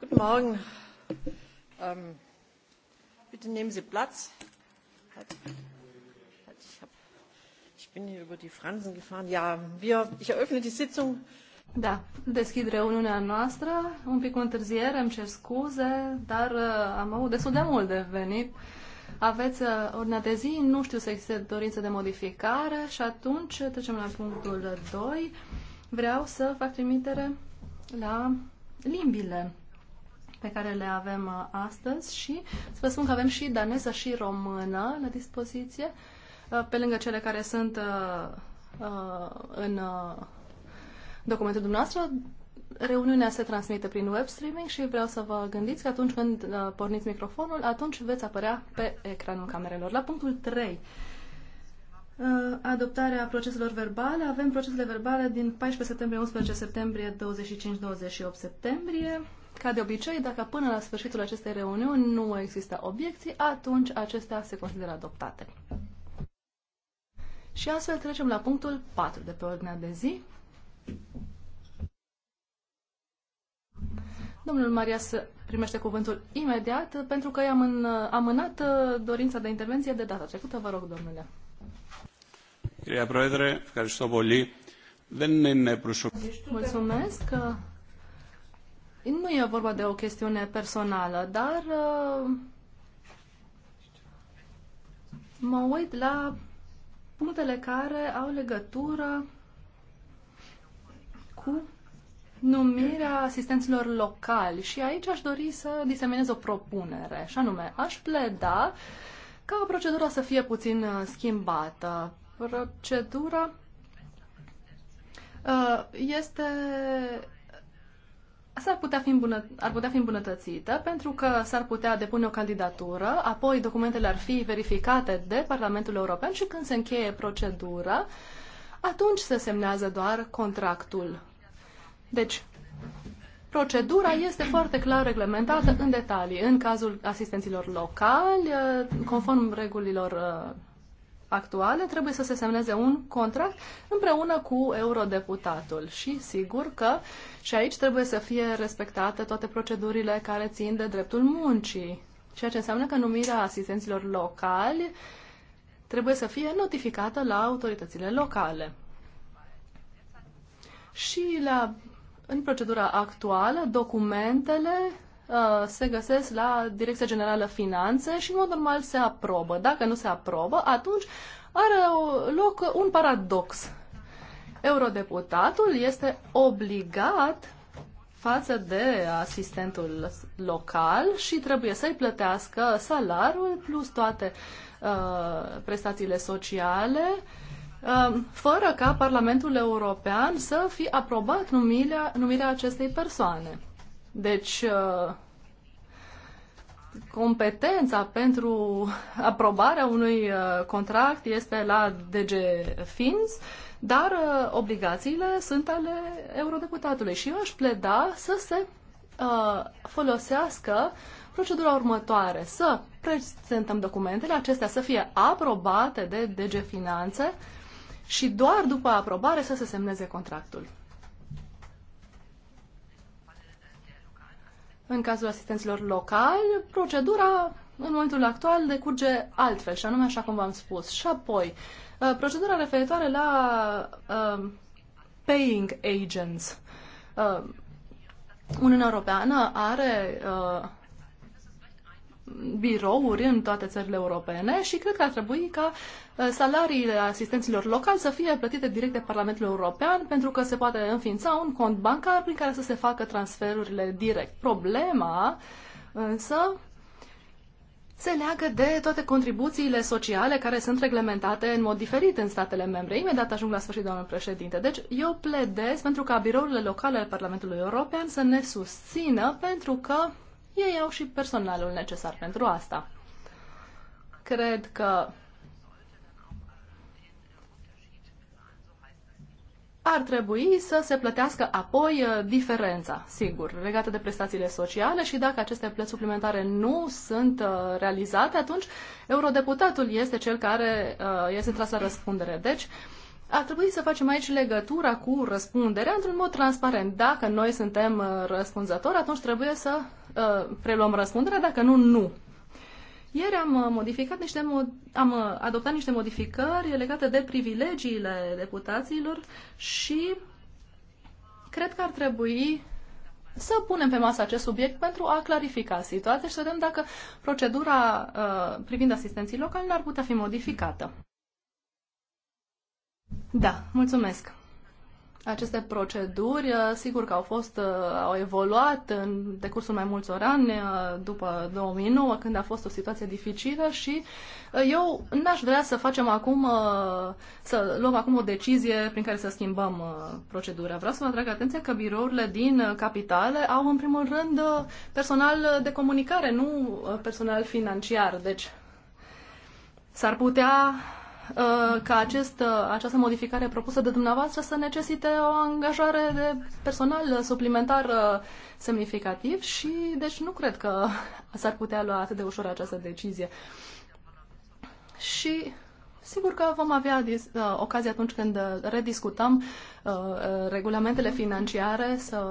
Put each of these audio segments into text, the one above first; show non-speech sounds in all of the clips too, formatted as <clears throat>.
guten Morgen. Ähm, bitte nehmen Sie Platz. Halt, halt, ich, hab, ich bin hier über die Fransen gefahren. Ja, wir, ich eröffne die Sitzung. Da, deschid reuniunea noastră, un pic cu întârziere, îmi cer scuze, dar uh, am avut destul de mult de venit. Aveți uh, ordinea de zi, nu știu să există dorință de modificare și atunci trecem la punctul 2. Vreau să fac trimitere la limbile pe care le avem uh, astăzi și să vă spun că avem și daneză și română la dispoziție, uh, pe lângă cele care sunt uh, în documentul dumneavoastră. Reuniunea se transmite prin web streaming și vreau să vă gândiți că atunci când porniți microfonul, atunci veți apărea pe ecranul camerelor. La punctul 3, adoptarea proceselor verbale. Avem procesele verbale din 14 septembrie, 11 septembrie, 25-28 septembrie. Ca de obicei, dacă până la sfârșitul acestei reuniuni nu există obiecții, atunci acestea se consideră adoptate. Și astfel trecem la punctul 4 de pe ordinea de zi. Domnul Marias primește cuvântul imediat pentru că i-am amânat uh, dorința de intervenție de data trecută. Vă rog, domnule. Κυρία Πρόεδρε, Mulțumesc. Nu e vorba de o chestiune personală, dar uh, mă uit la punctele care au legătură cu numirea asistenților locali și aici aș dori să diseminez o propunere și anume aș pleda ca procedura să fie puțin uh, schimbată. Procedura uh, este Asta ar putea, fi îmbunăt- ar putea fi îmbunătățită pentru că s-ar putea depune o candidatură, apoi documentele ar fi verificate de Parlamentul European și când se încheie procedura, atunci se semnează doar contractul. Deci, procedura este foarte clar reglementată în detalii. În cazul asistenților locali, conform regulilor uh, actuale trebuie să se semneze un contract împreună cu eurodeputatul și sigur că și aici trebuie să fie respectate toate procedurile care țin de dreptul muncii, ceea ce înseamnă că numirea asistenților locali trebuie să fie notificată la autoritățile locale. Și la, în procedura actuală, documentele Uh, se găsesc la Direcția Generală Finanțe și, în mod normal, se aprobă. Dacă nu se aprobă, atunci are loc un paradox. Eurodeputatul este obligat față de asistentul local și trebuie să-i plătească salariul plus toate uh, prestațiile sociale, uh, fără ca Parlamentul European să fi aprobat numirea, numirea acestei persoane. Deci, uh, competența pentru aprobarea unui uh, contract este la DG Fins, dar uh, obligațiile sunt ale eurodeputatului și eu aș pleda să se folosească procedura următoare, să prezentăm documentele acestea să fie aprobate de DG Finanțe și doar după aprobare să se semneze contractul. În cazul asistenților locali, procedura în momentul actual decurge altfel, și anume așa cum v-am spus. Și apoi, uh, procedura referitoare la uh, paying agents. Uh, Uniunea Europeană are uh, birouri în toate țările europene și cred că ar trebui ca uh, salariile asistenților locali să fie plătite direct de Parlamentul European pentru că se poate înființa un cont bancar prin care să se facă transferurile direct. Problema însă se leagă de toate contribuțiile sociale care sunt reglementate în mod diferit în statele membre. Imediat ajung la sfârșit, doamnă președinte. Deci eu pledez pentru ca birourile locale ale Parlamentului European să ne susțină pentru că ei au și personalul necesar pentru asta. Cred că ar trebui să se plătească apoi uh, diferența, sigur, legată de prestațiile sociale și dacă aceste plăți suplimentare nu sunt uh, realizate, atunci eurodeputatul este cel care uh, este tras la răspundere. Deci, ar trebui să facem aici legătura cu răspunderea într-un mod transparent. Dacă noi suntem răspunzători, atunci trebuie să Uh, preluăm răspunderea, dacă nu, nu. Ieri am uh, modificat niște mod- am uh, adoptat niște modificări legate de privilegiile deputaților și cred că ar trebui să punem pe masă acest subiect pentru a clarifica situația și să vedem dacă procedura uh, privind asistenții locali n-ar putea fi modificată. Da, mulțumesc. Aceste proceduri, uh, sigur că au fost, uh, au evoluat în decursul mai multor ani, uh, după 2009, când a fost o situație dificilă și eu n-aș vrea să facem acum, să luăm acum o decizie prin care să schimbăm procedura. Vreau să vă atrag atenția că birourile din capitale au, în primul rând, personal de comunicare, nu personal financiar. Deci, s-ar putea Uh, ca acest, uh, această modificare propusă de dumneavoastră să necesite o angajare de personal suplimentar uh, semnificativ și deci nu cred că <laughs> s-ar putea lua atât de ușor această decizie. Și sigur că vom avea ocazia atunci când rediscutăm regulamentele financiare să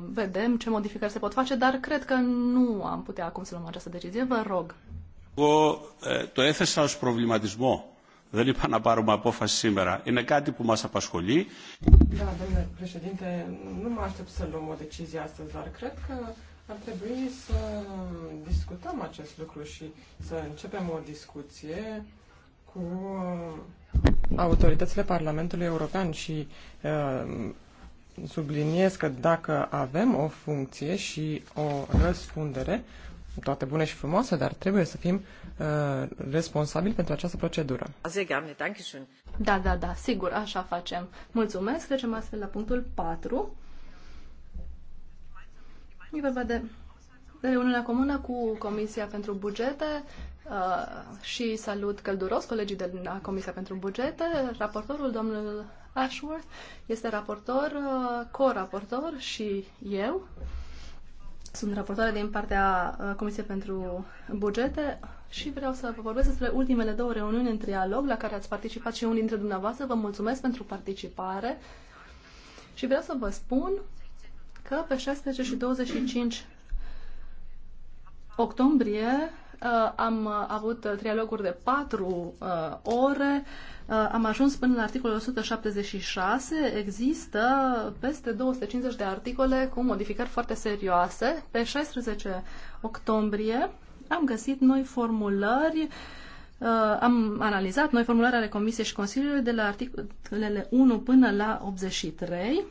vedem ce modificări se pot face, dar cred că nu am putea acum să luăm această decizie. Vă rog. Εγώ το έθεσα ως προβληματισμό Δεν είπα να πάρουμε απόφαση σήμερα. Είναι κάτι που μας απασχολεί. Da, domnule președinte, nu mă aștept să luăm o decizie astăzi, dar cred că ar trebui să discutăm acest lucru și să începem o discuție cu uh, autoritățile Parlamentului European și uh, subliniez că dacă avem o funcție și o răspundere, uh, toate bune și frumoase, dar trebuie să fim uh, responsabili pentru această procedură. Da, da, da, sigur, așa facem. Mulțumesc, trecem astfel la punctul 4. E vorba de reuniunea comună cu Comisia pentru Bugete uh, și salut călduros colegii de la Comisia pentru Bugete. Raportorul, domnul Ashworth, este raportor, uh, co-raportor și eu. Sunt raportoare din partea uh, Comisiei pentru Bugete și vreau să vă vorbesc despre ultimele două reuniuni în trialog la care ați participat și unul dintre dumneavoastră. Vă mulțumesc pentru participare și vreau să vă spun că pe 16 și 25 octombrie uh, am avut trialoguri de patru uh, ore Uh, am ajuns până în articolul 176. Există peste 250 de articole cu modificări foarte serioase. Pe 16 octombrie am găsit noi formulări uh, am analizat noi formularea ale Comisiei și Consiliului de la articolele 1 până la 83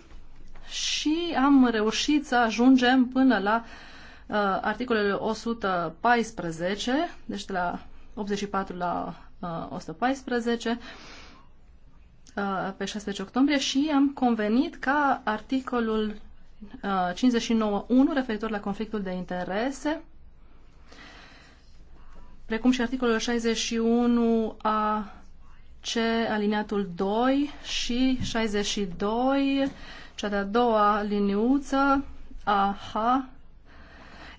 și am reușit să ajungem până la uh, articolele 114, deci de la 84 la 114 uh, uh, pe 16 octombrie și am convenit ca articolul 59.1 uh, referitor la conflictul de interese precum și articolul 61 a C, aliniatul 2 și 62, cea de-a doua liniuță, AH.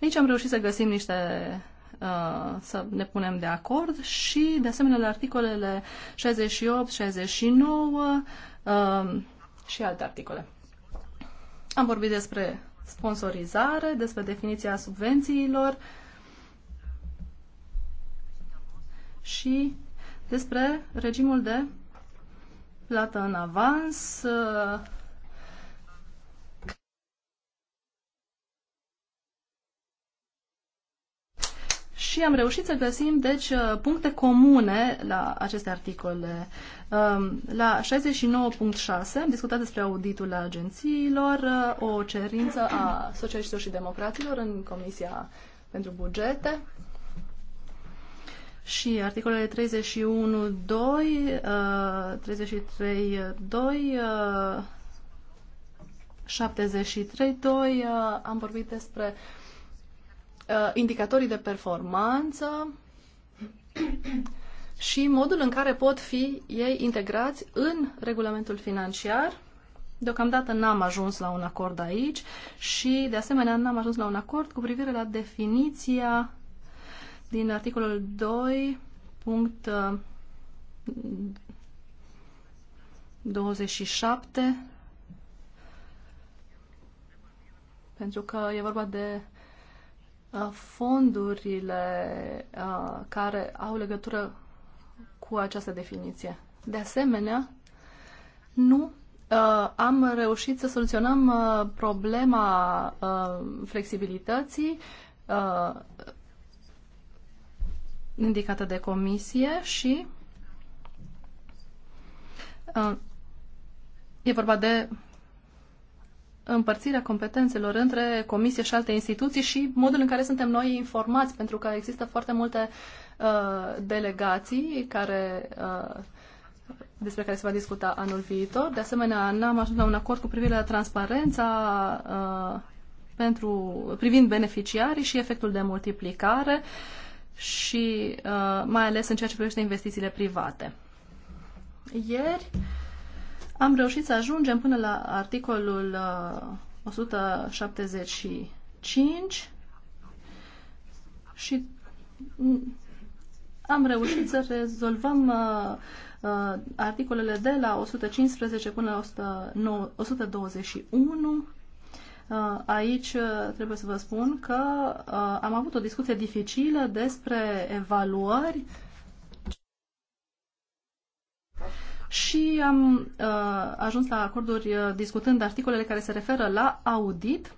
Aici am reușit să găsim niște Uh, să ne punem de acord și, de asemenea, la articolele 68, 69 uh, și alte articole. Am vorbit despre sponsorizare, despre definiția subvențiilor și despre regimul de plată în avans, uh, și am reușit să găsim, deci, uh, puncte comune la aceste articole. Um, la 69.6 am discutat despre auditul agențiilor, uh, o cerință a socialiștilor și democraților în Comisia pentru Bugete și articolele 31.2, 33.2, 73.2, am vorbit despre Uh, indicatorii de performanță <clears throat> și modul în care pot fi ei integrați în regulamentul financiar. Deocamdată n-am ajuns la un acord aici și, de asemenea, n-am ajuns la un acord cu privire la definiția din articolul 2, punct 27, uh, pentru că e vorba de Uh, fondurile uh, care au legătură cu această definiție. De asemenea, nu Uh, am reușit să soluționăm uh, problema uh, flexibilității uh, indicată de comisie și uh, e vorba de împărțirea competențelor între comisie și alte instituții și modul în care suntem noi informați, pentru că există foarte multe uh, delegații care, uh, despre care se va discuta anul viitor. De asemenea, n-am ajuns la un acord cu privire la transparența uh, pentru, privind beneficiarii și efectul de multiplicare și uh, mai ales în ceea ce privește investițiile private. Ieri, uh, am reușit să ajungem până la articolul 175 uh, și mm, am reușit să rezolvăm uh, uh, articolele de la 115 până la 121. Aici trebuie să vă spun că am avut o discuție dificilă despre evaluări și am uh, ajuns la acorduri uh, discutând articolele care se referă la audit,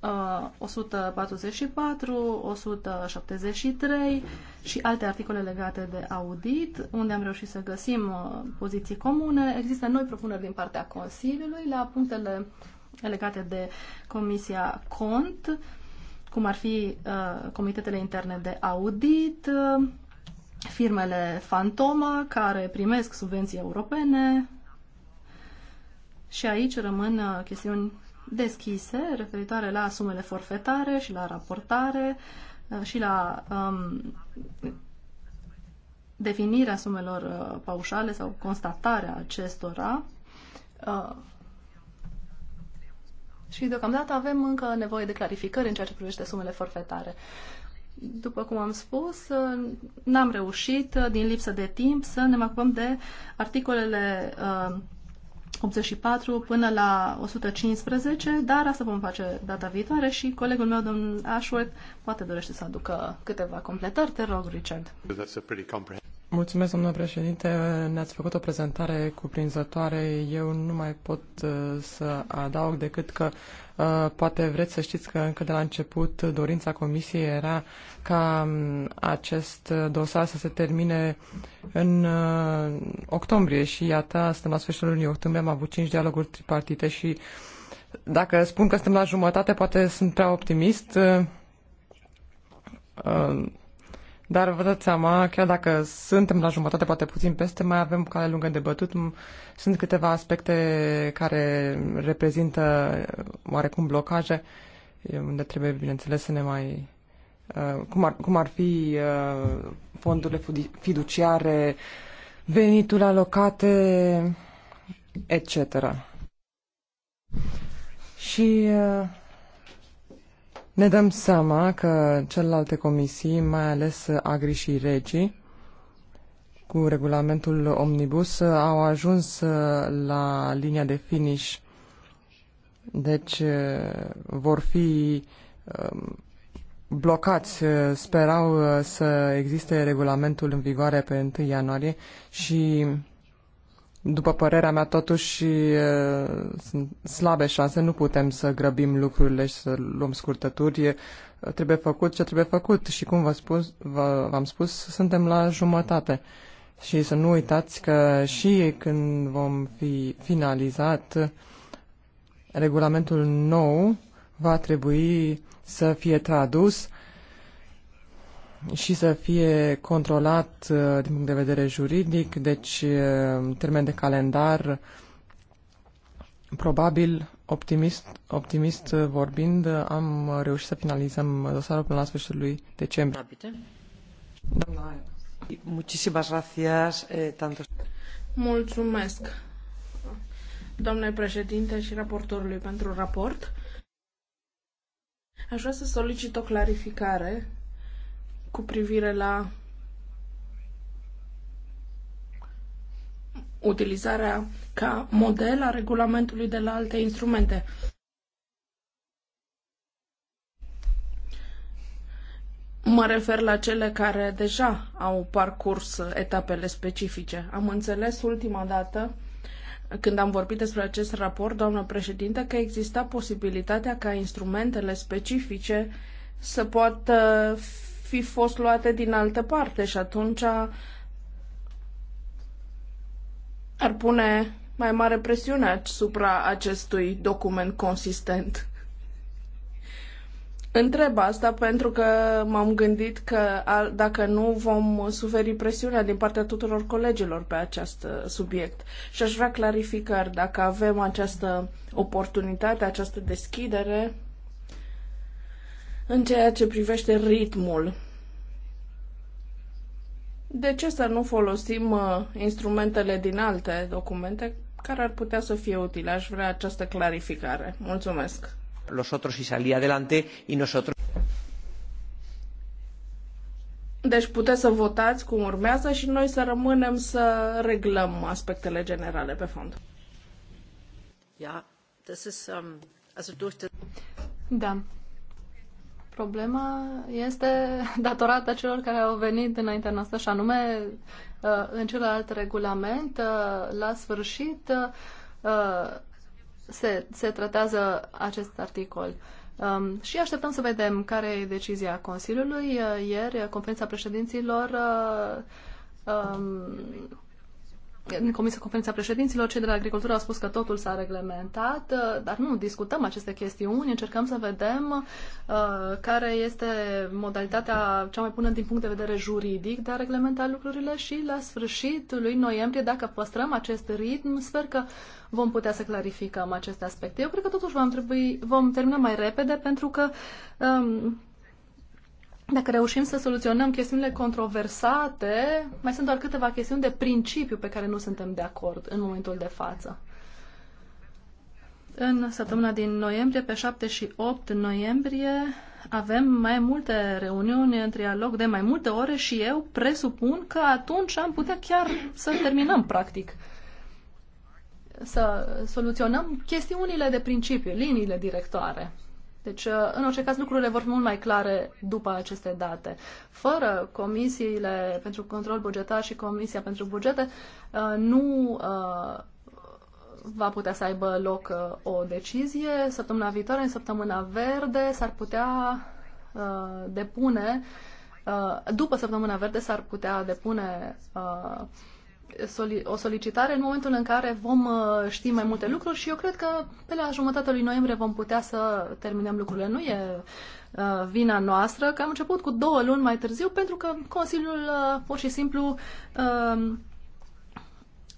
uh, 144, 173 și alte articole legate de audit, unde am reușit să găsim uh, poziții comune. Există noi propuneri din partea Consiliului la punctele legate de Comisia Cont, cum ar fi uh, comitetele interne de audit, uh, firmele fantoma care primesc subvenții europene și aici rămân uh, chestiuni deschise referitoare la sumele forfetare și la raportare uh, și la um, definirea sumelor uh, paușale sau constatarea acestora. Uh, și deocamdată avem încă nevoie de clarificări în ceea ce privește sumele forfetare după cum am spus, n-am reușit, din lipsă de timp, să ne ocupăm de articolele 84 uh, până la 115, dar asta vom face data viitoare și colegul meu, domnul Ashworth, poate dorește să aducă câteva completări. Te rog, Richard. Mulțumesc, domnule președinte. Ne-ați făcut o prezentare cuprinzătoare. Eu nu mai pot uh, să adaug decât că uh, poate vreți să știți că încă de la început dorința comisiei era ca um, acest dosar să se termine în uh, octombrie și iată, suntem la sfârșitul lunii octombrie, am avut cinci dialoguri tripartite și dacă spun că suntem la jumătate, poate sunt prea optimist. Uh, dar vă dați seama, chiar dacă suntem la jumătate, poate puțin peste, mai avem cale lungă de bătut. Sunt câteva aspecte care reprezintă oarecum blocaje, unde trebuie, bineînțeles, să ne mai... Uh, cum ar, cum ar fi uh, fondurile fiduciare, venitul alocate, etc. Și uh, ne dăm seama că celelalte comisii, mai ales Agri și Regii, cu regulamentul Omnibus, au ajuns la linia de finish. Deci vor fi um, blocați. Sperau să existe regulamentul în vigoare pe 1 ianuarie și după părerea mea, totuși, sunt slabe șanse, nu putem să grăbim lucrurile și să luăm scurtături. Trebuie făcut ce trebuie făcut și, cum v-am spus, spus, suntem la jumătate. Și să nu uitați că și când vom fi finalizat regulamentul nou, va trebui să fie tradus și să fie controlat uh, din punct de vedere juridic, deci uh, în termen de calendar, probabil, optimist, optimist uh, vorbind, am reușit să finalizăm dosarul până la sfârșitul lui decembrie. Eh, Mulțumesc, domnule președinte și raportorului pentru raport. Aș vrea să solicit o clarificare cu privire la utilizarea ca model a regulamentului de la alte instrumente. Mă refer la cele care deja au parcurs etapele specifice. Am înțeles ultima dată, când am vorbit despre acest raport, doamnă președinte, că exista posibilitatea ca instrumentele specifice să poată fi fost luate din altă parte și atunci ar pune mai mare presiune asupra acestui document consistent. Întreb asta pentru că m-am gândit că dacă nu vom suferi presiunea din partea tuturor colegilor pe acest uh, subiect. Și aș vrea clarificări dacă avem această oportunitate, această deschidere în ceea ce privește ritmul. De ce să nu folosim uh, instrumentele din alte documente care ar putea să fie utile? Aș vrea această clarificare. Mulțumesc. Los otros y salía adelante y nosotros. Deci puteți să votați cum urmează și noi să rămânem să reglăm aspectele generale pe fond. Ja, das ist, ähm, also durch das... Da, Problema este <laughs> datorată celor care au venit înaintea noastră și anume uh, în celălalt regulament, uh, la sfârșit uh, se, se tratează acest articol. Um, și așteptăm să vedem care e decizia Consiliului. Ieri, conferința președinților um, în Comisia Conferința Președinților, cei de la Agricultură au spus că totul s-a reglementat, uh, dar nu discutăm aceste chestiuni, încercăm să vedem uh, care este modalitatea cea mai bună din punct de vedere juridic de a reglementa lucrurile și la sfârșitul lui noiembrie, dacă păstrăm acest ritm, sper că vom putea să clarificăm aceste aspecte. Eu cred că totuși vom, trebui, vom termina mai repede pentru că um, dacă reușim să soluționăm chestiunile controversate, mai sunt doar câteva chestiuni de principiu pe care nu suntem de acord în momentul de față. În săptămâna din noiembrie, pe 7 și 8 noiembrie, avem mai multe reuniuni în trialog de mai multe ore și eu presupun că atunci am putea chiar să terminăm, practic. Să soluționăm chestiunile de principiu, liniile directoare. Deci, uh, în orice caz, lucrurile vor fi mult mai clare după aceste date. Fără comisiile pentru control bugetar și Comisia pentru bugete, uh, nu uh, va putea să aibă loc o decizie. Săptămâna viitoare, în săptămâna verde, s-ar putea depune, după săptămâna verde, s-ar putea depune o solicitare în momentul în care vom uh, ști mai multe lucruri și eu cred că pe la jumătatea lui noiembrie vom putea să terminăm lucrurile. Nu e uh, vina noastră că am început cu două luni mai târziu pentru că Consiliul uh, pur și simplu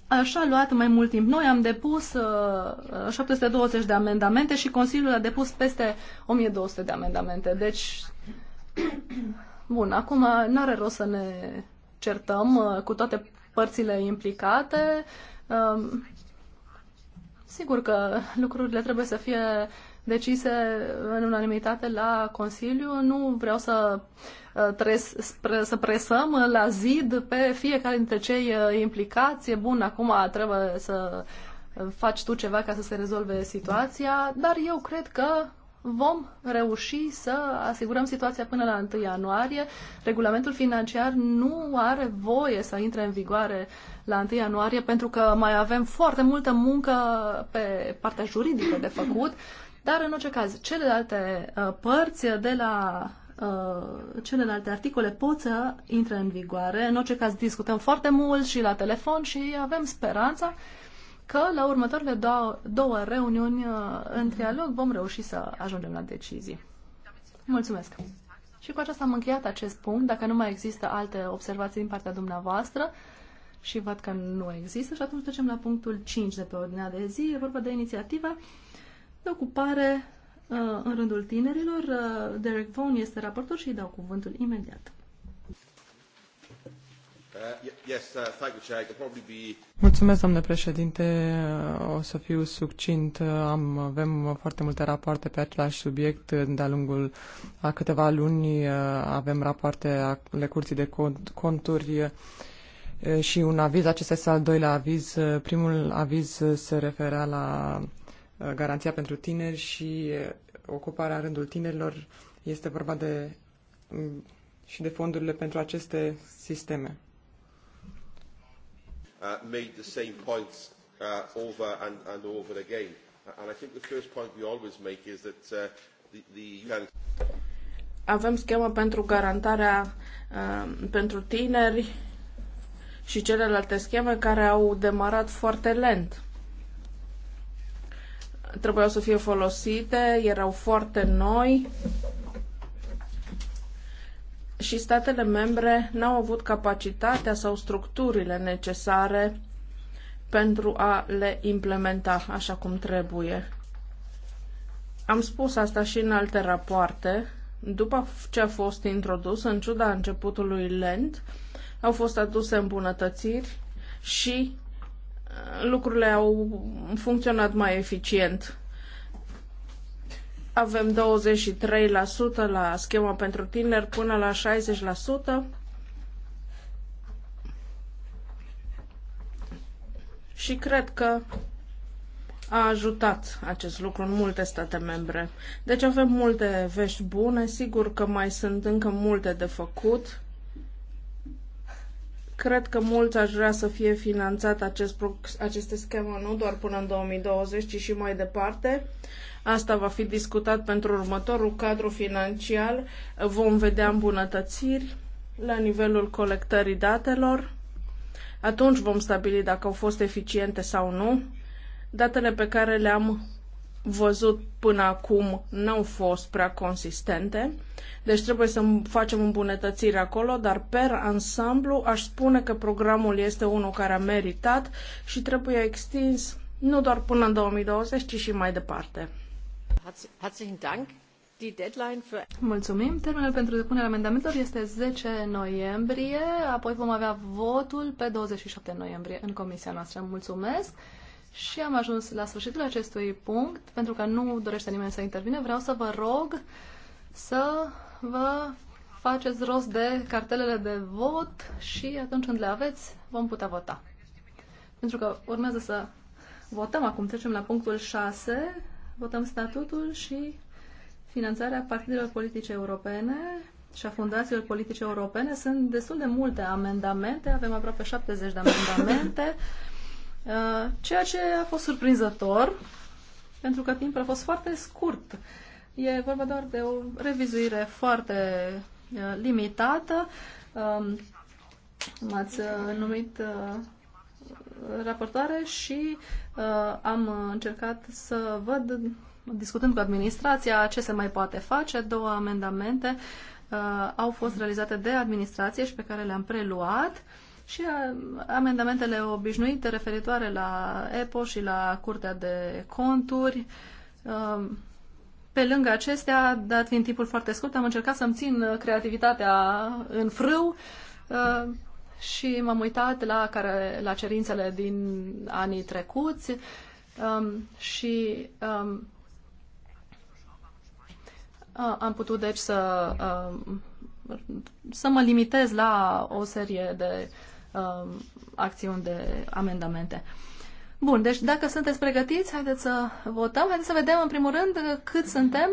Așa a luat mai mult timp. Noi am depus 720 de amendamente și Consiliul a depus peste 1200 de amendamente. Deci, <coughs> bun, acum n-are rost să ne certăm cu toate părțile implicate. Um, sigur că lucrurile trebuie să fie decise în unanimitate la Consiliu. Nu vreau să, uh, să presăm la zid pe fiecare dintre cei uh, implicați. E bun, acum trebuie să uh, faci tu ceva ca să se rezolve situația, dar eu cred că vom reuși să asigurăm situația până la 1 ianuarie. Regulamentul financiar nu are voie să intre în vigoare la 1 ianuarie pentru că mai avem foarte multă muncă pe partea juridică de făcut, dar în orice caz, celelalte uh, părți de la uh, celelalte articole pot să intre în vigoare. În orice caz, discutăm foarte mult și la telefon și avem speranța că la următoarele două, două reuniuni uh, în trialog vom reuși să ajungem la decizii. Mulțumesc! Și cu aceasta am încheiat acest punct. Dacă nu mai există alte observații din partea dumneavoastră, și văd că nu există, și atunci trecem la punctul 5 de pe ordinea de zi. E vorba de inițiativa de ocupare uh, în rândul tinerilor. Uh, Derek Vaughan este raportor și îi dau cuvântul imediat. Uh, uh, Mulțumesc, domnule președinte. O să fiu succint. Am, avem foarte multe rapoarte pe același subiect. De-a lungul a câteva luni uh, avem rapoarte ale Curții de Conturi și un aviz. Acesta este al doilea aviz. Primul aviz se referea la garanția pentru tineri și ocuparea rândul tinerilor. Este vorba de mm, și de fondurile pentru aceste sisteme uh, made the same points uh, over and, and over again. And I think the first point we always make is that uh, the, the Avem schemă pentru garantarea uh, pentru tineri și celelalte scheme care au demarat foarte lent trebuiau să fie folosite, erau foarte noi și statele membre n-au avut capacitatea sau structurile necesare pentru a le implementa așa cum trebuie. Am spus asta și în alte rapoarte. După ce a fost introdus, în ciuda începutului lent, au fost aduse îmbunătățiri și uh, lucrurile au funcționat mai eficient. Avem 23% la schema pentru tineri până la 60%. Și cred că a ajutat acest lucru în multe state membre. Deci avem multe vești bune, sigur că mai sunt încă multe de făcut. Cred că mulți aș vrea să fie finanțat acest, aceste scheme nu doar până în 2020, ci și mai departe. Asta va fi discutat pentru următorul cadru financiar. Vom vedea îmbunătățiri la nivelul colectării datelor. Atunci vom stabili dacă au fost eficiente sau nu. Datele pe care le-am văzut până acum n-au fost prea consistente, deci trebuie să facem îmbunătățiri acolo, dar per ansamblu aș spune că programul este unul care a meritat și trebuie extins nu doar până în 2020, ci și mai departe. Herzlichen Dank. Mulțumim. Termenul pentru depunerea amendamentelor este 10 noiembrie, apoi vom avea votul pe 27 noiembrie în comisia noastră. Mulțumesc! Și am ajuns la sfârșitul acestui punct. Pentru că nu dorește nimeni să intervine, vreau să vă rog să vă faceți rost de cartelele de vot și atunci când le aveți, vom putea vota. Pentru că urmează să votăm acum. Trecem la punctul 6 votăm statutul și finanțarea partidelor politice europene și a fundațiilor politice europene. Sunt destul de multe amendamente, avem aproape 70 de amendamente, uh, ceea ce a fost surprinzător, pentru că timpul a fost foarte scurt. E vorba doar de o revizuire foarte uh, limitată. Um, m-ați uh, numit raportoare și uh, am încercat să văd, discutând cu administrația, ce se mai poate face. Două amendamente uh, au fost realizate de administrație și pe care le-am preluat și uh, amendamentele obișnuite referitoare la EPO și la Curtea de Conturi. Uh, pe lângă acestea, dat fiind timpul foarte scurt, am încercat să-mi țin uh, creativitatea în frâu. Uh, și m-am uitat la, care, la cerințele din anii trecuți um, și um, am putut deci să, um, să mă limitez la o serie de um, acțiuni de amendamente. Bun, deci dacă sunteți pregătiți, haideți să votăm. Haideți să vedem în primul rând cât suntem.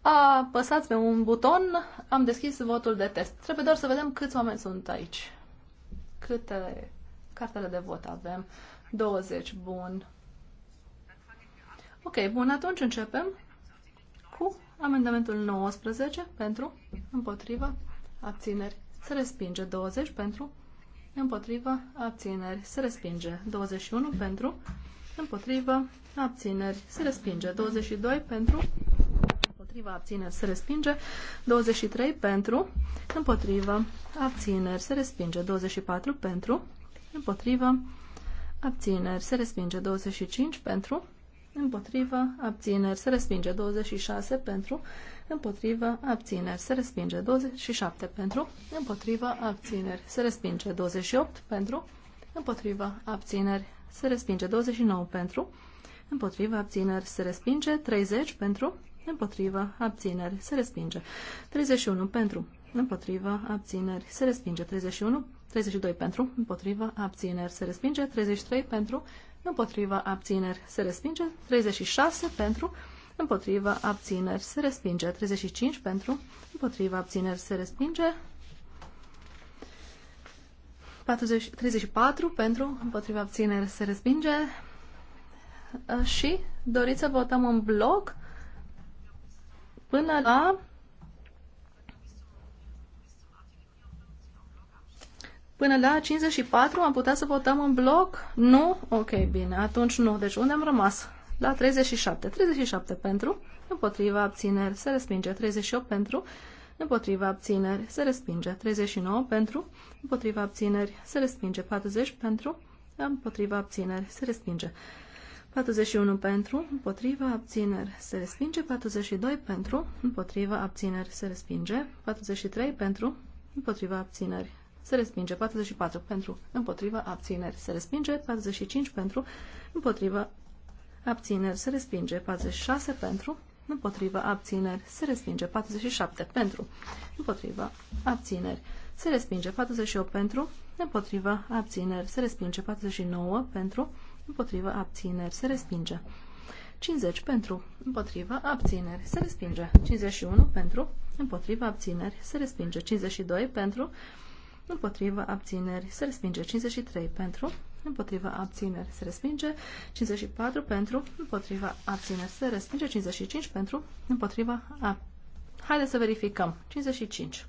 Apăsați pe un buton, am deschis votul de test. Trebuie doar să vedem câți oameni sunt aici câte cartele de vot avem. 20, bun. Ok, bun, atunci începem cu amendamentul 19 pentru, împotriva, abțineri. Se respinge 20 pentru, împotriva, abțineri. Se respinge 21 pentru, împotriva, abțineri. Se respinge 22 pentru, împotriva, abțineri, se respinge. 23 pentru, împotriva, abțineri, se respinge. 24 pentru, împotriva, abțineri, se respinge. 25 pentru, împotriva, abțineri, se respinge. 26 pentru, împotriva, abțineri, se respinge. 27 pentru, împotriva, abțineri, se respinge. 28 pentru, împotriva, abțineri, se respinge. 29 pentru, Împotriva abțineri se respinge 30 pentru. Împotrivă. Abțineri. Se respinge. 31. Pentru. Împotrivă. Abțineri. Se respinge. 31. 32. Pentru. Împotrivă. Abțineri. Se respinge. 33. Pentru. Împotrivă. Abțineri. Se respinge. 36. Pentru. Împotrivă. Abțineri. Se respinge. 35. Pentru. Împotrivă. Abțineri. Se respinge. 40, 34 pentru, Împotrivă, abțineri se respinge. Și doriți să votăm în bloc până la Până la 54 am putea să votăm în bloc? Nu? Ok, bine. Atunci nu. Deci unde am rămas? La 37. 37 pentru, împotriva abțineri, se respinge. 38 pentru, împotriva abțineri, se respinge. 39 pentru, împotriva abțineri, se respinge. 40 pentru, împotriva abțineri, se respinge. 41 pentru, împotriva, abțineri, se respinge. 42 pentru, împotriva, abțineri, se respinge. 43 pentru, împotriva, abțineri, se respinge. 44 pentru, împotriva, abțineri, se respinge. 45 pentru, împotriva, abțineri, se respinge. 46 pentru, împotriva, abțineri, se respinge. 47 pentru, împotriva, abțineri, se respinge. 48 pentru, împotriva, abțineri, se respinge. 49 pentru, împotrivă, abțineri, se respinge. 50 pentru, împotrivă, abțineri, se respinge. 51 pentru, împotrivă, abțineri, se respinge. 52 pentru, împotrivă, abțineri, se respinge. 53 pentru, împotrivă, abțineri se respinge, 54 pentru, împotrivă, abțineri se respinge, 55 pentru, împotrivă, a... Haideți să verificăm. 55.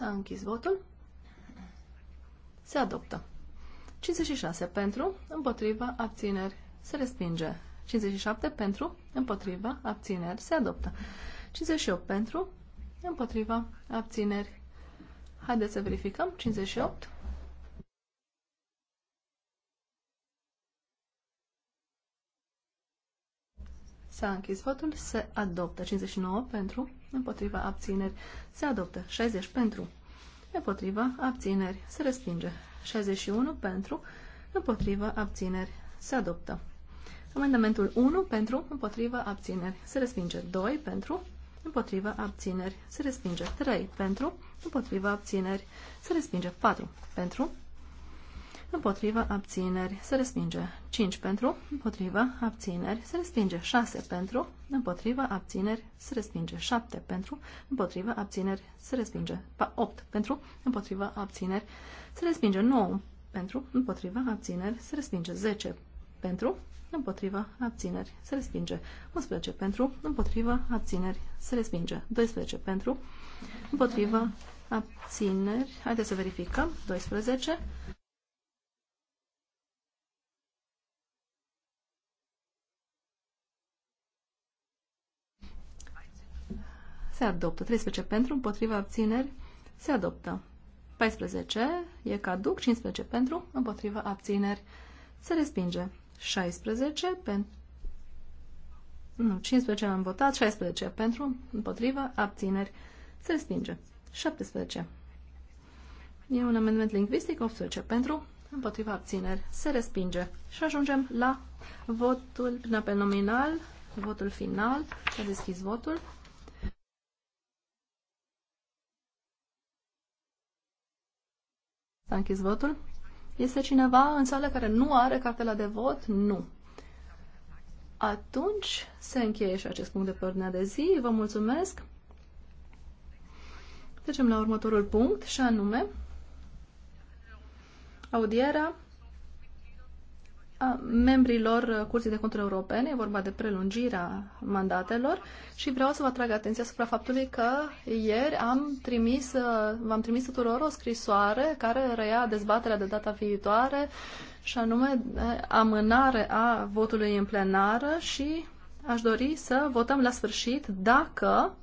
S-a închis votul. Se adoptă. 56 pentru, împotriva, abțineri, se respinge. 57 pentru, împotriva, abțineri, se adoptă. 58 pentru, împotriva, abțineri. Haideți să verificăm. 58. S-a închis votul, se adoptă 59 pentru, împotriva abțineri, se adoptă 60 pentru, împotriva abțineri, se respinge 61 pentru, împotriva abțineri, se adoptă. Amendamentul 1 pentru, împotriva abțineri, se respinge 2 pentru, împotriva abțineri, se respinge 3 pentru, împotriva abțineri, se respinge 4 pentru, împotrivă, abțineri, se respinge. 5 pentru, împotrivă, abțineri, se respinge. 6 pentru, împotrivă, abțineri, se respinge. 7 pentru, împotrivă, abțineri, se respinge. 8 pentru, împotrivă, abțineri, se respinge. 9 pentru, împotrivă, abțineri, se respinge. 10 pentru, împotrivă, abțineri, se respinge. 11 pentru, împotrivă, abțineri, se respinge. 12 pentru, împotrivă, abțineri, haideți să verificăm, 12, se adoptă. 13 pentru, împotriva abțineri, se adoptă. 14 e caduc, 15 pentru, împotriva abțineri, se respinge. 16 pentru, nu, 15 am votat, 16 pentru, împotriva, abțineri, se respinge. 17. E un amendment lingvistic, 18 pentru, împotriva abțineri, se respinge. Și ajungem la votul prin apel nominal, votul final, s-a deschis votul. S-a închis votul. Este cineva în sală care nu are cartela de vot? Nu. Atunci se încheie și acest punct de pe ordinea de zi. Vă mulțumesc. Trecem la următorul punct și anume audierea membrilor Curții de Conturi Europene, e vorba de prelungirea mandatelor și vreau să vă atrag atenția asupra faptului că ieri am trimis, v-am trimis tuturor o scrisoare care reia dezbaterea de data viitoare și anume amânare a votului în plenară și aș dori să votăm la sfârșit dacă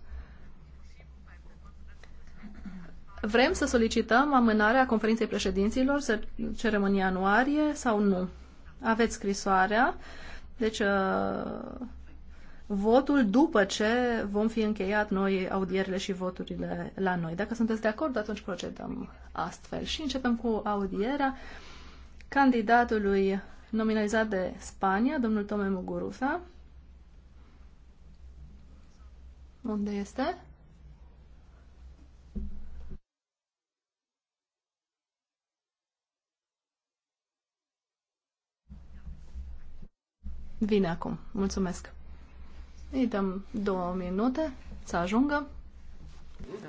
vrem să solicităm amânarea conferinței președinților, ceremonia ianuarie sau nu. Aveți scrisoarea. Deci, uh, votul după ce vom fi încheiat noi audierile și voturile la noi. Dacă sunteți de acord, atunci procedăm astfel. Și începem cu audierea candidatului nominalizat de Spania, domnul Tome Mugurusa. Unde este? Vine acum. Mulțumesc. Îi dăm două minute să ajungă. Da.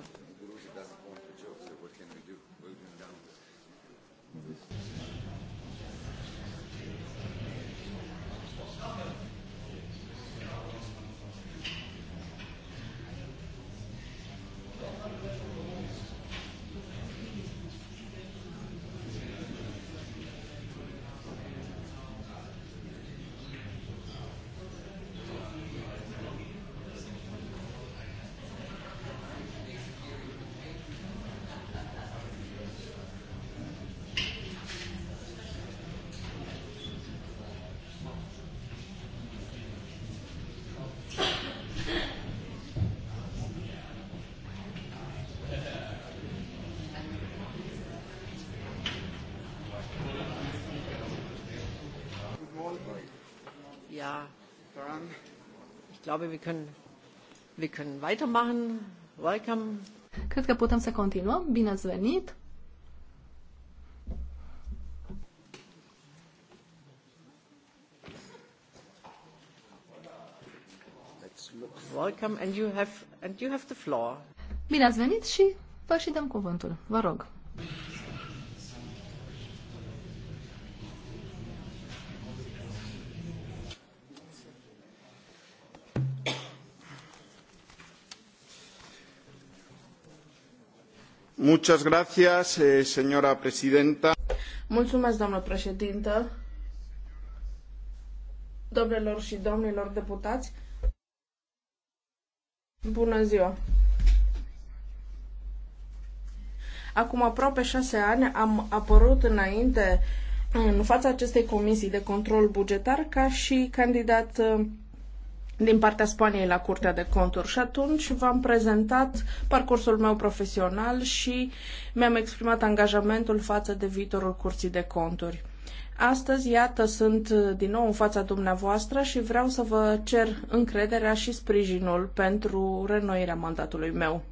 glaube, wir können, wir können weitermachen. Welcome. Cred că putem să continuăm. Bine ați venit! Welcome and you have and you have the floor. Bine ați venit și vă și dăm cuvântul. Vă rog. Muchas gracias, eh, señora presidenta. Mulțumesc, doamnă președintă. Domnilor și domnilor deputați, bună ziua! Acum aproape șase ani am apărut înainte în fața acestei comisii de control bugetar ca și candidat din partea Spaniei la Curtea de Conturi și atunci v-am prezentat parcursul meu profesional și mi-am exprimat angajamentul față de viitorul Curții de Conturi. Astăzi, iată, sunt din nou în fața dumneavoastră și vreau să vă cer încrederea și sprijinul pentru renoirea mandatului meu.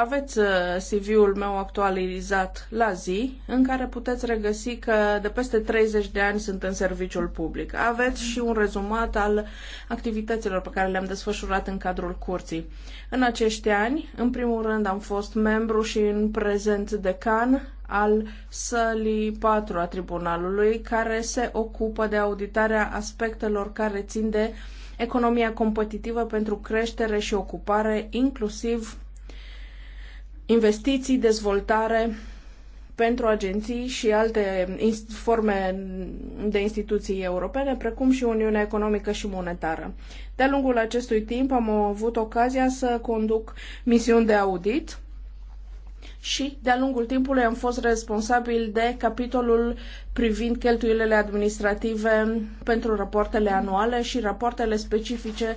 Aveți uh, CV-ul meu actualizat la zi, în care puteți regăsi că de peste 30 de ani sunt în serviciul public. Aveți și un rezumat al activităților pe care le-am desfășurat în cadrul curții. În acești ani, în primul rând, am fost membru și în prezent decan al sălii 4 a tribunalului, care se ocupă de auditarea aspectelor care țin de economia competitivă pentru creștere și ocupare, inclusiv investiții, dezvoltare pentru agenții și alte forme de instituții europene, precum și Uniunea Economică și Monetară. De-a lungul acestui timp am avut ocazia să conduc misiuni de audit și de-a lungul timpului am fost responsabil de capitolul privind cheltuielile administrative pentru rapoartele anuale și rapoartele specifice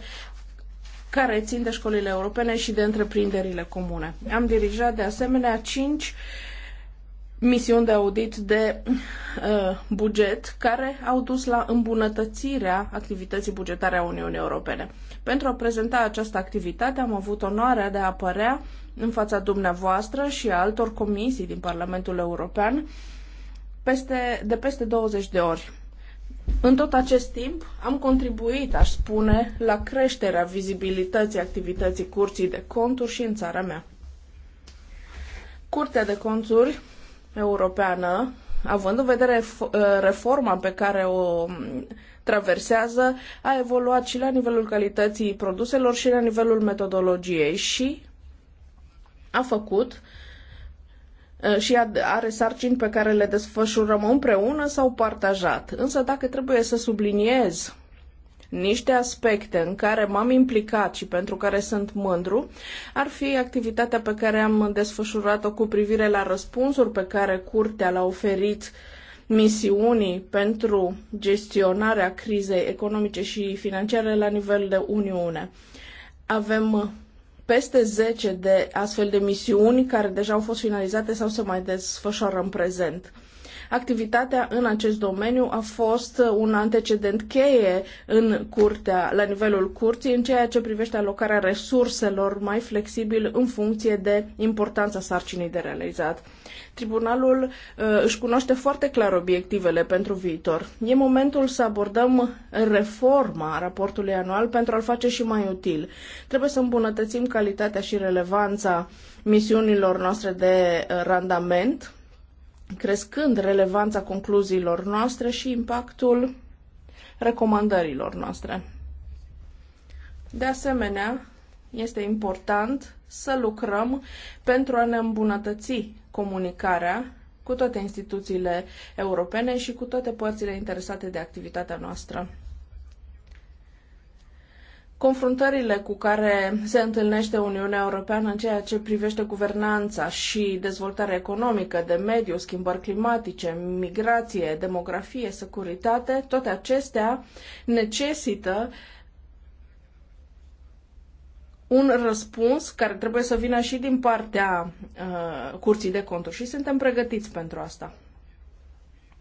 care țin de școlile europene și de întreprinderile comune. Am dirijat de asemenea cinci misiuni de audit de uh, buget care au dus la îmbunătățirea activității bugetare a Uniunii Europene. Pentru a prezenta această activitate am avut onoarea de a apărea în fața dumneavoastră și a altor comisii din Parlamentul European peste, de peste 20 de ori. În tot acest timp am contribuit, aș spune, la creșterea vizibilității activității Curții de Conturi și în țara mea. Curtea de Conturi Europeană, având în vedere ă, reforma pe care o traversează, a evoluat și la nivelul calității produselor și la nivelul metodologiei și a făcut uh, Uh, și are sarcini pe care le desfășurăm împreună sau partajat. Însă dacă trebuie să subliniez niște aspecte în care m-am implicat și pentru care sunt mândru ar fi activitatea pe care am desfășurat-o cu privire la răspunsuri pe care curtea l-a oferit misiunii pentru gestionarea crizei economice și financiare la nivel de Uniune. Avem peste 10 de astfel de misiuni care deja au fost finalizate sau se mai desfășoară în prezent. Activitatea în acest domeniu a fost uh, un antecedent cheie în curtea, la nivelul curții în ceea ce privește alocarea resurselor mai flexibil în funcție de importanța sarcinii de realizat. Tribunalul uh, își cunoaște foarte clar obiectivele pentru viitor. E momentul să abordăm reforma raportului anual pentru a-l face și mai util. Trebuie să îmbunătățim calitatea și relevanța misiunilor noastre de uh, randament crescând relevanța concluziilor noastre și impactul recomandărilor noastre. De asemenea, este important să lucrăm pentru a ne îmbunătăți comunicarea cu toate instituțiile europene și cu toate părțile interesate de activitatea noastră confruntările cu care se întâlnește Uniunea Europeană în ceea ce privește guvernanța și dezvoltarea economică, de mediu, schimbări climatice, migrație, demografie, securitate, toate acestea necesită un răspuns care trebuie să vină și din partea uh, curții de conturi și suntem pregătiți pentru asta.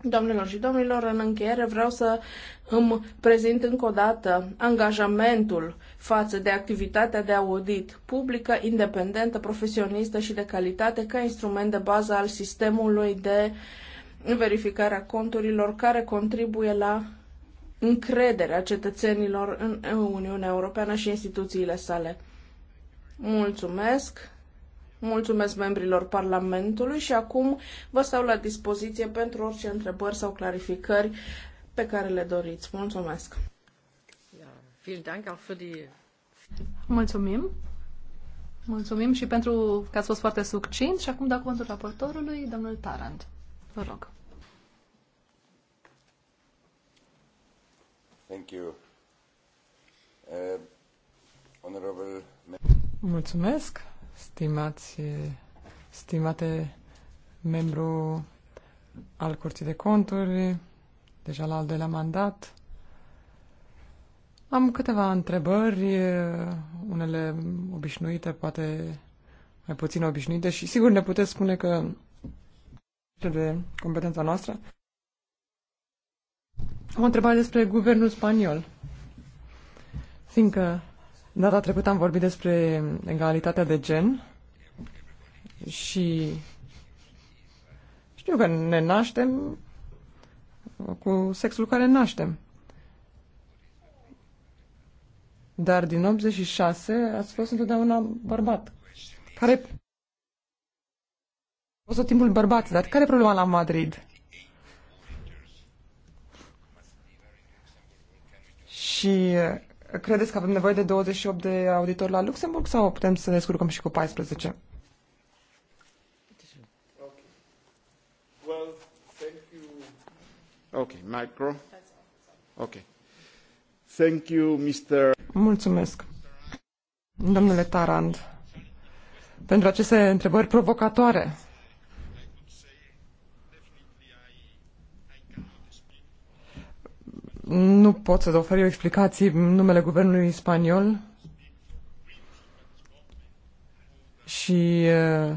Domnilor și domnilor, în încheiere vreau să îmi prezint încă o dată angajamentul față de activitatea de audit publică, independentă, profesionistă și de calitate ca instrument de bază al sistemului de verificare a conturilor care contribuie la încrederea cetățenilor în Uniunea Europeană și instituțiile sale. Mulțumesc! Mulțumesc membrilor Parlamentului și acum vă stau la dispoziție pentru orice întrebări sau clarificări pe care le doriți. Mulțumesc! Mulțumim! Mulțumim și pentru că ați fost foarte succint și acum dau cuvântul raportorului, domnul Tarand. Vă rog. Thank you. Uh, honorable... Mulțumesc stimați, stimate membru al Curții de Conturi, deja la al doilea mandat. Am câteva întrebări, unele obișnuite, poate mai puțin obișnuite și sigur ne puteți spune că de competența noastră. O întrebare despre guvernul spaniol. Fiindcă Data trecută am vorbit despre egalitatea de gen și știu că ne naștem cu sexul care naștem. Dar din 86 ați fost întotdeauna bărbat. Care... A fost tot timpul bărbat, dar care e problema la Madrid? Și Credeți că avem nevoie de 28 de auditori la Luxemburg sau putem să ne descurcăm și cu 14? Ok, micro. Ok. Thank you, Mr. Mulțumesc, domnule Tarand, pentru aceste întrebări provocatoare. nu pot să oferi o explicație în numele guvernului spaniol și uh,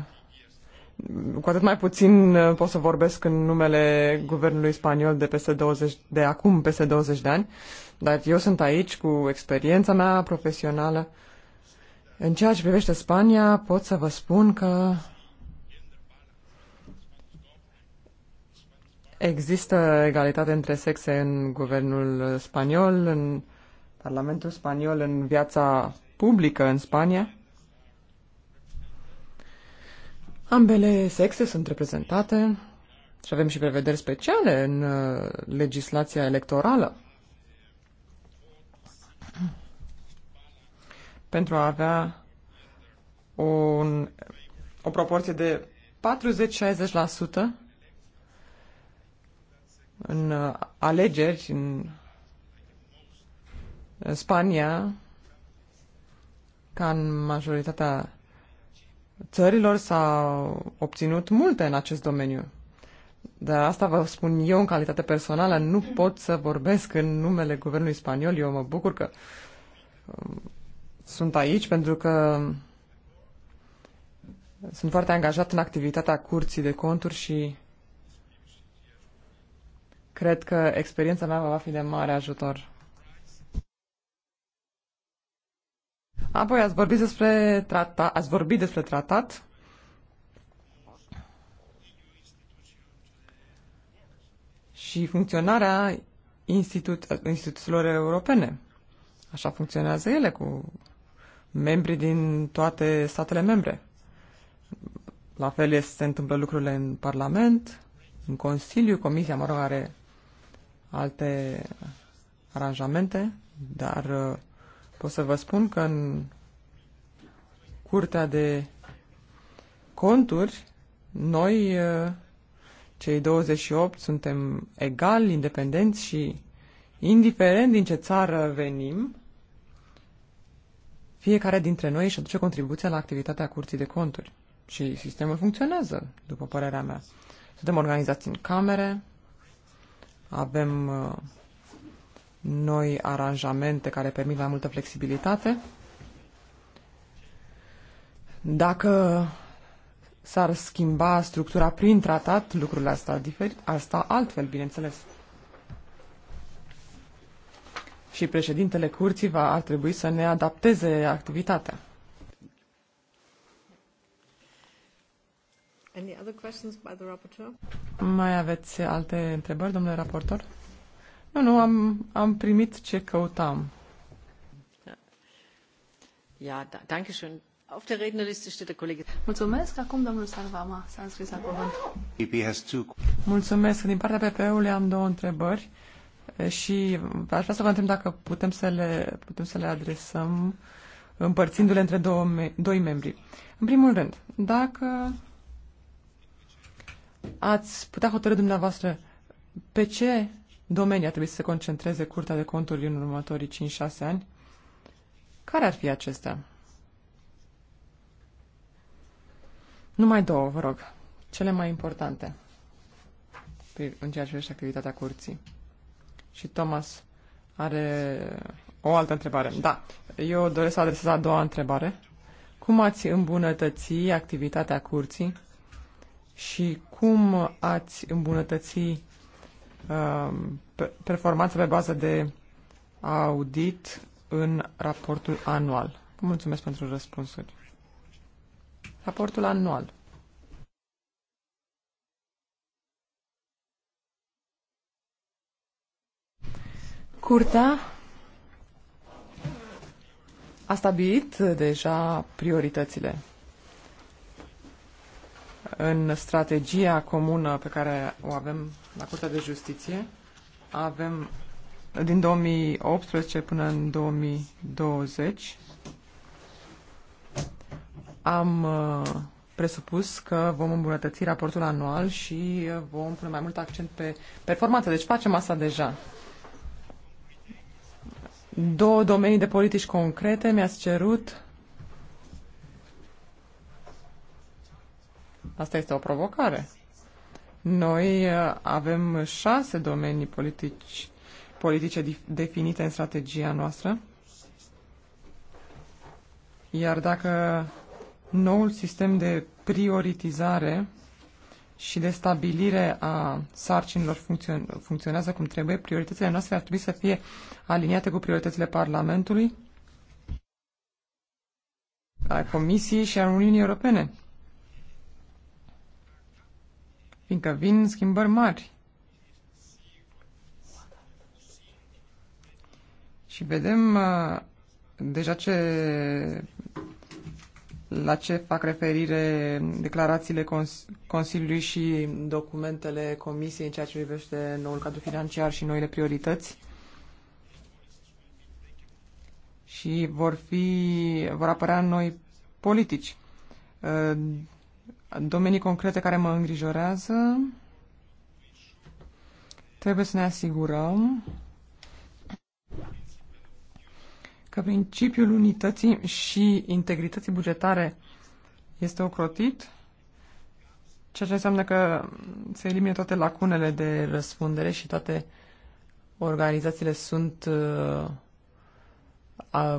cu atât mai puțin uh, pot să vorbesc în numele guvernului spaniol de peste 20, de acum peste 20 de ani, dar eu sunt aici cu experiența mea profesională. În ceea ce privește Spania, pot să vă spun că Există egalitate între sexe în guvernul spaniol, în Parlamentul spaniol, în viața publică în Spania? Ambele sexe sunt reprezentate și avem și prevederi speciale în uh, legislația electorală. Pentru a avea un, o proporție de 40-60% în alegeri în Spania, ca în majoritatea țărilor, s-au obținut multe în acest domeniu. Dar asta vă spun eu în calitate personală, nu pot să vorbesc în numele guvernului spaniol. Eu mă bucur că um, sunt aici pentru că sunt foarte angajat în activitatea curții de conturi și Cred că experiența mea va fi de mare ajutor. Apoi ați vorbit despre tratat, ați vorbit despre tratat. Și funcționarea institu- instituțiilor europene. Așa funcționează ele cu membrii din toate statele membre. La fel se întâmplă lucrurile în Parlament, în Consiliu, Comisia, mă rog, are alte aranjamente, dar uh, pot să vă spun că în curtea de conturi, noi, uh, cei 28, suntem egali, independenți și indiferent din ce țară venim, fiecare dintre noi își aduce contribuția la activitatea curții de conturi. Și sistemul funcționează, după părerea mea. Suntem organizați în camere, avem uh, noi aranjamente care permit mai multă flexibilitate. Dacă s-ar schimba structura prin tratat, lucrurile astea diferit, asta altfel, bineînțeles. Și președintele curții va ar trebui să ne adapteze activitatea. Any other questions by the rapporteur? Mai aveți alte întrebări, domnule raportor? Nu, nu, am, am primit ce căutam. Da. Ja, da, danke schön. Auf der Rednerliste steht der Kollege. Mulțumesc. Acum domnul Sarvama s-a înscris la cuvânt. Mulțumesc. Din partea PPE-ului am două întrebări și aș vrea să vă întreb dacă putem să le, putem să le adresăm împărțindu-le între două, doi membri. În primul rând, dacă ați putea hotărâ dumneavoastră pe ce domenii ar trebui să se concentreze Curtea de Conturi în următorii 5-6 ani? Care ar fi acestea? Numai două, vă rog. Cele mai importante în ceea ce privește activitatea curții. Și Thomas are o altă întrebare. Da, eu doresc să adresez a doua întrebare. Cum ați îmbunătăți activitatea curții și cum ați îmbunătăți uh, performanța pe bază de audit în raportul anual? Vă mulțumesc pentru răspunsuri. Raportul anual. Curtea a stabilit deja prioritățile în strategia comună pe care o avem la Curtea de Justiție, avem din 2018 până în 2020, am uh, presupus că vom îmbunătăți raportul anual și uh, vom pune mai mult accent pe performanță. Deci facem asta deja. Două domenii de politici concrete mi-ați cerut Asta este o provocare. Noi uh, avem șase domenii politici, politice definite în strategia noastră. Iar dacă noul sistem de prioritizare și de stabilire a sarcinilor funcționează cum trebuie, prioritățile noastre ar trebui să fie aliniate cu prioritățile Parlamentului, a Comisiei și a Uniunii Europene fiindcă vin schimbări mari. Și vedem uh, deja ce, la ce fac referire declarațiile cons- Consiliului și documentele Comisiei în ceea ce privește noul cadru financiar și noile priorități. Și vor, fi, vor apărea noi politici. Uh, domenii concrete care mă îngrijorează. Trebuie să ne asigurăm că principiul unității și integrității bugetare este ocrotit, ceea ce înseamnă că se elimine toate lacunele de răspundere și toate organizațiile sunt uh,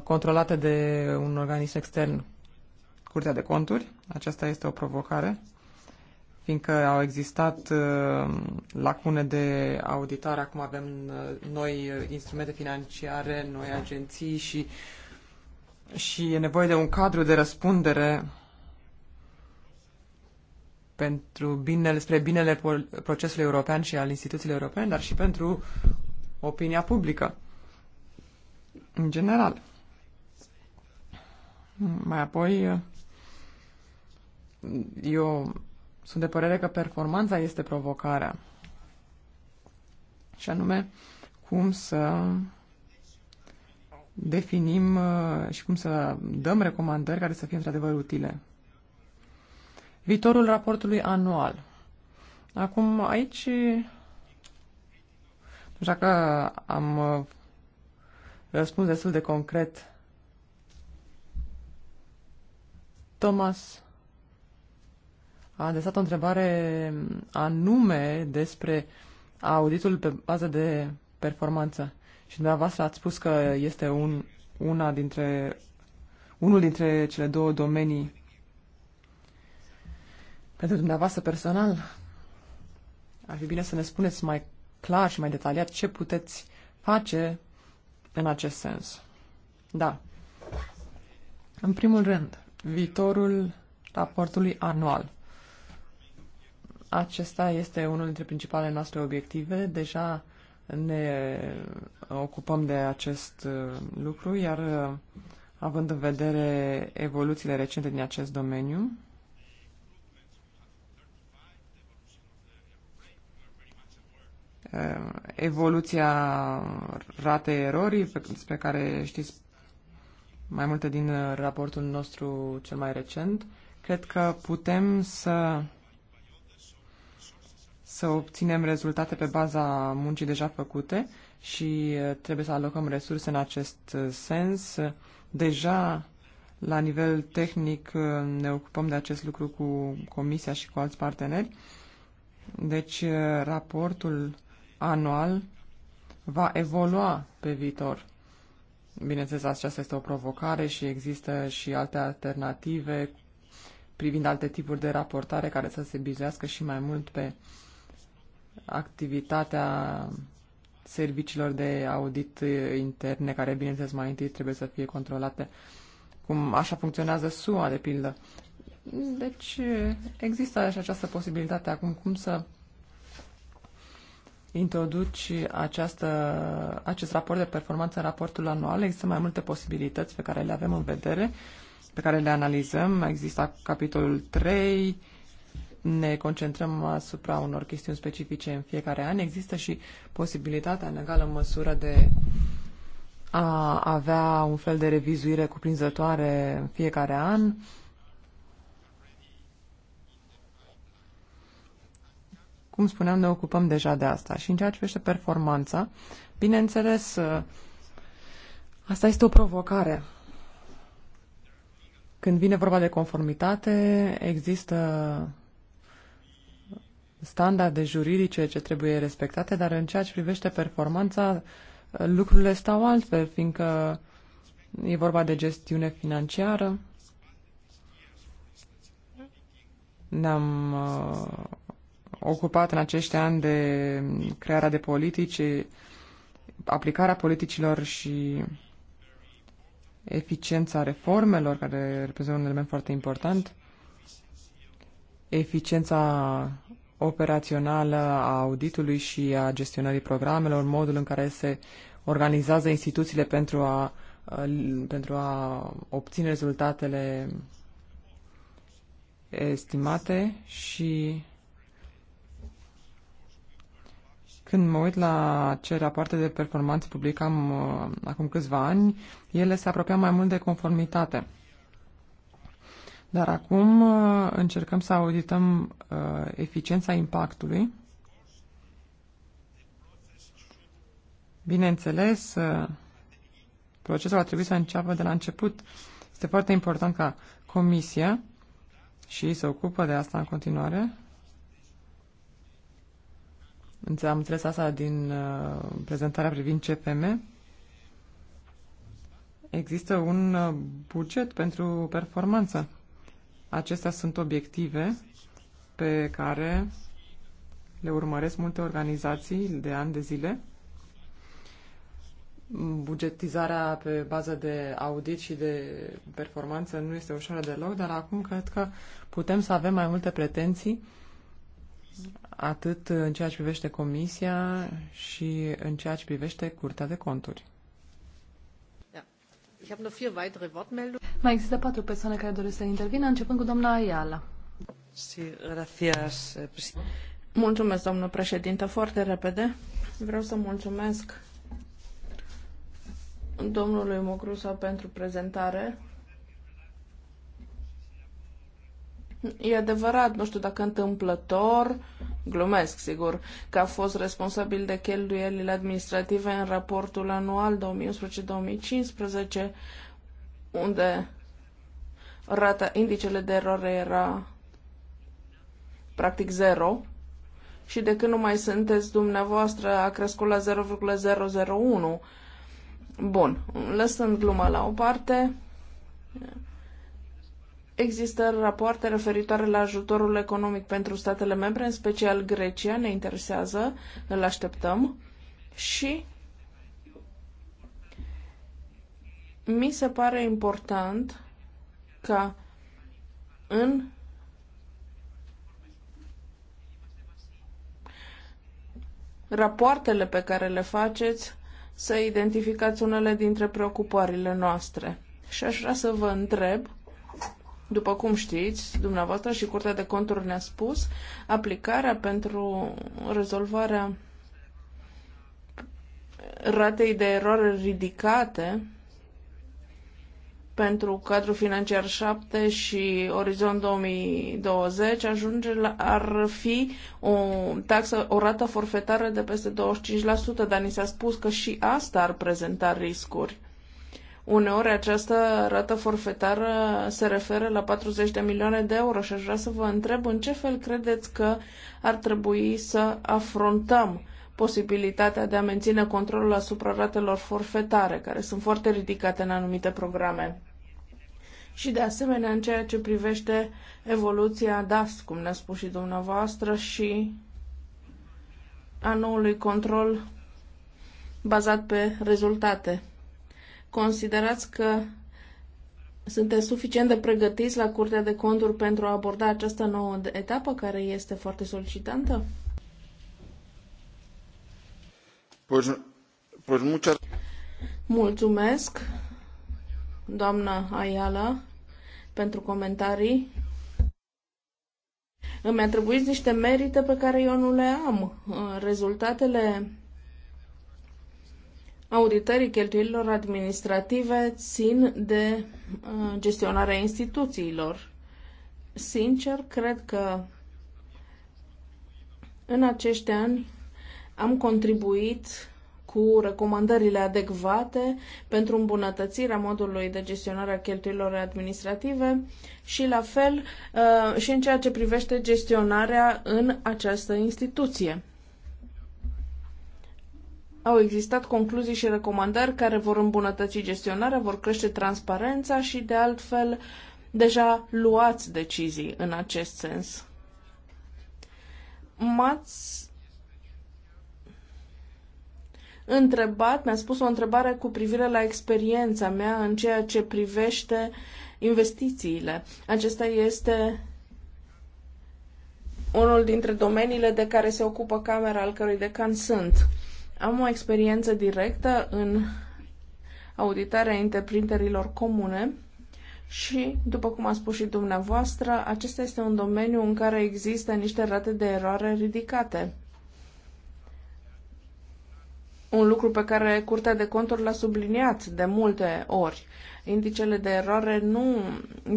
controlate de un organism extern Curtea de Conturi. Aceasta este o provocare, fiindcă au existat uh, lacune de auditare. Acum avem uh, noi uh, instrumente financiare, noi agenții și, și e nevoie de un cadru de răspundere pentru binele, spre binele procesului european și al instituțiilor europene, dar și pentru opinia publică în general. Mai apoi eu sunt de părere că performanța este provocarea. Și anume, cum să definim uh, și cum să dăm recomandări care să fie într-adevăr utile. Viitorul raportului anual. Acum, aici, știu dacă am uh, răspuns destul de concret, Thomas a adresat o întrebare anume despre auditul pe bază de performanță. Și dumneavoastră ați spus că este un, una dintre, unul dintre cele două domenii pentru dumneavoastră personal. Ar fi bine să ne spuneți mai clar și mai detaliat ce puteți face în acest sens. Da. În primul rând, viitorul raportului anual. Acesta este unul dintre principalele noastre obiective. Deja ne ocupăm de acest uh, lucru, iar uh, având în vedere evoluțiile recente din acest domeniu, uh, evoluția ratei erorii, despre care știți mai multe din raportul nostru cel mai recent, cred că putem să să obținem rezultate pe baza muncii deja făcute și trebuie să alocăm resurse în acest sens. Deja la nivel tehnic ne ocupăm de acest lucru cu Comisia și cu alți parteneri. Deci raportul anual va evolua pe viitor. Bineînțeles, aceasta este o provocare și există și alte alternative privind alte tipuri de raportare care să se bizească și mai mult pe activitatea serviciilor de audit interne, care, bineînțeles, mai întâi trebuie să fie controlate, cum așa funcționează SUA, de pildă. Deci există și această posibilitate acum cum să introduci această, acest raport de performanță în raportul anual. Există mai multe posibilități pe care le avem în vedere, pe care le analizăm. Există capitolul 3, ne concentrăm asupra unor chestiuni specifice în fiecare an, există și posibilitatea în egală măsură de a avea un fel de revizuire cuprinzătoare în fiecare an. Cum spuneam, ne ocupăm deja de asta. Și în ceea ce privește performanța, bineînțeles, asta este o provocare. Când vine vorba de conformitate, există standarde juridice ce trebuie respectate, dar în ceea ce privește performanța, lucrurile stau altfel, fiindcă e vorba de gestiune financiară. Ne-am uh, ocupat în acești ani de crearea de politici, aplicarea politicilor și eficiența reformelor, care reprezintă un element foarte important, eficiența operațională a auditului și a gestionării programelor, modul în care se organizează instituțiile pentru a, pentru a obține rezultatele estimate și Când mă uit la ce rapoarte de performanță publicam uh, acum câțiva ani, ele se apropiau mai mult de conformitate. Dar acum uh, încercăm să audităm uh, eficiența impactului. Bineînțeles, uh, procesul a trebuit să înceapă de la început. Este foarte important ca Comisia, și se ocupă de asta în continuare, am înțeles asta din prezentarea privind CPM, există un buget pentru performanță. Acestea sunt obiective pe care le urmăresc multe organizații de ani de zile. Bugetizarea pe bază de audit și de performanță nu este ușoară deloc, dar acum cred că putem să avem mai multe pretenții atât în ceea ce privește comisia și în ceea ce privește curtea de conturi. Mai există patru persoane care doresc să intervină, începând cu doamna Ayala. Eh, mulțumesc, doamnă președinte, Foarte repede. Vreau să mulțumesc domnului Mocrusa pentru prezentare. E adevărat, nu știu dacă întâmplător, glumesc, sigur, că a fost responsabil de cheltuielile administrative în raportul anual 2011-2015, unde rata, indicele de eroare era practic zero și de când nu mai sunteți dumneavoastră a crescut la 0,001. Bun, lăsând gluma la o parte, Există rapoarte referitoare la ajutorul economic pentru statele membre, în special Grecia, ne interesează, îl așteptăm. Și mi se pare important ca în rapoartele pe care le faceți să identificați unele dintre preocupările noastre. Și aș vrea să vă întreb după cum știți, dumneavoastră și Curtea de Conturi ne-a spus, aplicarea pentru rezolvarea ratei de eroare ridicate pentru cadrul financiar 7 și orizont 2020 ajunge la, ar fi o taxă, o rată forfetară de peste 25%, dar ni s-a spus că și asta ar prezenta riscuri. Uneori această rată forfetară se referă la 40 de milioane de euro și aș vrea să vă întreb în ce fel credeți că ar trebui să afrontăm posibilitatea de a menține controlul asupra ratelor forfetare, care sunt foarte ridicate în anumite programe. Și de asemenea, în ceea ce privește evoluția DAS, cum ne-a spus și dumneavoastră, și a noului control bazat pe rezultate. Considerați că sunteți suficient de pregătiți la Curtea de Conturi pentru a aborda această nouă etapă care este foarte solicitantă? Mulțumesc, doamna Ayala, pentru comentarii. Îmi atribuiți niște merite pe care eu nu le am. Rezultatele Auditării cheltuielilor administrative țin de uh, gestionarea instituțiilor. Sincer, cred că în acești ani am contribuit cu recomandările adecvate pentru îmbunătățirea modului de gestionare a cheltuielor administrative și la fel uh, și în ceea ce privește gestionarea în această instituție au existat concluzii și recomandări care vor îmbunătăți gestionarea, vor crește transparența și, de altfel, deja luați decizii în acest sens. M-ați întrebat, mi-a spus o întrebare cu privire la experiența mea în ceea ce privește investițiile. Acesta este unul dintre domeniile de care se ocupă camera al cărui decan sunt. Am o experiență directă în auditarea interprinterilor comune și, după cum a spus și dumneavoastră, acesta este un domeniu în care există niște rate de eroare ridicate. Un lucru pe care Curtea de Conturi l-a subliniat de multe ori. Indicele de eroare nu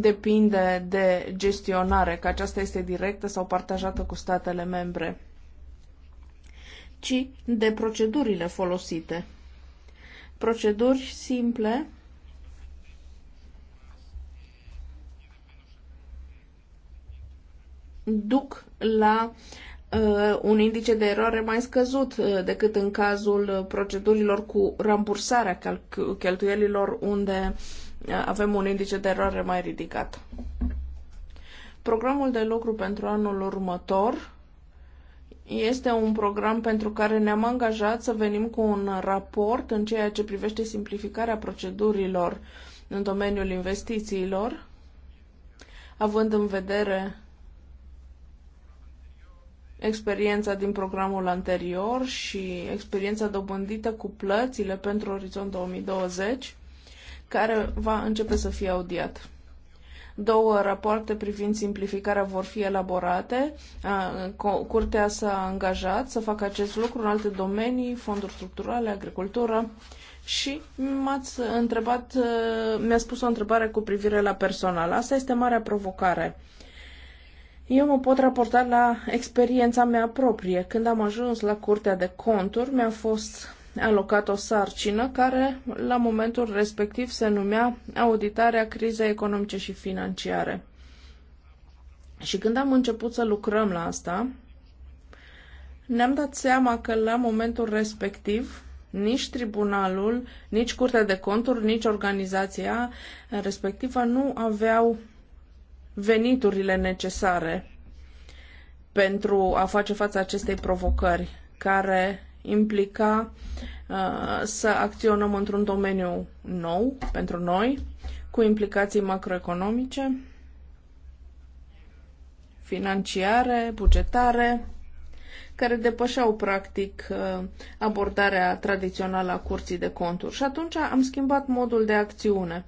depinde de gestionare, că aceasta este directă sau partajată cu statele membre ci de procedurile folosite. Proceduri simple duc la uh, un indice de eroare mai scăzut uh, decât în cazul procedurilor cu rambursarea cheltuielilor unde uh, avem un indice de eroare mai ridicat. Programul de lucru pentru anul următor este un program pentru care ne-am angajat să venim cu un raport în ceea ce privește simplificarea procedurilor în domeniul investițiilor, având în vedere experiența din programul anterior și experiența dobândită cu plățile pentru Orizont 2020, care va începe să fie audiat. Două rapoarte privind simplificarea vor fi elaborate. Curtea s-a angajat să facă acest lucru în alte domenii, fonduri structurale, agricultură. Și m-ați întrebat, mi-a spus o întrebare cu privire la personal. Asta este marea provocare. Eu mă pot raporta la experiența mea proprie. Când am ajuns la Curtea de Conturi, mi-a fost alocat o sarcină care, la momentul respectiv, se numea auditarea crizei economice și financiare. Și când am început să lucrăm la asta, ne-am dat seama că la momentul respectiv nici tribunalul, nici curtea de conturi, nici organizația respectivă nu aveau veniturile necesare pentru a face față acestei provocări care implica uh, să acționăm într-un domeniu nou pentru noi, cu implicații macroeconomice, financiare, bugetare, care depășeau practic uh, abordarea tradițională a curții de conturi. Și atunci am schimbat modul de acțiune.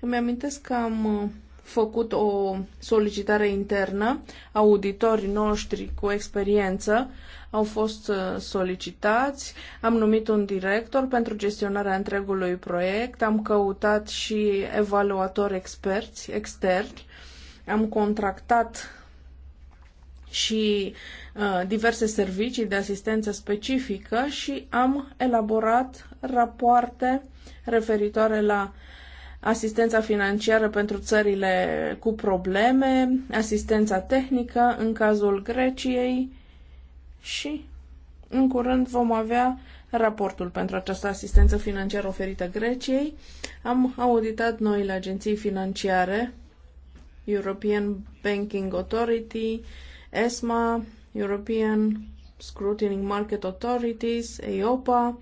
Îmi amintesc că am uh, făcut o solicitare internă, auditorii noștri cu experiență au fost uh, solicitați, am numit un director pentru gestionarea întregului proiect, am căutat și evaluatori experți externi, am contractat și uh, diverse servicii de asistență specifică și am elaborat rapoarte referitoare la asistența financiară pentru țările cu probleme, asistența tehnică în cazul Greciei și în curând vom avea raportul pentru această asistență financiară oferită Greciei. Am auditat noile agenții financiare, European Banking Authority, ESMA, European Scrutiny Market Authorities, EIOPA,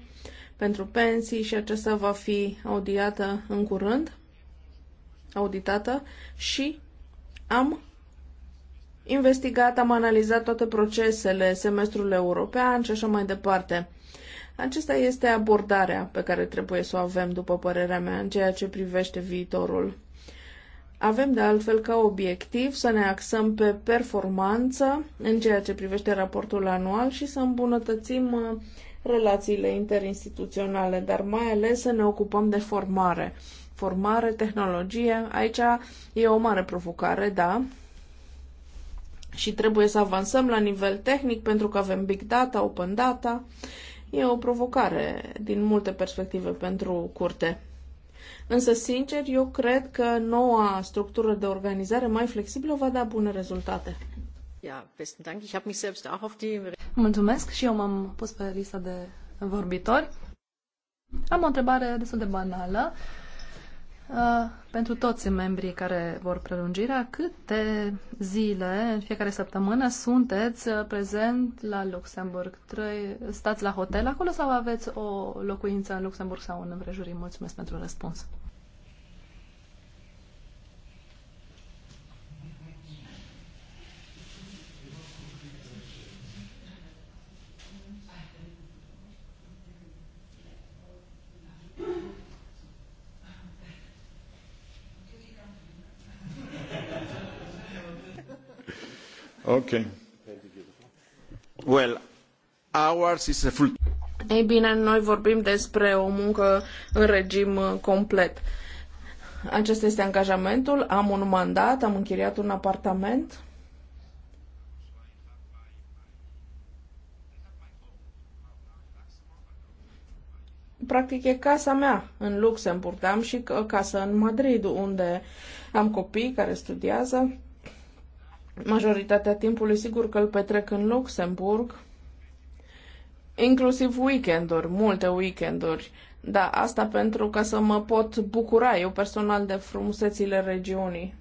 pentru pensii și aceasta va fi audiată în curând, auditată și am investigat, am analizat toate procesele, semestrul european și așa mai departe. Acesta este abordarea pe care trebuie să o avem, după părerea mea, în ceea ce privește viitorul. Avem de altfel ca obiectiv să ne axăm pe performanță în ceea ce privește raportul anual și să îmbunătățim uh, relațiile interinstituționale, dar mai ales să ne ocupăm de formare. Formare, tehnologie, aici e o mare provocare, da, și trebuie să avansăm la nivel tehnic pentru că avem big data, open data. E o provocare din multe perspective pentru curte. Însă, sincer, eu cred că noua structură de organizare mai flexibilă va da bune rezultate. Mulțumesc și eu m-am pus pe lista de vorbitori. Am o întrebare destul de banală. Uh, pentru toți membrii care vor prelungirea, câte zile în fiecare săptămână sunteți uh, prezent la Luxemburg? Trei, stați la hotel acolo sau aveți o locuință în Luxemburg sau în împrejuriri? Mulțumesc pentru răspuns. Ei bine, noi vorbim despre o muncă în regim uh, complet. Acesta este angajamentul, am un mandat, am închiriat un apartament. Practic e casa mea în Luxemburg, am și uh, casă în Madrid, unde am copii care studiază. Majoritatea timpului sigur că îl petrec în Luxemburg, inclusiv weekenduri, multe weekenduri. Da, asta pentru ca să mă pot bucura eu personal de frumusețile regiunii.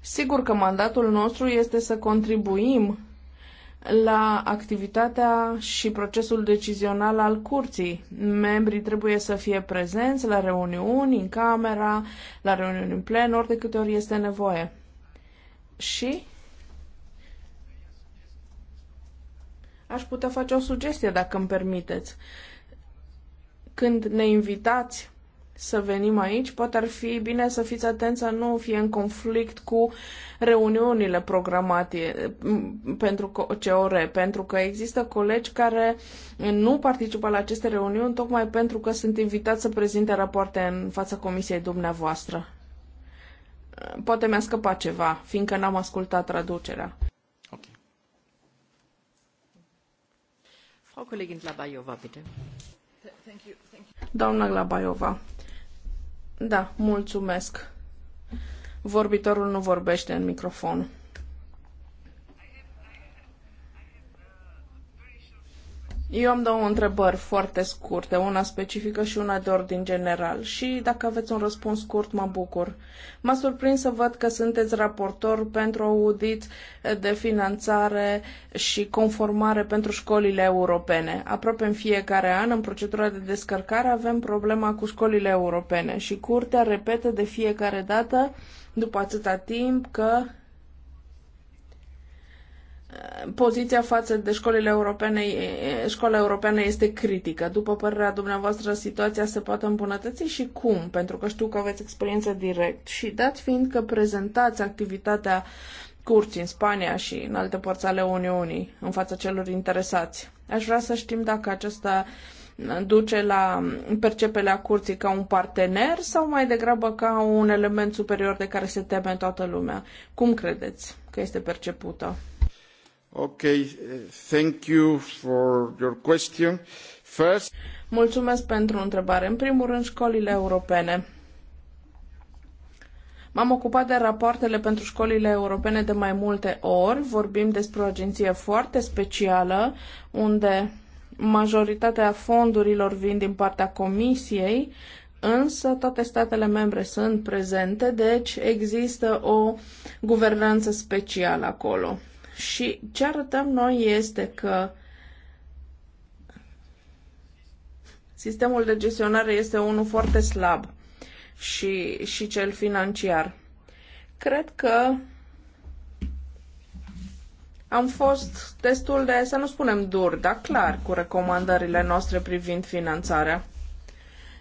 Sigur că mandatul nostru este să contribuim la activitatea și procesul decizional al curții. Membrii trebuie să fie prezenți la reuniuni, în camera, la reuniuni în plen, ori de câte ori este nevoie. Și aș putea face o sugestie, dacă îmi permiteți. Când ne invitați să venim aici, poate ar fi bine să fiți atenți să nu fie în conflict cu reuniunile programate mm, pentru COR, pentru că există colegi care nu participă la aceste reuniuni tocmai pentru că sunt invitați să prezinte rapoarte în fața comisiei dumneavoastră. Poate mi-a scăpat ceva, fiindcă n-am ascultat traducerea. Okay. Frau Kollegin Labajova, bitte. Thank you. Thank you. Doamna Glabaiova. Da, mulțumesc. Vorbitorul nu vorbește în microfon. Eu am două întrebări foarte scurte, una specifică și una de ordin general. Și dacă aveți un răspuns scurt, mă bucur. M-a surprins să văd că sunteți raportor pentru audit de finanțare și conformare pentru școlile europene. Aproape în fiecare an, în procedura de descărcare, avem problema cu școlile europene și curtea repetă de fiecare dată, după atâta timp, că poziția față de școlile europene, școala europeană este critică. După părerea dumneavoastră, situația se poate îmbunătăți și cum? Pentru că știu că aveți experiență direct și dat fiind că prezentați activitatea curții în Spania și în alte părți ale Uniunii în fața celor interesați. Aș vrea să știm dacă acesta duce la perceperea curții ca un partener sau mai degrabă ca un element superior de care se teme toată lumea. Cum credeți că este percepută? Okay, thank you for your question. First... Mulțumesc pentru întrebare. În primul rând, școlile europene. M-am ocupat de rapoartele pentru școlile europene de mai multe ori. Vorbim despre o agenție foarte specială, unde majoritatea fondurilor vin din partea Comisiei, însă toate statele membre sunt prezente, deci există o guvernanță specială acolo. Și ce arătăm noi este că sistemul de gestionare este unul foarte slab și, și cel financiar. Cred că am fost destul de, să nu spunem dur, dar clar, cu recomandările noastre privind finanțarea.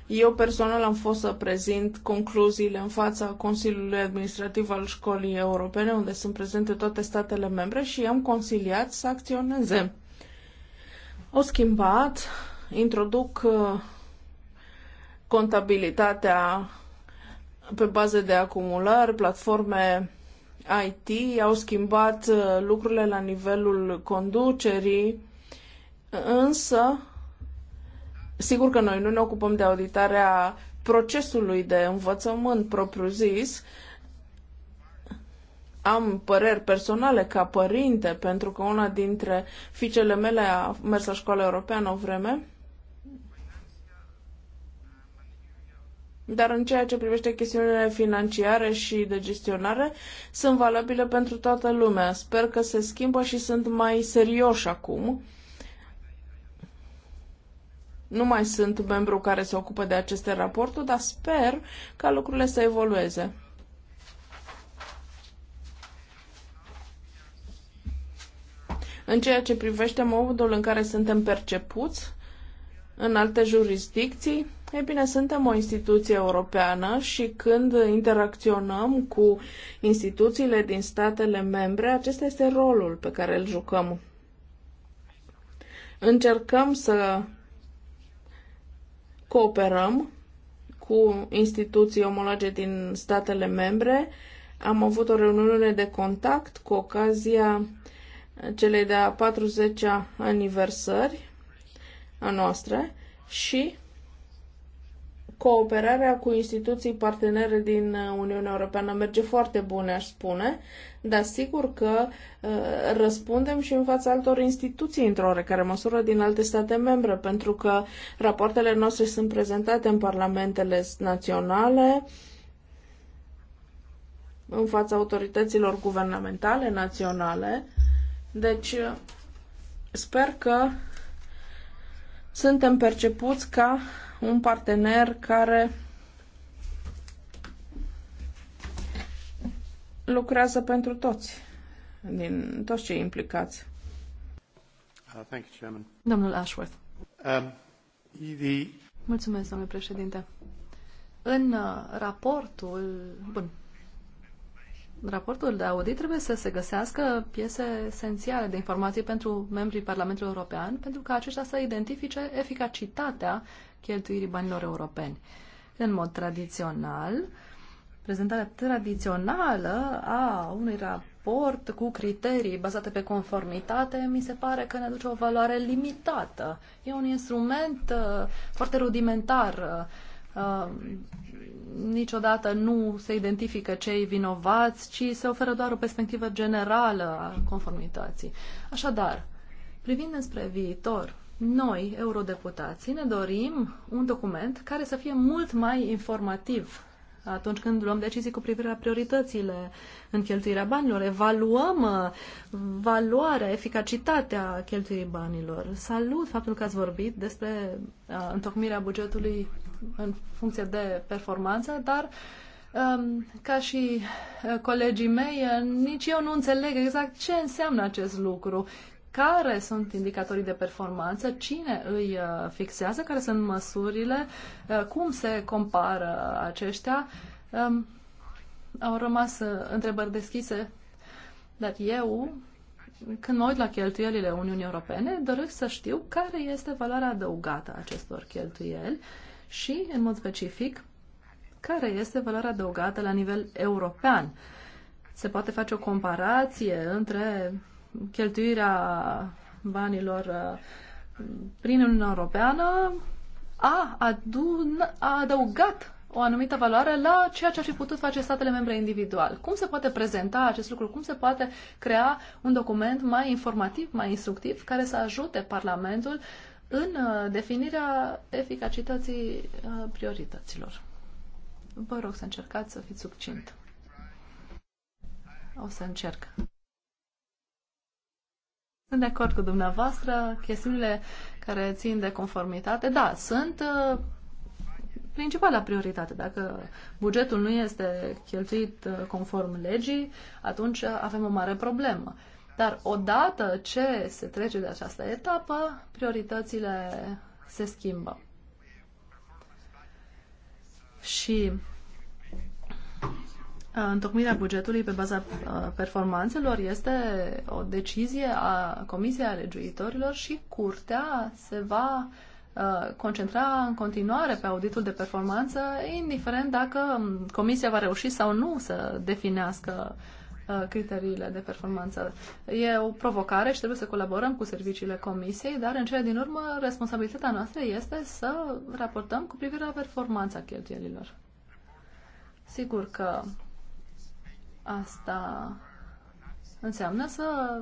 Eu personal am fost să prezint concluziile în fața Consiliului Administrativ al Școlii Europene, unde sunt prezente toate statele membre și am consiliat să acționeze. Au schimbat, introduc uh, contabilitatea pe bază de acumulări, platforme IT, au schimbat uh, lucrurile la nivelul conducerii, însă Sigur că noi nu ne ocupăm de auditarea procesului de învățământ propriu-zis. Am păreri personale ca părinte, pentru că una dintre fiicele mele a mers la școală europeană o vreme. Dar în ceea ce privește chestiunile financiare și de gestionare, sunt valabile pentru toată lumea. Sper că se schimbă și sunt mai serioși acum nu mai sunt membru care se ocupă de aceste raporturi, dar sper ca lucrurile să evolueze. În ceea ce privește modul în care suntem percepuți în alte jurisdicții, e bine, suntem o instituție europeană și când interacționăm cu instituțiile din statele membre, acesta este rolul pe care îl jucăm. Încercăm să Cooperăm cu instituții omologe din statele membre. Am avut o reuniune de contact cu ocazia celei de-a 40-a aniversări a noastră și cooperarea cu instituții partenere din Uniunea Europeană merge foarte bune, aș spune dar sigur că uh, răspundem și în fața altor instituții într-o oarecare măsură din alte state membre, pentru că rapoartele noastre sunt prezentate în parlamentele naționale, în fața autorităților guvernamentale naționale. Deci, uh, sper că suntem percepuți ca un partener care lucrează pentru toți, din toți cei implicați. Uh, thank you, Chairman. Domnul Ashworth. Um, the... Mulțumesc, domnule președinte. În uh, raportul, bun, raportul de audit trebuie să se găsească piese esențiale de informații pentru membrii Parlamentului European, pentru ca aceștia să identifice eficacitatea cheltuirii banilor europeni. În mod tradițional, uh, prezentarea tradițională a unui raport cu criterii bazate pe conformitate, mi se pare că ne aduce o valoare limitată. E un instrument uh, foarte rudimentar. Uh, um, niciodată nu se identifică cei vinovați, ci se oferă doar o perspectivă generală a conformității. Așadar, privind înspre viitor, noi, eurodeputații, ne dorim un document care să fie mult mai informativ atunci când luăm decizii cu privire la prioritățile în cheltuirea banilor. Evaluăm uh, valoarea, eficacitatea cheltuirii banilor. Salut faptul că ați vorbit despre uh, întocmirea bugetului în funcție de performanță, dar um, ca și uh, colegii mei, nici eu nu înțeleg exact ce înseamnă acest lucru care sunt indicatorii de performanță, cine îi uh, fixează, care sunt măsurile, uh, cum se compară aceștia. Um, au rămas uh, întrebări deschise, dar eu, când mă uit la cheltuielile Uniunii Europene, doresc să știu care este valoarea adăugată a acestor cheltuieli și, în mod specific, care este valoarea adăugată la nivel european. Se poate face o comparație între cheltuirea banilor uh, prin Uniunea Europeană a, adun, a adăugat o anumită valoare la ceea ce ar fi putut face statele membre individual. Cum se poate prezenta acest lucru? Cum se poate crea un document mai informativ, mai instructiv, care să ajute Parlamentul în uh, definirea eficacității uh, priorităților? Vă rog să încercați să fiți succint. O să încerc. Sunt de acord cu dumneavoastră. Chestiunile care țin de conformitate, da, sunt uh, principala prioritate. Dacă bugetul nu este cheltuit uh, conform legii, atunci avem o mare problemă. Dar odată ce se trece de această etapă, prioritățile se schimbă. Și Întocmirea bugetului pe baza performanțelor este o decizie a Comisiei Alegiuitorilor și Curtea se va concentra în continuare pe auditul de performanță, indiferent dacă Comisia va reuși sau nu să definească criteriile de performanță. E o provocare și trebuie să colaborăm cu serviciile Comisiei, dar în cele din urmă responsabilitatea noastră este să raportăm cu privire la performanța cheltuielilor. Sigur că Asta înseamnă să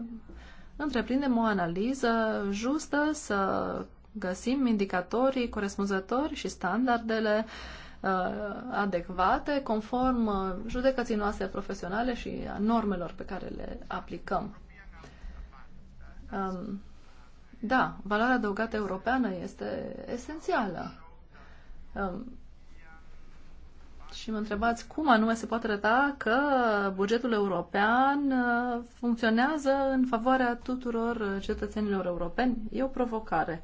întreprindem o analiză justă, să găsim indicatorii corespunzători și standardele uh, adecvate, conform uh, judecății noastre profesionale și a normelor pe care le aplicăm. Um, da, valoarea adăugată europeană este esențială. Um, și mă întrebați cum anume se poate arăta că bugetul european uh, funcționează în favoarea tuturor uh, cetățenilor europeni. E o provocare.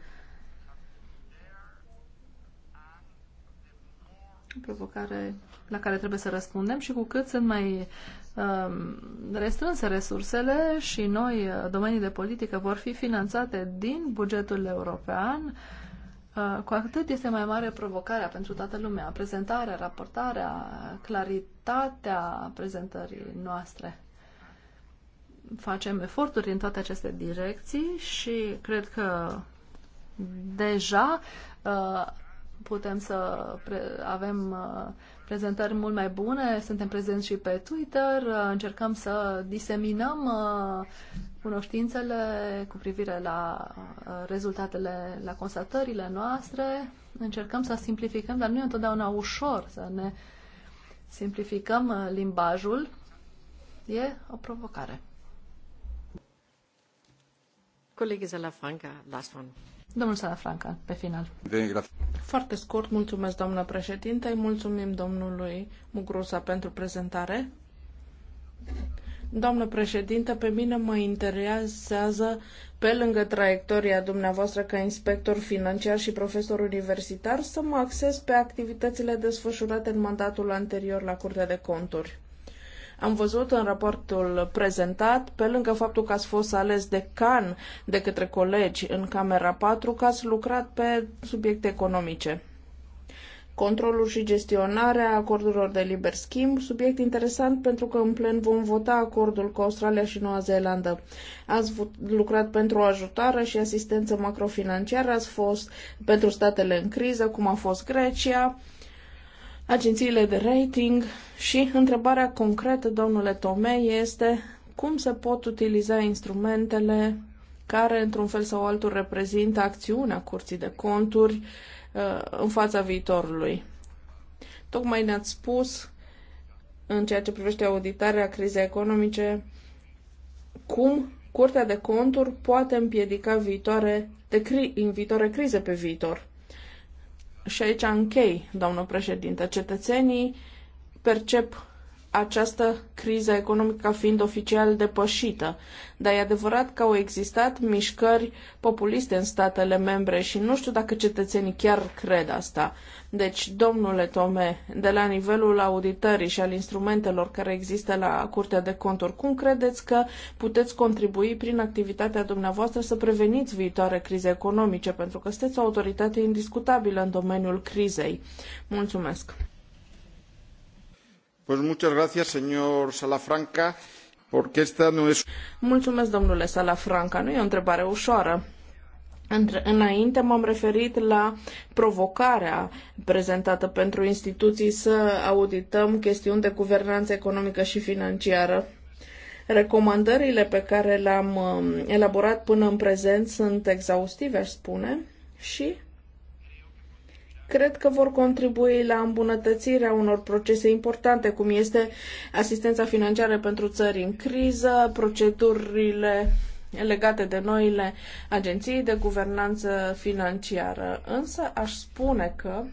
O provocare la care trebuie să răspundem și cu cât sunt mai um, restrânse resursele și noi uh, domenii de politică vor fi finanțate din bugetul european, Uh, cu atât este mai mare provocarea pentru toată lumea, prezentarea, raportarea, claritatea prezentării noastre. Facem eforturi în toate aceste direcții și cred că deja uh, putem să avem uh, prezentări mult mai bune. Suntem prezenți și pe Twitter, uh, încercăm să diseminăm uh, cunoștințele cu privire la uh, rezultatele, la constatările noastre. Încercăm să simplificăm, dar nu e întotdeauna ușor să ne simplificăm limbajul. E o provocare. Colegii la Franca, last one. Domnul Franca, pe final. Bine, Foarte scurt, mulțumesc, doamnă președinte, mulțumim domnului Mugrusa pentru prezentare. Doamnă președinte, pe mine mă interesează, pe lângă traiectoria dumneavoastră ca inspector financiar și profesor universitar, să mă acces pe activitățile desfășurate în mandatul anterior la Curtea de Conturi. Am văzut în raportul prezentat, pe lângă faptul că ați fost ales de can de către colegi în Camera 4, că ați lucrat pe subiecte economice controlul și gestionarea acordurilor de liber schimb, subiect interesant pentru că în plen vom vota acordul cu Australia și Noua Zeelandă. Ați lucrat pentru ajutare și asistență macrofinanciară, ați fost pentru statele în criză, cum a fost Grecia, agențiile de rating și întrebarea concretă, domnule Tome, este cum se pot utiliza instrumentele care, într-un fel sau altul, reprezintă acțiunea Curții de Conturi uh, în fața viitorului. Tocmai ne-ați spus, în ceea ce privește auditarea crizei economice, cum Curtea de Conturi poate împiedica viitoare, de cri- în viitoare crize pe viitor. Și aici închei, doamnă președinte, cetățenii percep această criză economică ca fiind oficial depășită, dar e adevărat că au existat mișcări populiste în statele membre și nu știu dacă cetățenii chiar cred asta. Deci, domnule Tome, de la nivelul auditării și al instrumentelor care există la Curtea de Conturi, cum credeți că puteți contribui prin activitatea dumneavoastră să preveniți viitoare crize economice, pentru că sunteți o autoritate indiscutabilă în domeniul crizei? Mulțumesc! Pues muchas gracias, señor Salafranca, porque esta no es... Mulțumesc, domnule Salafranca. Nu e o întrebare ușoară. Înainte m-am referit la provocarea prezentată pentru instituții să audităm chestiuni de guvernanță economică și financiară. Recomandările pe care le-am um, elaborat până în prezent sunt exhaustive, aș spune, și cred că vor contribui la îmbunătățirea unor procese importante, cum este asistența financiară pentru țări în criză, procedurile legate de noile agenții de guvernanță financiară. Însă aș spune că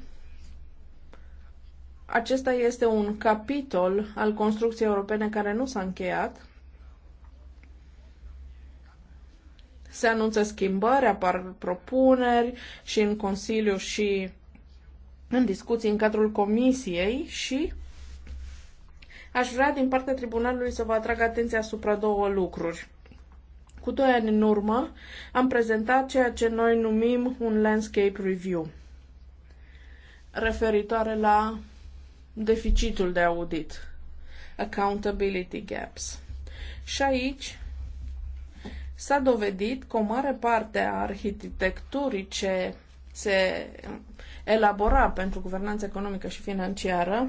acesta este un capitol al construcției europene care nu s-a încheiat. Se anunță schimbări, apar propuneri și în Consiliu și în discuții în cadrul comisiei și aș vrea din partea tribunalului să vă atrag atenția asupra două lucruri. Cu doi ani în urmă am prezentat ceea ce noi numim un landscape review referitoare la deficitul de audit, accountability gaps. Și aici s-a dovedit că o mare parte a arhitecturii ce se elabora pentru guvernanță economică și financiară,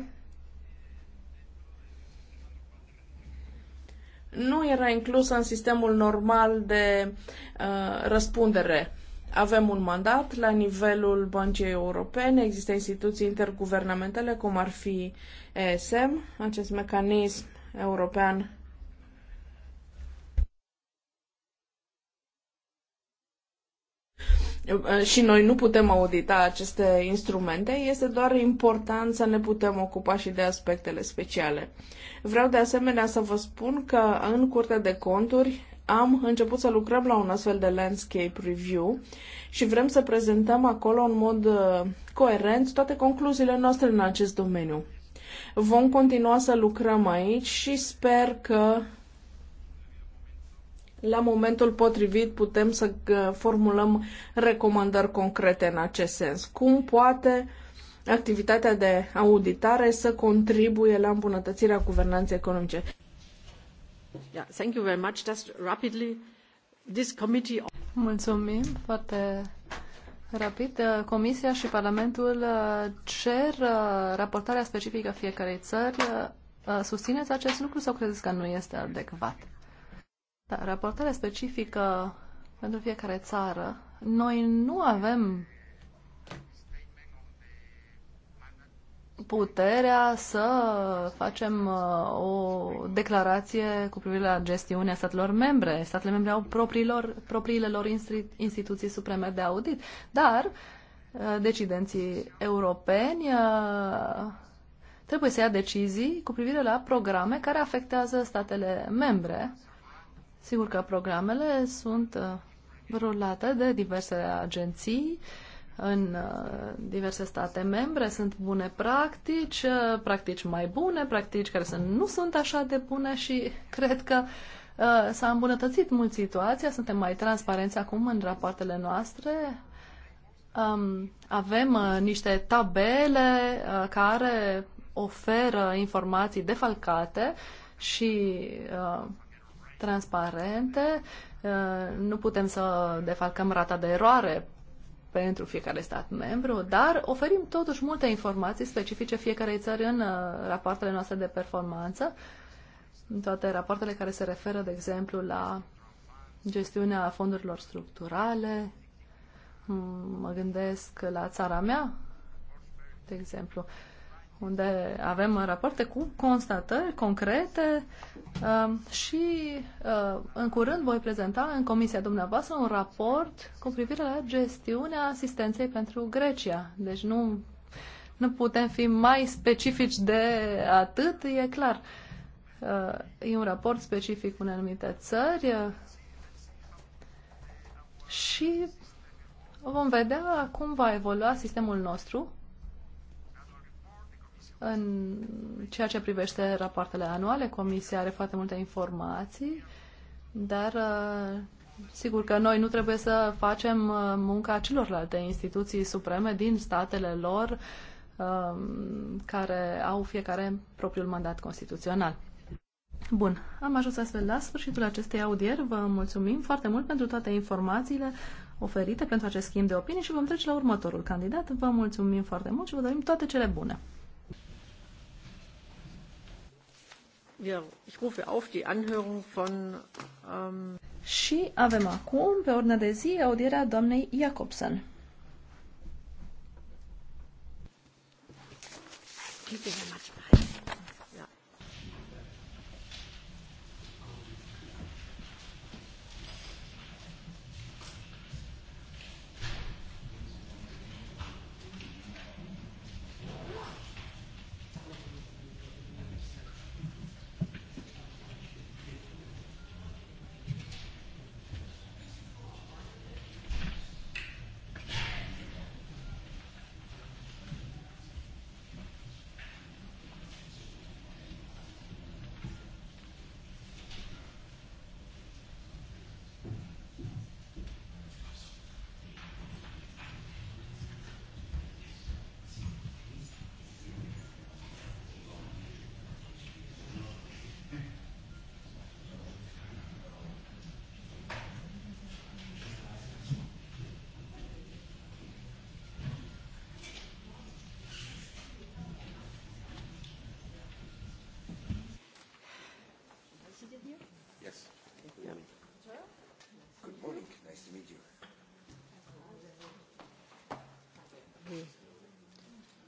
nu era inclusă în sistemul normal de uh, răspundere. Avem un mandat la nivelul Băncii Europene, există instituții interguvernamentale, cum ar fi ESM, acest mecanism european Eh, și noi nu putem audita aceste instrumente, este doar important să ne putem ocupa și de aspectele speciale. Vreau de asemenea să vă spun că în Curtea de Conturi am început să lucrăm la un astfel de landscape review și vrem să prezentăm acolo în mod eh, coerent toate concluziile noastre în acest domeniu. Vom continua să lucrăm aici și sper că la momentul potrivit putem să uh, formulăm recomandări concrete în acest sens. Cum poate activitatea de auditare să contribuie la îmbunătățirea guvernanței economice? Yeah, thank you very much. Just rapidly, this committee... Mulțumim foarte rapid. Uh, Comisia și Parlamentul uh, cer raportarea specifică fiecarei țări. Susțineți acest lucru sau credeți că nu este adecvat? Da, raportarea specifică pentru fiecare țară. Noi nu avem puterea să facem uh, o declarație cu privire la gestiunea statelor membre. Statele membre au propriilor, propriile lor instituții supreme de audit, dar uh, decidenții europeni uh, trebuie să ia decizii cu privire la programe care afectează statele membre Sigur că programele sunt uh, rulate de diverse agenții în uh, diverse state membre. Sunt bune practici, uh, practici mai bune, practici care să nu sunt așa de bune și <laughs> cred că s-a îmbunătățit mult situația. Suntem mai transparenți acum în rapoartele noastre. Um, avem niște tabele care oferă informații defalcate și transparente. Uh, nu putem să defalcăm rata de eroare pentru fiecare stat membru, dar oferim totuși multe informații specifice fiecarei țări în uh, rapoartele noastre de performanță, în toate rapoartele care se referă, de exemplu, la gestiunea fondurilor structurale. Mm, mă gândesc la țara mea, de exemplu. Uh, unde avem rapoarte cu constatări concrete um, și uh, în curând voi prezenta în comisia dumneavoastră un raport cu privire la gestiunea asistenței pentru Grecia. Deci nu, nu putem fi mai specifici de atât, e clar. Uh, e un raport specific unei anumite țări uh, și vom vedea cum va evolua sistemul nostru în ceea ce privește rapoartele anuale, Comisia are foarte multe informații, dar uh, sigur că noi nu trebuie să facem uh, munca celorlalte instituții supreme din statele lor um, care au fiecare propriul mandat constituțional. Bun, am ajuns astfel la sfârșitul acestei audieri. Vă mulțumim foarte mult pentru toate informațiile oferite pentru acest schimb de opinii și vom trece la următorul candidat. Vă mulțumim foarte mult și vă dorim toate cele bune! Wir, ich rufe auf die Anhörung von, um... Și avem acum pe ordinea de zi audierea doamnei Jacobsen. Bitte, Herr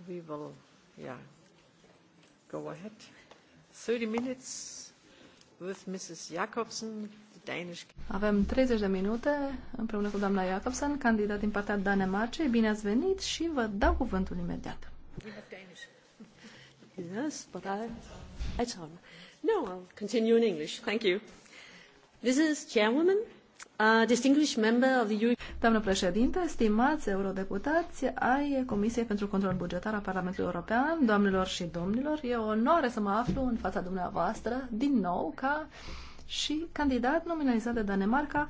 we will yeah, go ahead. 30 minutes with Mrs. the Danish... Avem 30 de minute împreună cu doamna Jacobsen, candidat din partea Danemarcei. Bine ați venit și vă dau cuvântul imediat. Yes, but I, I told No, I'll continue in English. Thank you. This is Chairwoman, a distinguished member of the European Doamnă președinte, stimați eurodeputați ai Comisiei pentru Control Bugetar a Parlamentului European, doamnelor și domnilor, e o onoare să mă aflu în fața dumneavoastră din nou ca și candidat nominalizat de Danemarca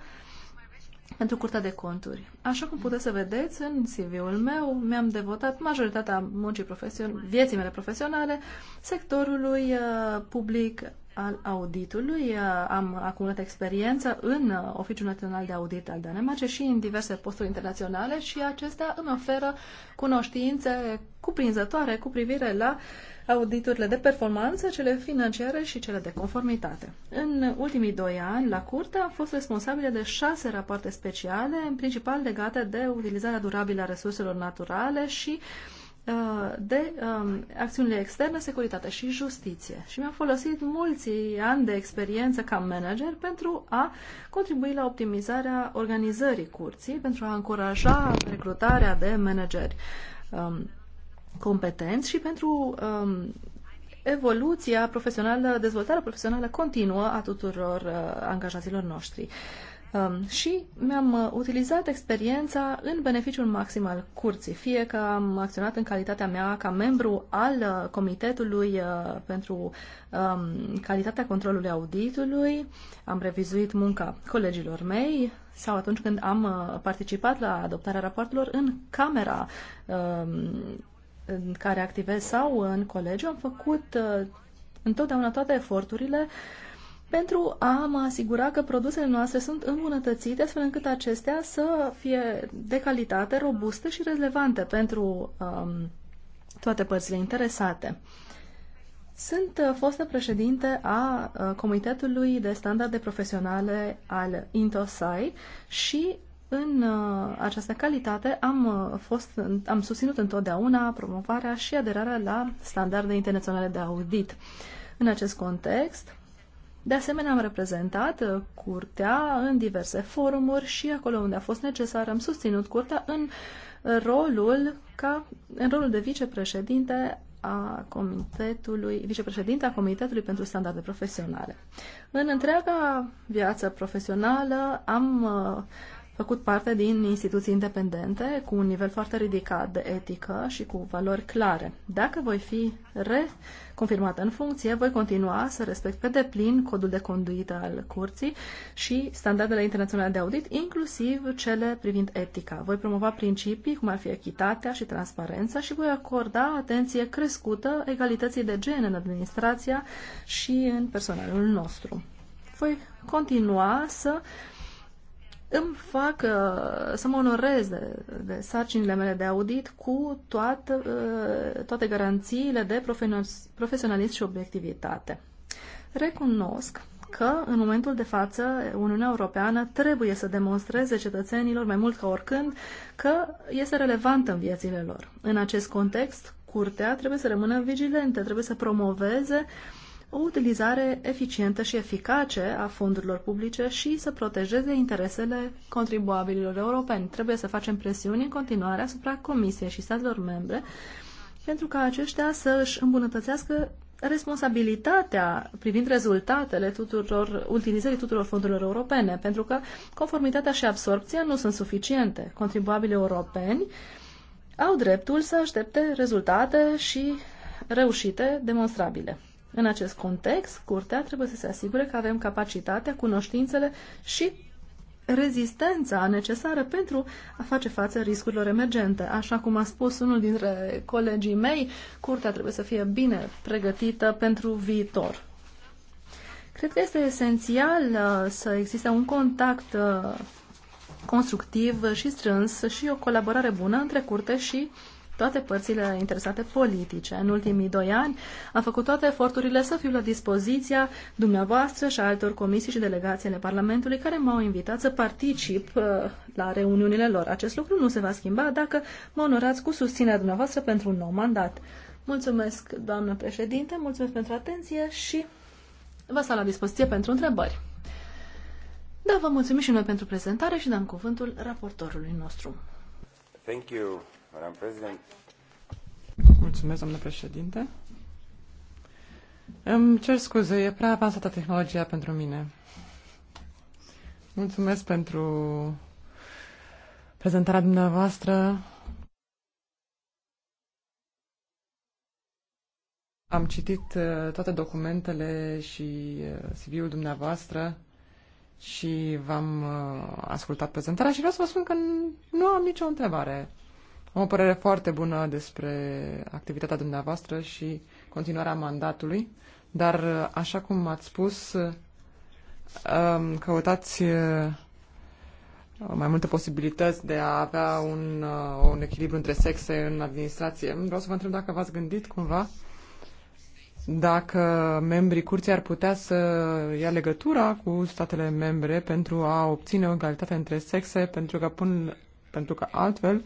pentru Curtea de Conturi. Așa cum puteți să vedeți, în CV-ul meu mi-am devotat majoritatea muncii profesion- vieții mele profesionale sectorului uh, public al auditului. Uh, am acumulat experiență în uh, Oficiul Național de Audit al Danemarcei și în diverse posturi internaționale și acestea îmi oferă cunoștințe cuprinzătoare cu privire la auditurile de performanță, cele financiare și cele de conformitate. În ultimii doi ani, la curte, am fost responsabile de șase rapoarte speciale, în principal legate de utilizarea durabilă a resurselor naturale și uh, Uh, de um, acțiunile externe, securitate și justiție. Și mi-am folosit mulți ani de experiență ca manager pentru a contribui la optimizarea organizării curții, pentru a încuraja recrutarea de manageri um, competenți și pentru um, evoluția profesională, dezvoltarea profesională continuă a tuturor uh, angajaților noștri. Um, și mi-am uh, utilizat experiența în beneficiul maxim al curții, fie că am acționat în calitatea mea ca membru al uh, Comitetului uh, pentru um, calitatea controlului auditului, am revizuit munca colegilor mei sau atunci când am participat la adoptarea rapoartelor în camera um, în care activez sau în colegiu, am făcut întotdeauna toate eforturile uh, pentru a mă asigura că produsele noastre sunt îmbunătățite astfel încât acestea să fie de calitate, robuste și relevante pentru um, toate părțile interesate. Sunt uh, fostă președinte a uh, Comitetului de Standarde Profesionale al Intosai și în uh, această calitate am, fost, am susținut întotdeauna promovarea și aderarea la standarde internaționale de audit. În acest context, de asemenea, am reprezentat uh, curtea în diverse forumuri și acolo unde a fost necesar am susținut curtea în uh, rolul, ca, în rolul de vicepreședinte a comitetului, vicepreședinte a Comitetului pentru Standarde Profesionale. În întreaga viață profesională am uh, făcut parte din instituții independente cu un nivel foarte ridicat de etică și cu valori clare. Dacă voi fi reconfirmată în funcție, voi continua să respect pe deplin codul de conduită al curții și standardele internaționale de audit, inclusiv cele privind etica. Voi promova principii cum ar fi echitatea și transparența și voi acorda atenție crescută egalității de gen în administrația și în personalul nostru. Voi continua să uh, îmi fac uh, să mă onorez de, de sarcinile mele de audit cu toată, uh, toate garanțiile de profesionalism și obiectivitate. Recunosc că, în momentul de față, Uniunea Europeană trebuie să demonstreze cetățenilor, mai mult ca oricând, că este relevantă în viețile lor. În acest context, Curtea trebuie să rămână vigilentă, trebuie să promoveze uh, o utilizare eficientă și eficace a fondurilor publice și să protejeze interesele contribuabililor europeni. Trebuie să facem presiuni în continuare asupra Comisiei și statelor membre pentru ca aceștia să își îmbunătățească responsabilitatea privind rezultatele tuturor, utilizării tuturor fondurilor europene, pentru că conformitatea și absorpția nu sunt suficiente. Contribuabilii europeni au dreptul să aștepte rezultate și reușite demonstrabile. În acest context, Curtea trebuie să se asigure că avem capacitatea, cunoștințele și rezistența necesară pentru a face față riscurilor emergente. Așa cum a spus unul dintre colegii mei, Curtea trebuie să fie bine pregătită pentru viitor. Cred că este esențial uh, să existe un contact uh, constructiv și strâns și o colaborare bună între curte și toate părțile interesate politice. În ultimii doi ani am făcut toate eforturile să fiu la dispoziția dumneavoastră și a altor comisii și delegații ale Parlamentului care m-au invitat să particip uh, la reuniunile lor. Acest lucru nu se va schimba dacă mă onorați cu susținerea dumneavoastră pentru un nou mandat. Mulțumesc, doamnă președinte, mulțumesc pentru atenție și vă stau la dispoziție pentru întrebări. Da, vă mulțumim și noi pentru prezentare și dăm cuvântul raportorului nostru. Thank you. Madam President. Mulțumesc, domnule președinte. Îmi cer scuze, e prea avansată tehnologia pentru mine. Mulțumesc pentru prezentarea dumneavoastră. Am citit uh, toate documentele și uh, CV-ul dumneavoastră și v-am uh, ascultat prezentarea și vreau să vă spun că nu am nicio întrebare am o părere foarte bună despre activitatea dumneavoastră și continuarea mandatului, dar, așa cum ați spus, um, căutați uh, mai multe posibilități de a avea un, uh, un echilibru între sexe în administrație. Vreau să vă întreb dacă v-ați gândit cumva dacă membrii curții ar putea să ia legătura cu statele membre pentru a obține o egalitate între sexe, pentru că, pun pentru că altfel uh,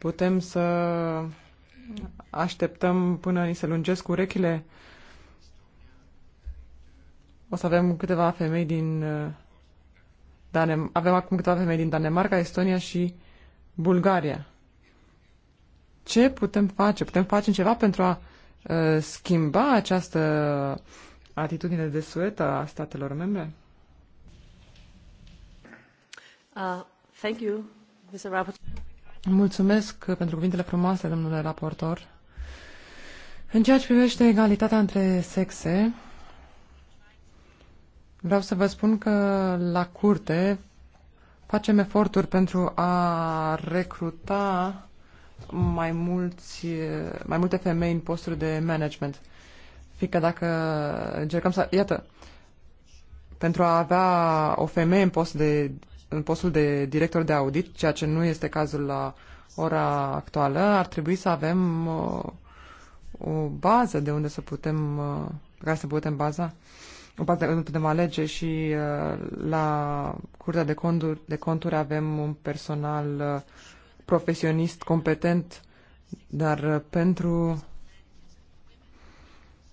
putem să așteptăm până ni se lungesc urechile. O să avem câteva femei din uh, Danem- avem acum câteva femei din Danemarca, Estonia și Bulgaria. Ce putem face? Putem face ceva pentru a uh, schimba această atitudine de suetă a statelor membre? Uh, thank you, Mr. Robert. Mulțumesc pentru cuvintele frumoase, domnule raportor. În ceea ce privește egalitatea între sexe, vreau să vă spun că la curte facem eforturi pentru a recruta mai, mulți, mai multe femei în posturi de management. Fică dacă încercăm să... Iată, pentru a avea o femeie în post de în postul de director de audit, ceea ce nu este cazul la ora actuală, ar trebui să avem o, uh, o bază de unde să putem, uh, care să putem baza, o bază unde putem alege și uh, la Curtea de Conturi, de conturi avem un personal uh, profesionist, competent, dar pentru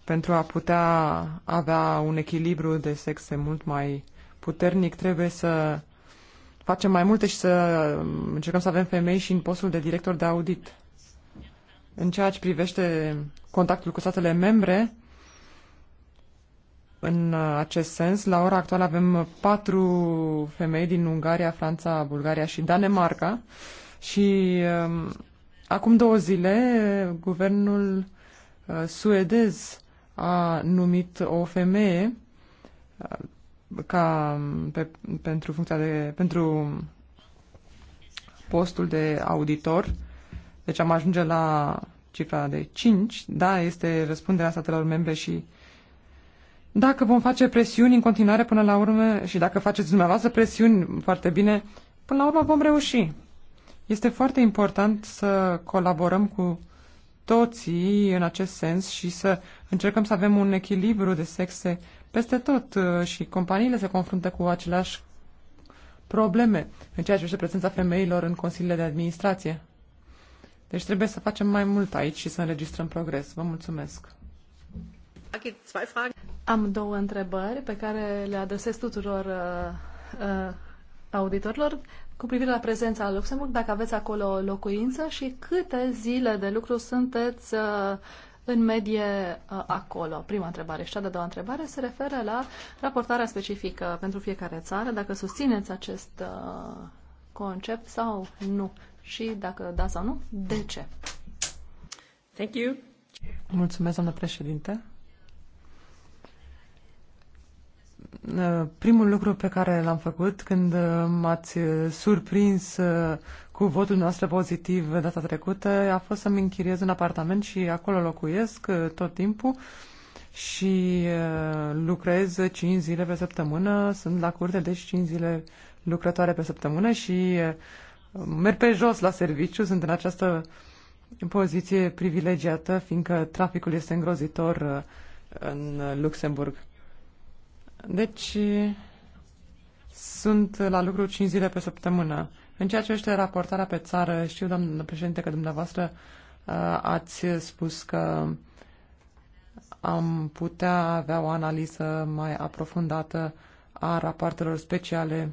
pentru a putea avea un echilibru de sexe mult mai puternic, trebuie să facem mai multe și să încercăm să avem femei și în postul de director de audit. În ceea ce privește contactul cu statele membre, în acest sens, la ora actuală avem patru femei din Ungaria, Franța, Bulgaria și Danemarca și um, acum două zile guvernul uh, suedez a numit o femeie uh, ca pe, pentru funcția de pentru postul de auditor. Deci am ajunge la cifra de 5, da, este răspunderea statelor membre și dacă vom face presiuni în continuare până la urmă și dacă faceți dumneavoastră presiuni foarte bine, până la urmă vom reuși. Este foarte important să colaborăm cu toții în acest sens și să încercăm să avem un echilibru de sexe uh, peste tot uh, și companiile se confruntă cu aceleași probleme în ceea ce privește prezența femeilor în consiliile de administrație. Deci trebuie să facem mai mult aici și să înregistrăm progres. Vă mulțumesc! Am două întrebări pe care le adresez tuturor uh, uh, auditorilor cu privire la prezența la Luxemburg, dacă aveți acolo locuință și câte zile de lucru sunteți uh, în medie uh, acolo? Prima întrebare. Și cea de-a doua întrebare se referă la raportarea specifică pentru fiecare țară, dacă susțineți acest uh, concept sau nu. Și dacă da sau nu, de ce? Thank you. Mulțumesc, doamnă președinte. Uh, primul lucru pe care l-am făcut când m-ați surprins cu votul noastră pozitiv data trecută a fost să-mi închiriez un apartament și acolo locuiesc uh, tot timpul și uh, lucrez 5 zile pe săptămână, sunt la curte, deci 5 zile lucrătoare pe săptămână și uh, merg pe jos la serviciu, sunt în această poziție privilegiată, fiindcă traficul este îngrozitor în Luxemburg. Deci sunt la lucru 5 zile pe săptămână în ceea ce este raportarea pe țară, știu, doamnă președinte, că dumneavoastră uh, ați spus că am putea avea o analiză mai aprofundată a rapoartelor speciale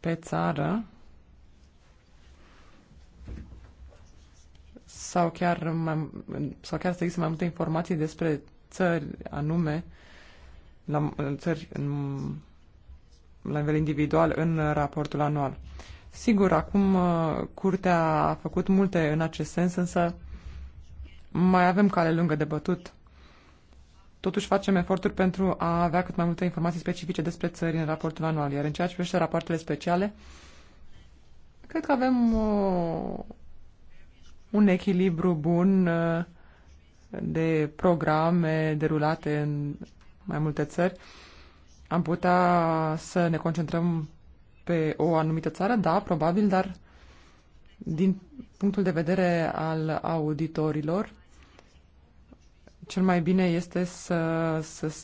pe țară sau chiar, mai, sau chiar să există mai multe informații despre țări anume, la țări în la nivel individual în raportul anual. Sigur, acum uh, curtea a făcut multe în acest sens, însă mai avem cale lungă de bătut. Totuși facem eforturi pentru a avea cât mai multe informații specifice despre țări în raportul anual, iar în ceea ce privește rapoartele speciale, cred că avem o, uh, un echilibru bun uh, de programe derulate în mai multe țări. Am putea să ne concentrăm pe o anumită țară? Da, probabil, dar din punctul de vedere al auditorilor, cel mai bine este să, să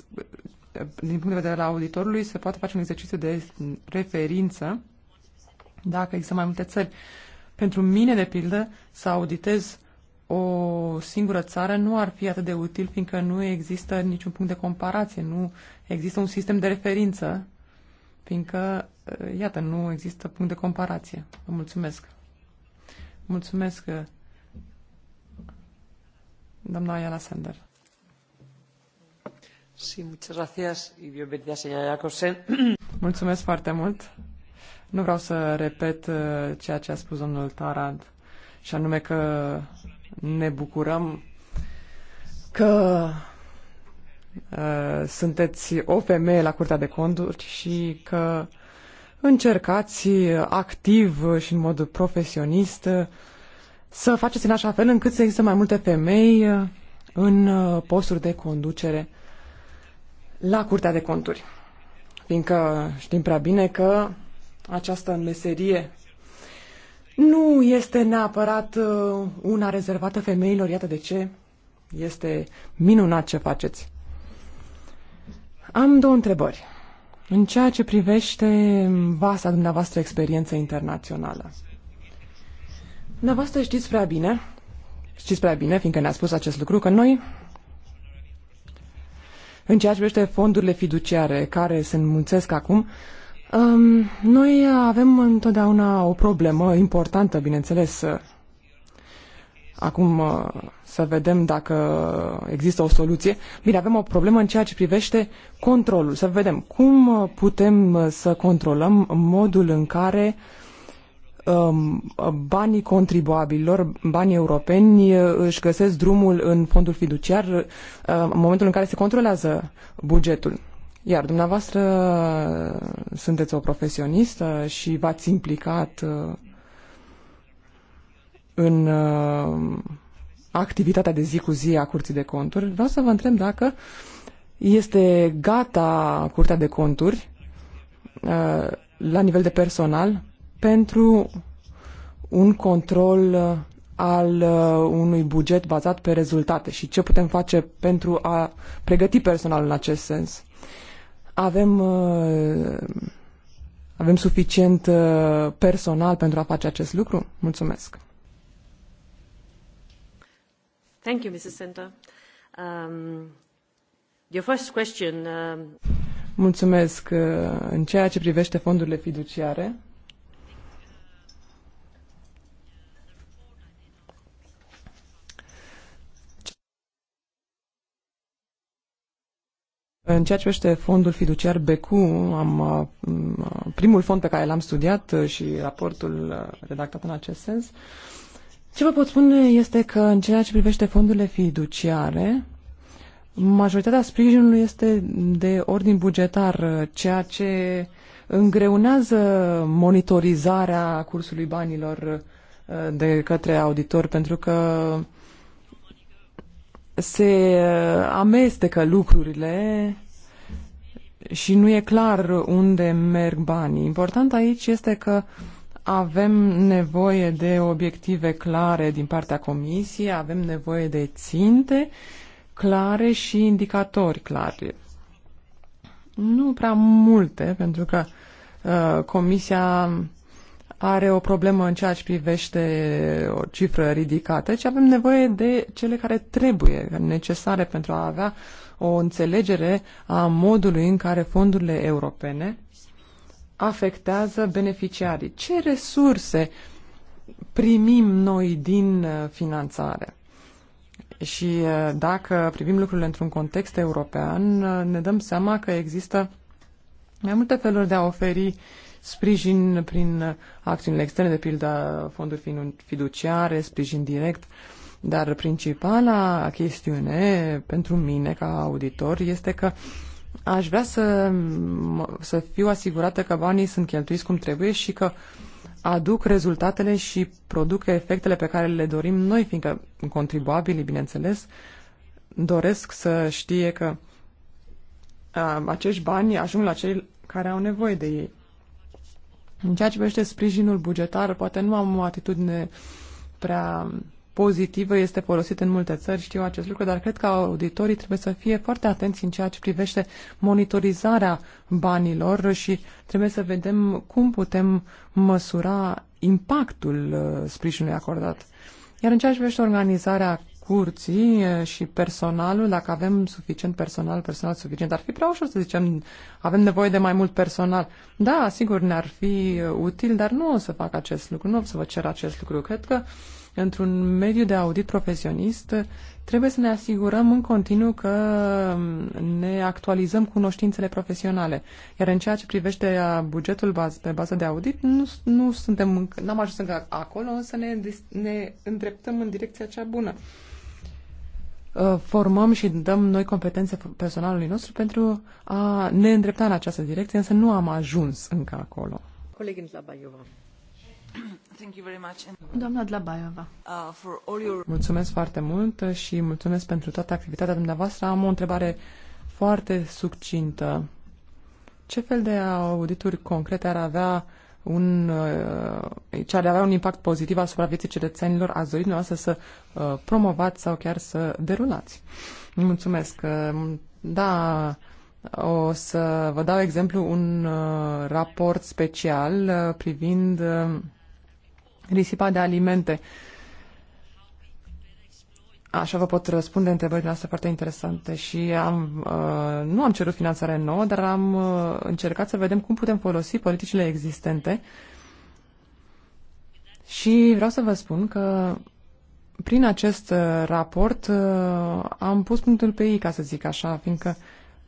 din punct de vedere al auditorului, se poate face un exercițiu de referință dacă există mai multe țări. Pentru mine, de pildă, să auditez o singură țară nu ar fi atât de util, fiindcă nu există niciun punct de comparație, nu există un sistem de referință, fiindcă, eh, iată, nu există punct de comparație. Vă mulțumesc. Mulțumesc, eh, doamna Ayala Sander. Sí, muchas gracias y bienvenida, señora Jacobsen. Mulțumesc foarte mult. Nu vreau să repet eh, ceea ce a spus domnul Tarad, și anume că ne bucurăm că uh, sunteți o femeie la Curtea de Conduri și că încercați activ și în mod profesionist să faceți în așa fel încât să există mai multe femei uh, în uh, posturi de conducere la Curtea de Conturi. Fiindcă știm prea bine că această meserie nu este neapărat uh, una rezervată femeilor, iată de ce este minunat ce faceți. Am două întrebări. În ceea ce privește vasta dumneavoastră experiență internațională, dumneavoastră știți prea bine, știți prea bine, fiindcă ne-a spus acest lucru, că noi, în ceea ce privește fondurile fiduciare care se înmulțesc acum, Um, noi avem întotdeauna o problemă importantă, bineînțeles. Acum uh, să vedem dacă există o soluție. Bine, avem o problemă în ceea ce privește controlul. Să vedem cum uh, putem uh, să controlăm modul în care um, banii contribuabililor, banii europeni își găsesc drumul în fondul fiduciar în momentul în care se controlează bugetul. Iar dumneavoastră sunteți o profesionistă și v-ați implicat uh, în uh, activitatea de zi cu zi a Curții de Conturi. Vreau să vă întreb dacă este gata Curtea de Conturi uh, la nivel de personal pentru un control al unui buget bazat pe rezultate și ce putem face pentru a pregăti personalul în acest sens avem, uh, avem suficient uh, personal pentru a face acest lucru? Mulțumesc. Thank you, Mrs. Center. Um, your first question. Um... Mulțumesc. Uh, în ceea ce privește fondurile fiduciare, În ceea ce privește fondul fiduciar BQ, am, uh, uh, primul fond pe care l-am studiat uh, și raportul redactat în acest sens, ce vă pot spune este că în ceea ce privește fondurile fiduciare, majoritatea sprijinului este de ordin bugetar, ceea ce îngreunează monitorizarea cursului banilor de către auditor, pentru că se uh, amestecă lucrurile și nu e clar unde merg banii. Important aici este că avem nevoie de obiective clare din partea comisiei, avem nevoie de ținte clare și indicatori clari. Nu prea multe, pentru că uh, comisia are o problemă în ceea ce privește o cifră ridicată, ci avem nevoie de cele care trebuie, necesare pentru a avea o înțelegere a modului în care fondurile europene afectează beneficiarii. Ce resurse primim noi din uh, finanțare? Și uh, dacă privim lucrurile într-un context european, uh, ne dăm seama că există mai multe feluri de a oferi sprijin prin acțiunile externe, de pildă fonduri fiduciare, sprijin direct. Dar principala chestiune pentru mine ca auditor este că aș vrea să, să fiu asigurată că banii sunt cheltuiți cum trebuie și că aduc rezultatele și produc efectele pe care le dorim noi, fiindcă contribuabilii, bineînțeles, doresc să știe că acești bani ajung la cei care au nevoie de ei. În ceea ce privește sprijinul bugetar, poate nu am o atitudine prea pozitivă, este folosit în multe țări, știu acest lucru, dar cred că auditorii trebuie să fie foarte atenți în ceea ce privește monitorizarea banilor și trebuie să vedem cum putem măsura impactul uh, sprijinului acordat. Iar în ceea ce privește organizarea curții și personalul, dacă avem suficient personal, personal suficient, ar fi prea ușor să zicem, avem nevoie de mai mult personal. Da, sigur, ne-ar fi util, dar nu o să fac acest lucru, nu o să vă cer acest lucru. Cred că într-un mediu de audit profesionist trebuie să ne asigurăm în continuu că ne actualizăm cunoștințele profesionale. Iar în ceea ce privește bugetul baz, pe bază de audit, nu, nu suntem, n-am ajuns încă acolo, însă ne, ne îndreptăm în direcția cea bună. Uh, formăm și dăm noi competențe personalului nostru pentru a ne îndrepta în această direcție, însă nu am ajuns încă acolo. Colegin Labaiova. Thank you very much. Uh, Doamna Dlabaiova. Uh, for all your... Mulțumesc foarte mult și mulțumesc pentru toată activitatea dumneavoastră. Am o întrebare foarte succintă. Ce fel de audituri concrete ar avea un, uh, ce ar avea un impact pozitiv asupra vieții cetățenilor, ați dorit noastră să uh, promovați sau chiar să derulați. Mulțumesc. Uh, da, o să vă dau exemplu un raport special privind risipa de alimente Așa vă pot răspunde întrebările noastre foarte interesante și am, uh, nu am cerut finanțare nouă, dar am uh, încercat să vedem cum putem folosi politicile existente. Și vreau să vă spun că prin acest uh, raport uh, am pus punctul pe ei, ca să zic așa, fiindcă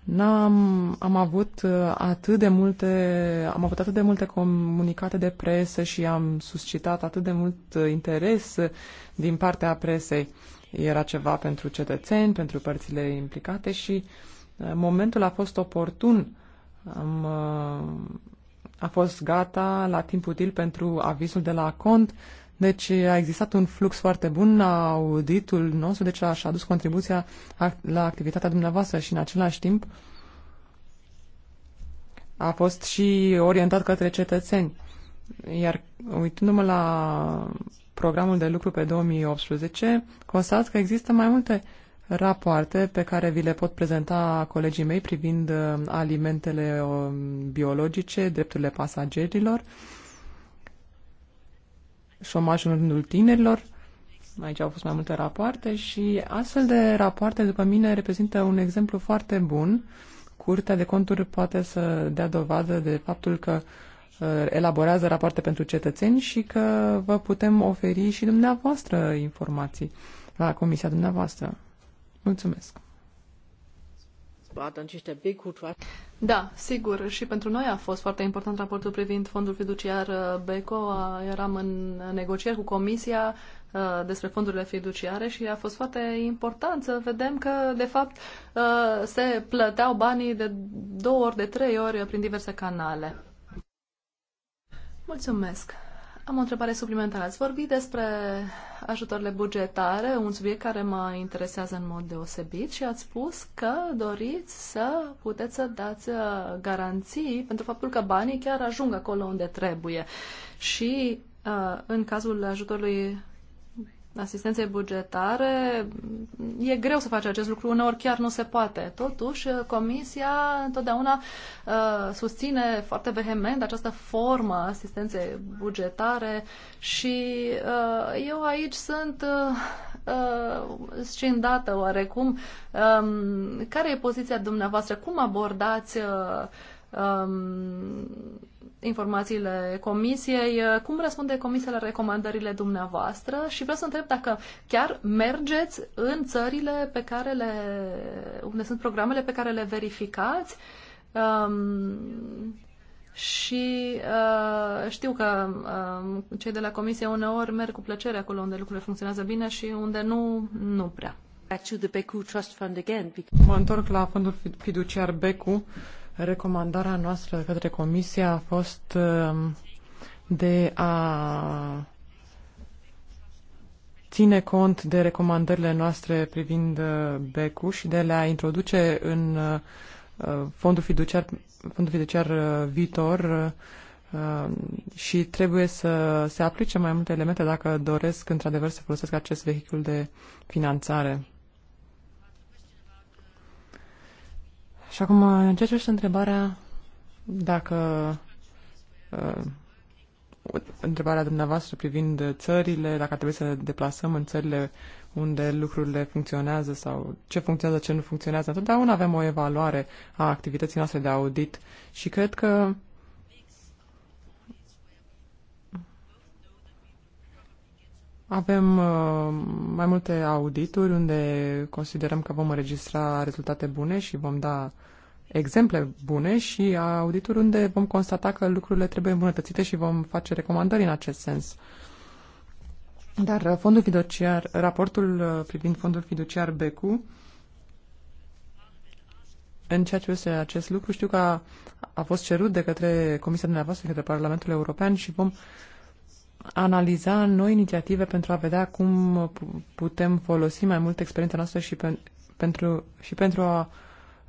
N-am am avut uh, atât de multe, am avut atât de multe comunicate de presă și am suscitat atât de mult uh, interes uh, din partea presei era ceva pentru cetățeni, pentru părțile implicate și uh, momentul a fost oportun. Am, uh, a fost gata la timp util pentru avizul de la cont, deci a existat un flux foarte bun la auditul nostru, deci a, și-a adus contribuția la activitatea dumneavoastră și în același timp a fost și orientat către cetățeni. Iar uitându-mă la programul de lucru pe 2018, constat că există mai multe rapoarte pe care vi le pot prezenta colegii mei privind uh, alimentele uh, biologice, drepturile pasagerilor, șomajul în rândul tinerilor. Aici au fost mai multe rapoarte și astfel de rapoarte, după mine, reprezintă un exemplu foarte bun. Curtea de conturi poate să dea dovadă de faptul că uh, Uh, elaborează rapoarte pentru cetățeni și că vă putem oferi și dumneavoastră informații la comisia dumneavoastră. Mulțumesc! Da, sigur. Și pentru noi a fost foarte important raportul privind fondul fiduciar uh, BECO. Eram în negocieri cu Comisia uh, despre fondurile fiduciare și a fost foarte important să vedem că, de fapt, se plăteau banii de două ori, de trei ori prin diverse canale. Mulțumesc. Am o întrebare suplimentară. Ați vorbit despre ajutoarele bugetare, un subiect care mă interesează în mod deosebit și ați spus că doriți să puteți să dați uh, garanții pentru faptul că banii chiar ajung acolo unde trebuie. Și uh, în cazul ajutorului asistenței bugetare, e greu să faci acest lucru, uneori chiar nu se poate. Totuși, Comisia întotdeauna uh, susține foarte vehement această formă asistenței bugetare și uh, eu aici sunt uh, uh, scindată oarecum. Um, care e poziția dumneavoastră? Cum abordați uh, um, informațiile comisiei. Cum răspunde comisia la recomandările dumneavoastră? Și vreau să întreb dacă chiar mergeți în țările pe care le, unde sunt programele pe care le verificați? Um, și uh, știu că uh, cei de la comisie uneori merg cu plăcere acolo unde lucrurile funcționează bine și unde nu, nu prea. Mă întorc la fondul fiduciar BECU Recomandarea noastră către Comisie a fost um, de a ține cont de recomandările noastre privind uh, becu și de a introduce în uh, fondul fiduciar, fondul fiduciar uh, viitor um, și trebuie să se aplice mai multe elemente dacă doresc într-adevăr să folosesc acest vehicul de finanțare. Și acum, în ceea ce este întrebarea dacă uh, întrebarea dumneavoastră privind țările, dacă trebuie să ne deplasăm în țările unde lucrurile funcționează sau ce funcționează, ce nu funcționează. Întotdeauna avem o evaluare a activității noastre de audit și cred că Avem uh, mai multe audituri unde considerăm că vom înregistra rezultate bune și vom da exemple bune și audituri unde vom constata că lucrurile trebuie îmbunătățite și vom face recomandări în acest sens. Dar uh, fondul fiduciar, raportul uh, privind fondul fiduciar BQ, în ceea ce este acest lucru, știu că a, a fost cerut de către Comisia dumneavoastră, de către Parlamentul European și vom uh, analiza noi inițiative pentru a vedea cum putem folosi mai mult experiența noastră și, pe, pentru, și pentru a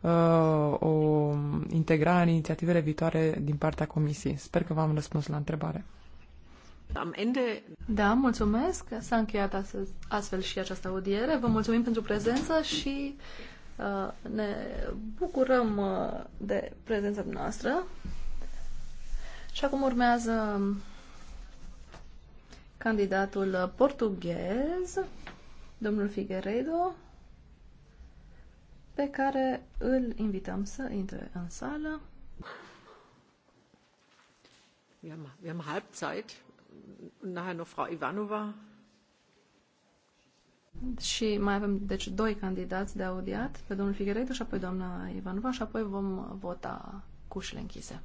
uh, o integra în inițiativele viitoare din partea Comisiei. Sper că v-am răspuns la întrebare. Da, mulțumesc. S-a încheiat astfel și această audiere. Vă mulțumim pentru prezență și uh, ne bucurăm uh, de prezența noastră. Și acum urmează candidatul portughez, domnul Figueiredo, pe care îl invităm să intre în sală. Wir haben, wir haben Halbzeit. Nachher noch Frau Ivanova. Și mai avem, deci, doi candidați de audiat, pe domnul Figueiredo și apoi doamna Ivanova și apoi vom vota cu ușile închise.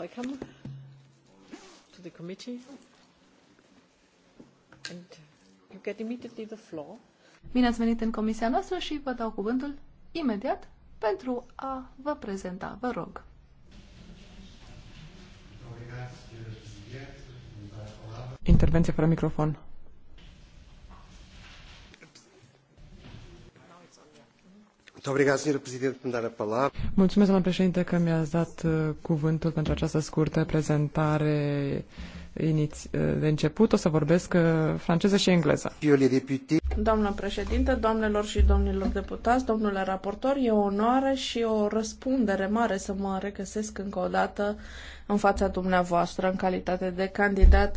welcome to the committee. And you get immediately the floor. Bine ați venit în comisia noastră și vă dau cuvântul imediat pentru a vă prezenta. Vă rog. Intervenție fără microfon. Mulțumesc, domnule președinte, că mi-ați dat uh, cuvântul pentru această scurtă prezentare uh, de început. O să vorbesc uh, franceză și engleză. Doamnă președinte, doamnelor și domnilor deputați, domnule raportor, e o onoare și o răspundere mare să mă regăsesc încă o dată în fața dumneavoastră în calitate de candidat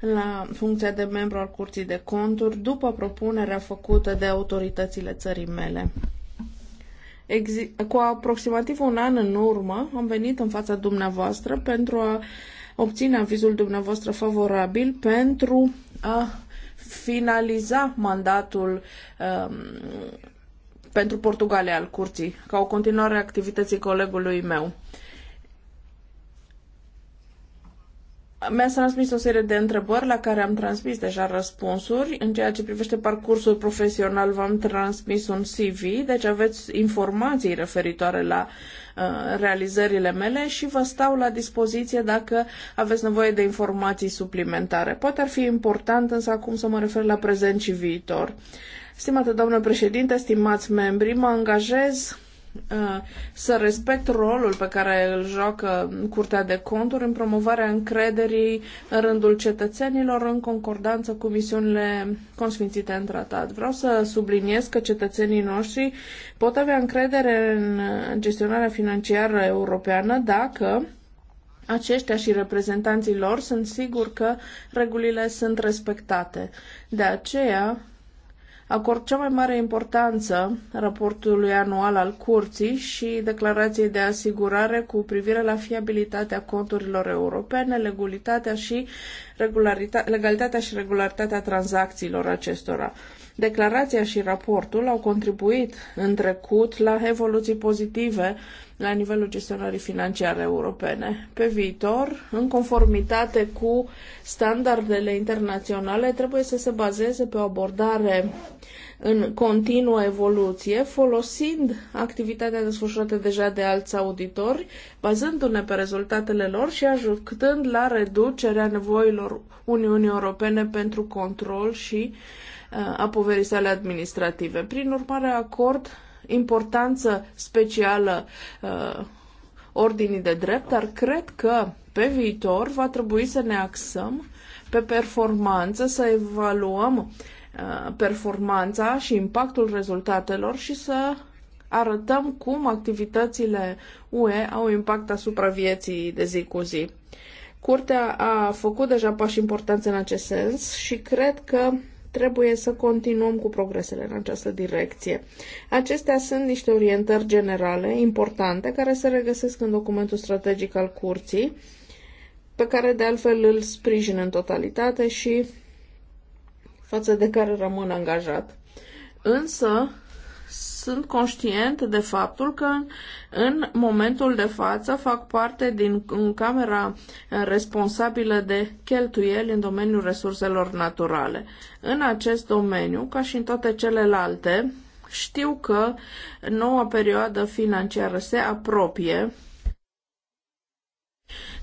la funcția de membru al Curții de Conturi după propunerea făcută de autoritățile țării mele cu aproximativ un an în urmă am venit în fața dumneavoastră pentru a obține avizul dumneavoastră favorabil pentru a finaliza mandatul um, pentru Portugalia al curții, ca o continuare a activității colegului meu. mi-a transmis o serie de întrebări la care am transmis deja răspunsuri. În ceea ce privește parcursul profesional, v-am transmis un CV, deci aveți informații referitoare la uh, realizările mele și vă stau la dispoziție dacă aveți nevoie de informații suplimentare. Poate ar fi important însă acum să mă refer la prezent și viitor. Stimată doamnă președinte, stimați membri, mă angajez Uh, să respect rolul pe care îl joacă Curtea de Conturi în promovarea încrederii în rândul cetățenilor în concordanță cu misiunile consfințite în tratat. Vreau să subliniez că cetățenii noștri pot avea încredere în gestionarea financiară europeană dacă aceștia și reprezentanții lor sunt siguri că regulile sunt respectate. De aceea, acord cea mai mare importanță raportului anual al curții și declarației de asigurare cu privire la fiabilitatea conturilor europene, legalitatea și regularitatea, legalitatea și regularitatea tranzacțiilor acestora. Declarația și raportul au contribuit în trecut la evoluții pozitive la nivelul gestionării financiare europene. Pe viitor, în conformitate cu standardele internaționale, trebuie să se bazeze pe o abordare în continuă evoluție, folosind activitatea desfășurată deja de alți auditori, bazându-ne pe rezultatele lor și ajutând la reducerea nevoilor Uniunii Europene pentru control și uh, a poverii sale administrative. Prin urmare, acord importanță specială uh, ordinii de drept, dar cred că pe viitor va trebui să ne axăm pe performanță, să evaluăm uh, performanța și impactul rezultatelor și să arătăm cum activitățile UE au impact asupra vieții de zi cu zi. Curtea a făcut deja pași importanți în acest sens și cred că trebuie să continuăm cu progresele în această direcție. Acestea sunt niște orientări generale importante care se regăsesc în documentul strategic al curții, pe care de altfel îl sprijin în totalitate și față de care rămân angajat. Însă, sunt conștient de faptul că în momentul de față fac parte din camera eh, responsabilă de cheltuieli în domeniul resurselor naturale. În acest domeniu, ca și în toate celelalte, știu că noua perioadă financiară se apropie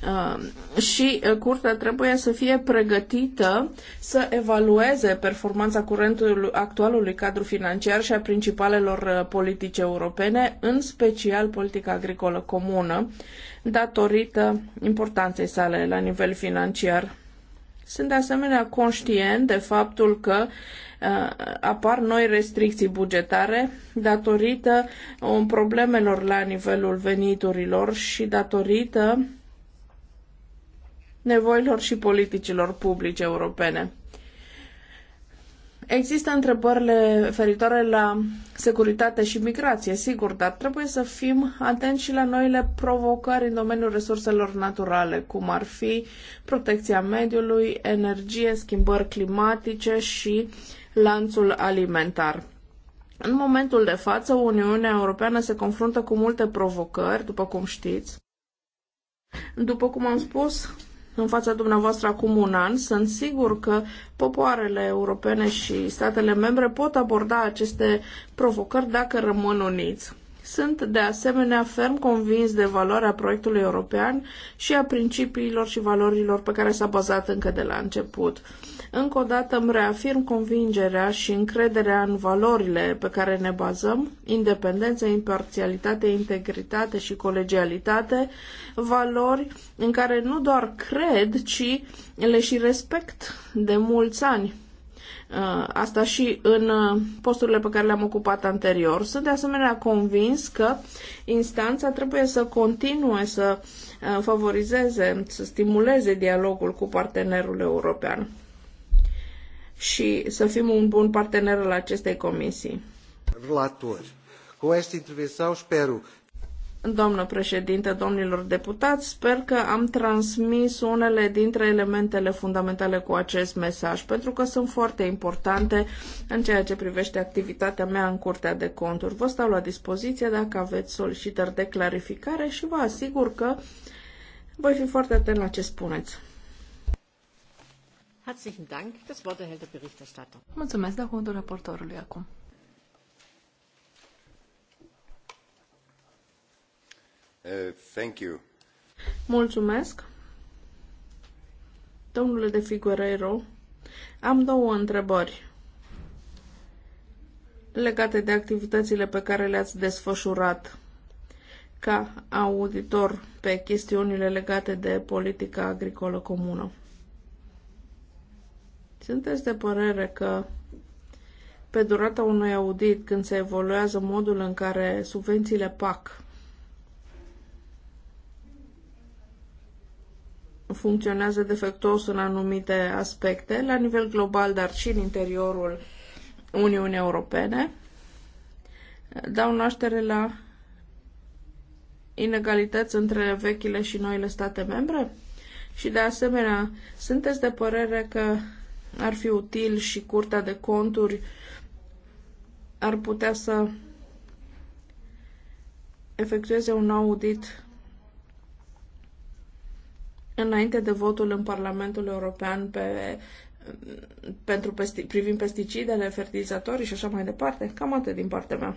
Um, și uh, curtea trebuie să fie pregătită să evalueze performanța curentului actualului cadru financiar și a principalelor uh, politici europene, în special politica agricolă comună, datorită importanței sale la nivel financiar. Sunt de asemenea conștient de faptul că uh, apar noi restricții bugetare datorită um, problemelor la nivelul veniturilor și datorită nevoilor și politicilor publice europene. Există întrebările referitoare la securitate și migrație, sigur, dar trebuie să fim atenți și la noile provocări în domeniul resurselor naturale, cum ar fi protecția mediului, energie, schimbări climatice și lanțul alimentar. În momentul de față, Uniunea Europeană se confruntă cu multe provocări, după cum știți. După cum am spus, în fața dumneavoastră acum un an, sunt sigur că popoarele europene și statele membre pot aborda aceste provocări dacă rămân uniți. Sunt de asemenea ferm convins de valoarea proiectului european și a principiilor și valorilor pe care s-a bazat încă de la început. Încă o dată îmi reafirm convingerea și încrederea în valorile pe care ne bazăm, independență, imparțialitate, integritate și colegialitate, valori în care nu doar cred, ci le și respect de mulți ani Uh, asta și în uh, posturile pe care le-am ocupat anterior. Sunt de asemenea convins că instanța trebuie să continue să uh, favorizeze, să stimuleze dialogul cu partenerul european și să fim un bun partener al acestei comisii. Relator. cu această intervenție, spero. Doamnă președinte, domnilor deputați, sper că am transmis unele dintre elementele fundamentale cu acest mesaj, pentru că sunt foarte importante în ceea ce privește activitatea mea în Curtea de Conturi. Vă stau la dispoziție dacă aveți solicitări de clarificare și vă asigur că voi fi foarte atent la ce spuneți. Mulțumesc, dau raportorului acum. Uh, thank you. Mulțumesc. Domnule de Figueiredo, am două întrebări legate de activitățile pe care le-ați desfășurat ca auditor pe chestiunile legate de politica agricolă comună. Sunteți de părere că pe durata unui audit, când se evoluează modul în care subvențiile PAC funcționează defectuos în anumite aspecte, la nivel global, dar și în interiorul Uniunii Europene, dau naștere la inegalități între vechile și noile state membre? Și de asemenea, sunteți de părere că ar fi util și Curtea de Conturi ar putea să efectueze un audit înainte de votul în Parlamentul European pe, pentru pesti, privind pesticidele, fertilizatorii și așa mai departe. Cam atât din partea mea.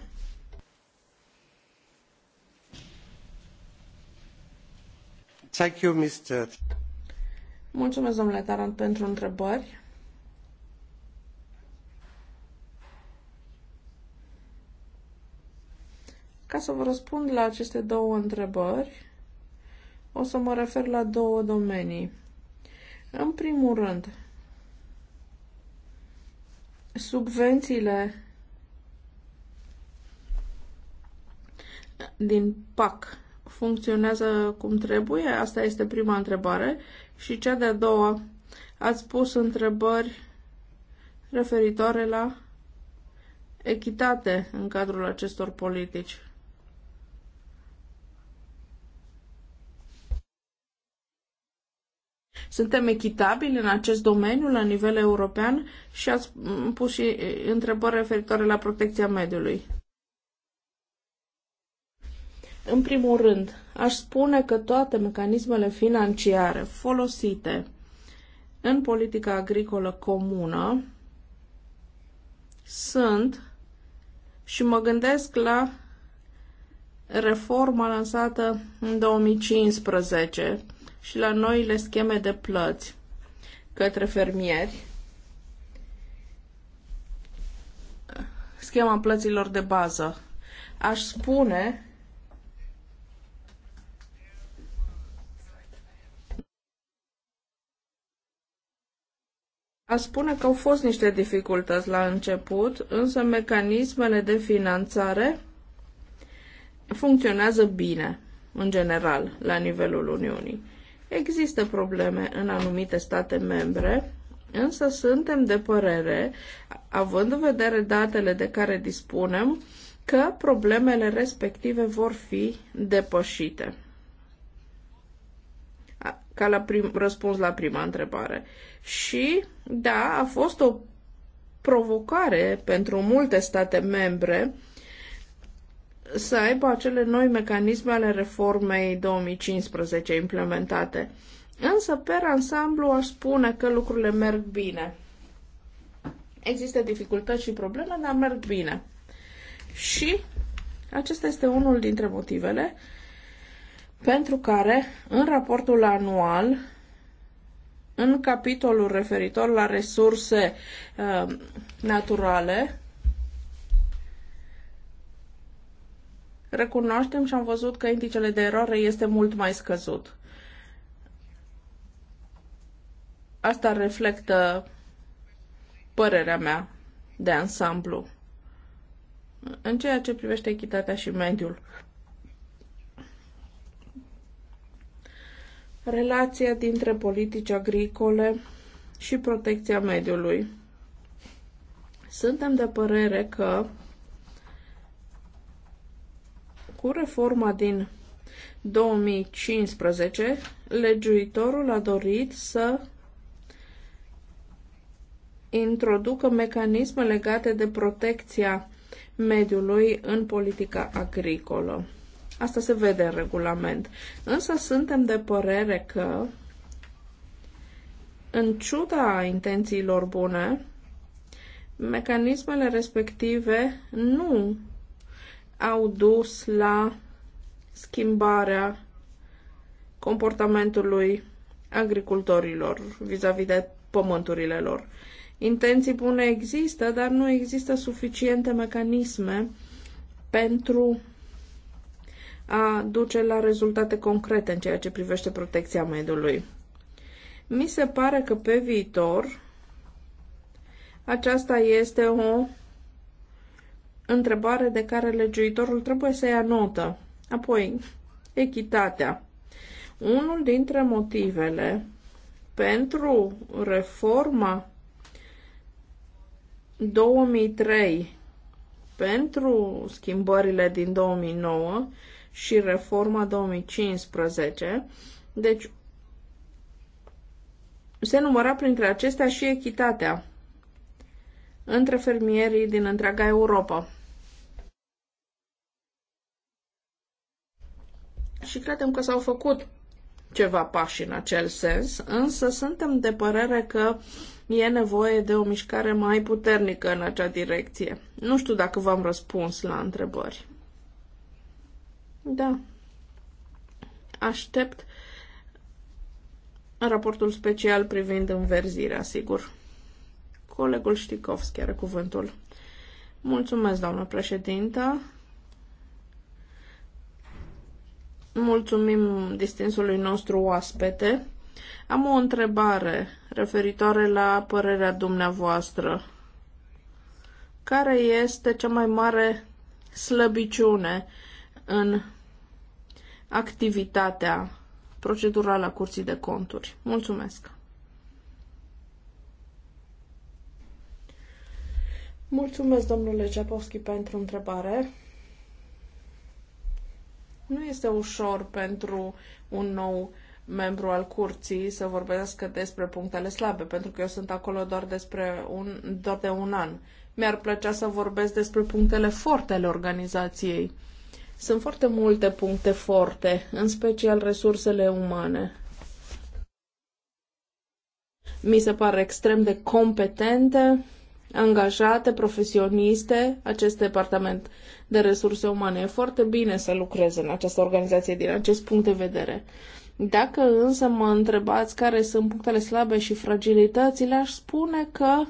Thank you, Mr. Mulțumesc, domnule Tarant, pentru întrebări. Ca să vă răspund la aceste două întrebări, o să mă refer la două domenii. În primul rând, subvențiile din PAC funcționează cum trebuie? Asta este prima întrebare. Și cea de-a doua, ați pus întrebări referitoare la echitate în cadrul acestor politici. Suntem echitabili în acest domeniu la nivel european și ați pus și întrebări referitoare la protecția mediului. În primul rând, aș spune că toate mecanismele financiare folosite în politica agricolă comună sunt și mă gândesc la reforma lansată în 2015 și la noile scheme de plăți către fermieri. Schema plăților de bază. Aș spune A spune că au fost niște dificultăți la început, însă mecanismele de finanțare funcționează bine, în general, la nivelul Uniunii. Există probleme în anumite state membre, însă suntem de părere, având în vedere datele de care dispunem, că problemele respective vor fi depășite. Ca la prim, răspuns la prima întrebare. Și, da, a fost o provocare pentru multe state membre să aibă acele noi mecanisme ale reformei 2015 implementate. Însă, per ansamblu, aș spune că lucrurile merg bine. Există dificultăți și probleme, dar merg bine. Și acesta este unul dintre motivele pentru care, în raportul anual, în capitolul referitor la resurse uh, naturale, recunoaștem și am văzut că indicele de eroare este mult mai scăzut. Asta reflectă părerea mea de ansamblu în ceea ce privește echitatea și mediul. Relația dintre politici agricole și protecția mediului. Suntem de părere că cu reforma din 2015, legiuitorul a dorit să introducă mecanisme legate de protecția mediului în politica agricolă. Asta se vede în regulament. Însă suntem de părere că, în ciuda intențiilor bune, mecanismele respective nu au dus la schimbarea comportamentului agricultorilor vis-a-vis -vis de pământurile lor. Intenții bune există, dar nu există suficiente mecanisme pentru a duce la rezultate concrete în ceea ce privește protecția mediului. Mi se pare că pe viitor aceasta este o întrebare de care legiuitorul trebuie să ia notă. Apoi, echitatea. Unul dintre motivele pentru reforma 2003 pentru schimbările din 2009 și reforma 2015. Deci, se număra printre acestea și echitatea între fermierii din întreaga Europa. Și credem că s-au făcut ceva pași în acel sens, însă suntem de părere că e nevoie de o mișcare mai puternică în acea direcție. Nu știu dacă v-am răspuns la întrebări. Da. Aștept raportul special privind înverzirea, sigur. Colegul Șticovski are cuvântul. Mulțumesc, doamnă președintă. Mulțumim distinsului nostru oaspete. Am o întrebare referitoare la părerea dumneavoastră. Care este cea mai mare slăbiciune în activitatea procedurală a Curții de Conturi? Mulțumesc! Mulțumesc, domnule Cepovski, pentru întrebare. Nu este ușor pentru un nou membru al curții să vorbească despre punctele slabe, pentru că eu sunt acolo doar, despre un, doar de un an. Mi-ar plăcea să vorbesc despre punctele forte ale organizației. Sunt foarte multe puncte forte, în special resursele umane. Mi se pare extrem de competente, angajate, profesioniste, acest departament de resurse umane. E foarte bine să lucreze în această organizație din acest punct de vedere. Dacă însă mă întrebați care sunt punctele slabe și fragilitățile, aș spune că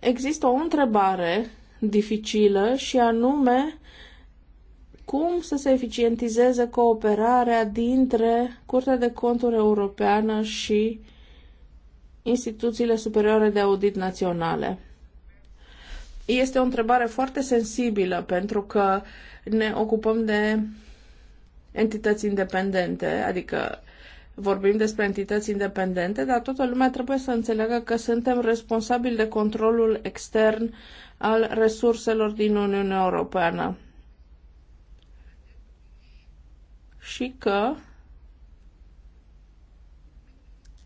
există o întrebare dificilă și anume cum să se eficientizeze cooperarea dintre Curtea de Conturi Europeană și instituțiile superioare de audit naționale. Este o întrebare foarte sensibilă pentru că ne ocupăm de entități independente, adică vorbim despre entități independente, dar toată lumea trebuie să înțeleagă că suntem responsabili de controlul extern al resurselor din Uniunea Europeană. și că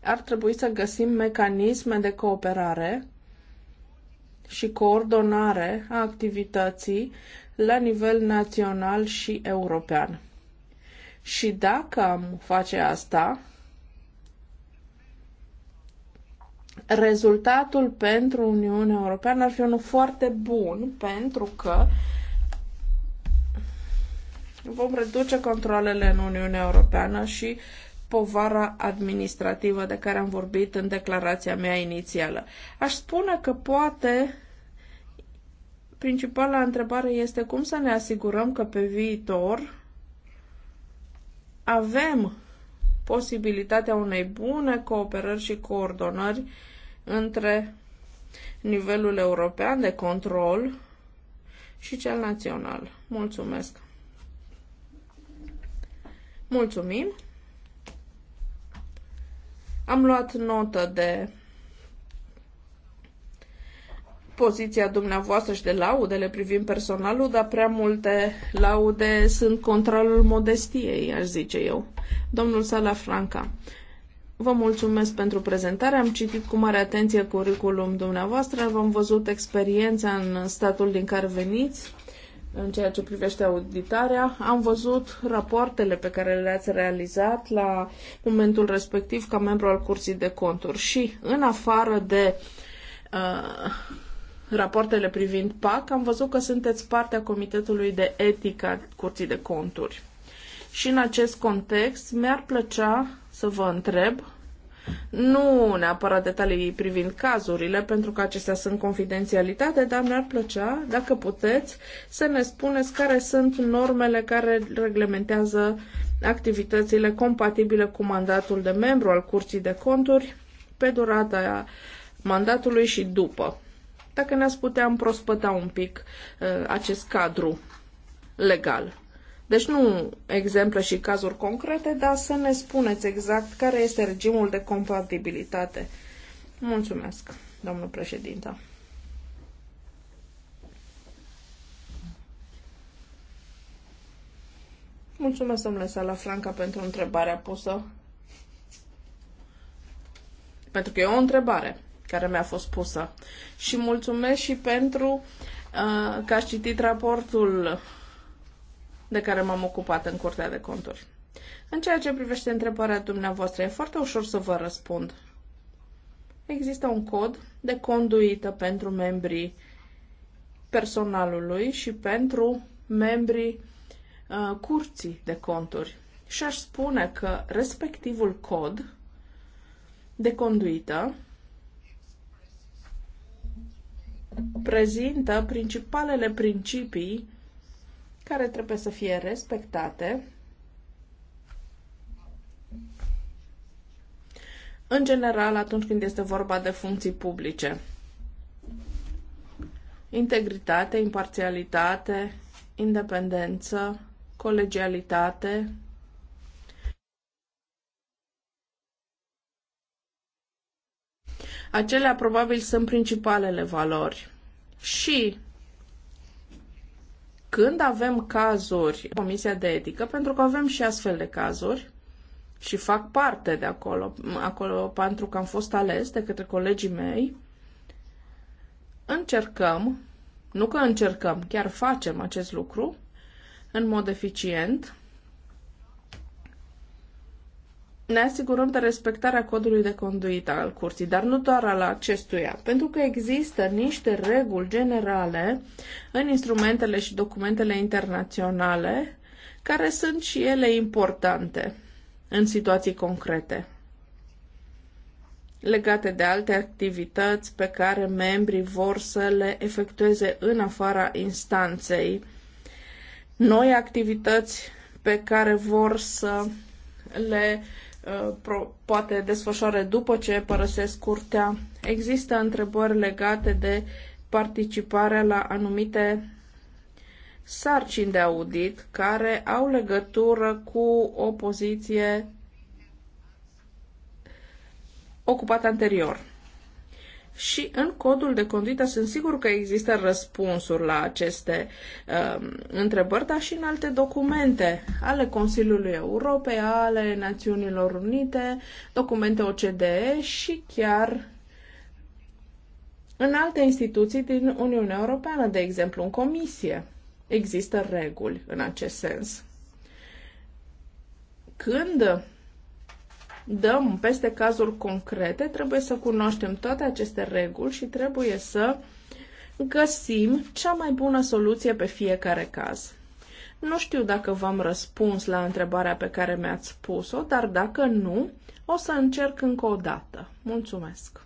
ar trebui să găsim mecanisme de cooperare și coordonare a activității la nivel național și european. Și dacă am face asta, rezultatul pentru Uniunea Europeană ar fi unul foarte bun, pentru că Vom reduce controlele în Uniunea Europeană și povara administrativă de care am vorbit în declarația mea inițială. Aș spune că poate principala întrebare este cum să ne asigurăm că pe viitor avem posibilitatea unei bune cooperări și coordonări între nivelul european de control și cel național. Mulțumesc! Mulțumim! Am luat notă de poziția dumneavoastră și de laudele privind personalul, dar prea multe laude sunt contrarul modestiei, aș zice eu. Domnul Sala Franca, vă mulțumesc pentru prezentare. Am citit cu mare atenție curriculum dumneavoastră, v-am văzut experiența în statul din care veniți în ceea ce privește auditarea. Am văzut rapoartele pe care le-ați realizat la momentul respectiv ca membru al Curții de Conturi și în afară de uh, rapoartele privind PAC, am văzut că sunteți partea Comitetului de Etică a Curții de Conturi. Și în acest context mi-ar plăcea să vă întreb nu neapărat detalii privind cazurile, pentru că acestea sunt confidențialitate, dar mi-ar plăcea, dacă puteți, să ne spuneți care sunt normele care reglementează activitățile compatibile cu mandatul de membru al Curții de Conturi pe durata mandatului și după. Dacă ne-ați putea împrospăta un pic uh, acest cadru legal. Deci nu exemple și cazuri concrete, dar să ne spuneți exact care este regimul de compatibilitate. Mulțumesc, domnul președinte. Mulțumesc, domnule Sala Franca pentru întrebarea pusă. Pentru că e o întrebare care mi-a fost pusă. Și mulțumesc și pentru uh, că ați citit raportul de care m-am ocupat în Curtea de Conturi. În ceea ce privește întrebarea dumneavoastră, e foarte ușor să vă răspund. Există un cod de conduită pentru membrii personalului și pentru membrii uh, curții de conturi. Și aș spune că respectivul cod de conduită prezintă principalele principii care trebuie să fie respectate. În general, atunci când este vorba de funcții publice, integritate, imparțialitate, independență, colegialitate, Acelea probabil sunt principalele valori. Și când avem cazuri, Comisia de Etică, pentru că avem și astfel de cazuri și fac parte de acolo, acolo pentru că am fost ales de către colegii mei, încercăm, nu că încercăm, chiar facem acest lucru în mod eficient, ne asigurăm de respectarea codului de conduită al curții, dar nu doar al acestuia, pentru că există niște reguli generale în instrumentele și documentele internaționale care sunt și ele importante în situații concrete legate de alte activități pe care membrii vor să le efectueze în afara instanței, noi activități pe care vor să le uh, Uh, poate desfășoare după ce părăsesc curtea. Există întrebări legate de participarea la anumite sarcini de audit care au legătură cu o poziție ocupată anterior și în codul de conduită sunt sigur că există răspunsuri la aceste uh, întrebări, dar și în alte documente ale Consiliului Europei, ale Națiunilor Unite, documente OCDE și chiar în alte instituții din Uniunea Europeană, de exemplu în Comisie. Există reguli în acest sens. Când dăm peste cazuri concrete, trebuie să cunoaștem toate aceste reguli și trebuie să găsim cea mai bună soluție pe fiecare caz. Nu știu dacă v-am răspuns la întrebarea pe care mi-ați pus-o, dar dacă nu, o să încerc încă o dată. Mulțumesc!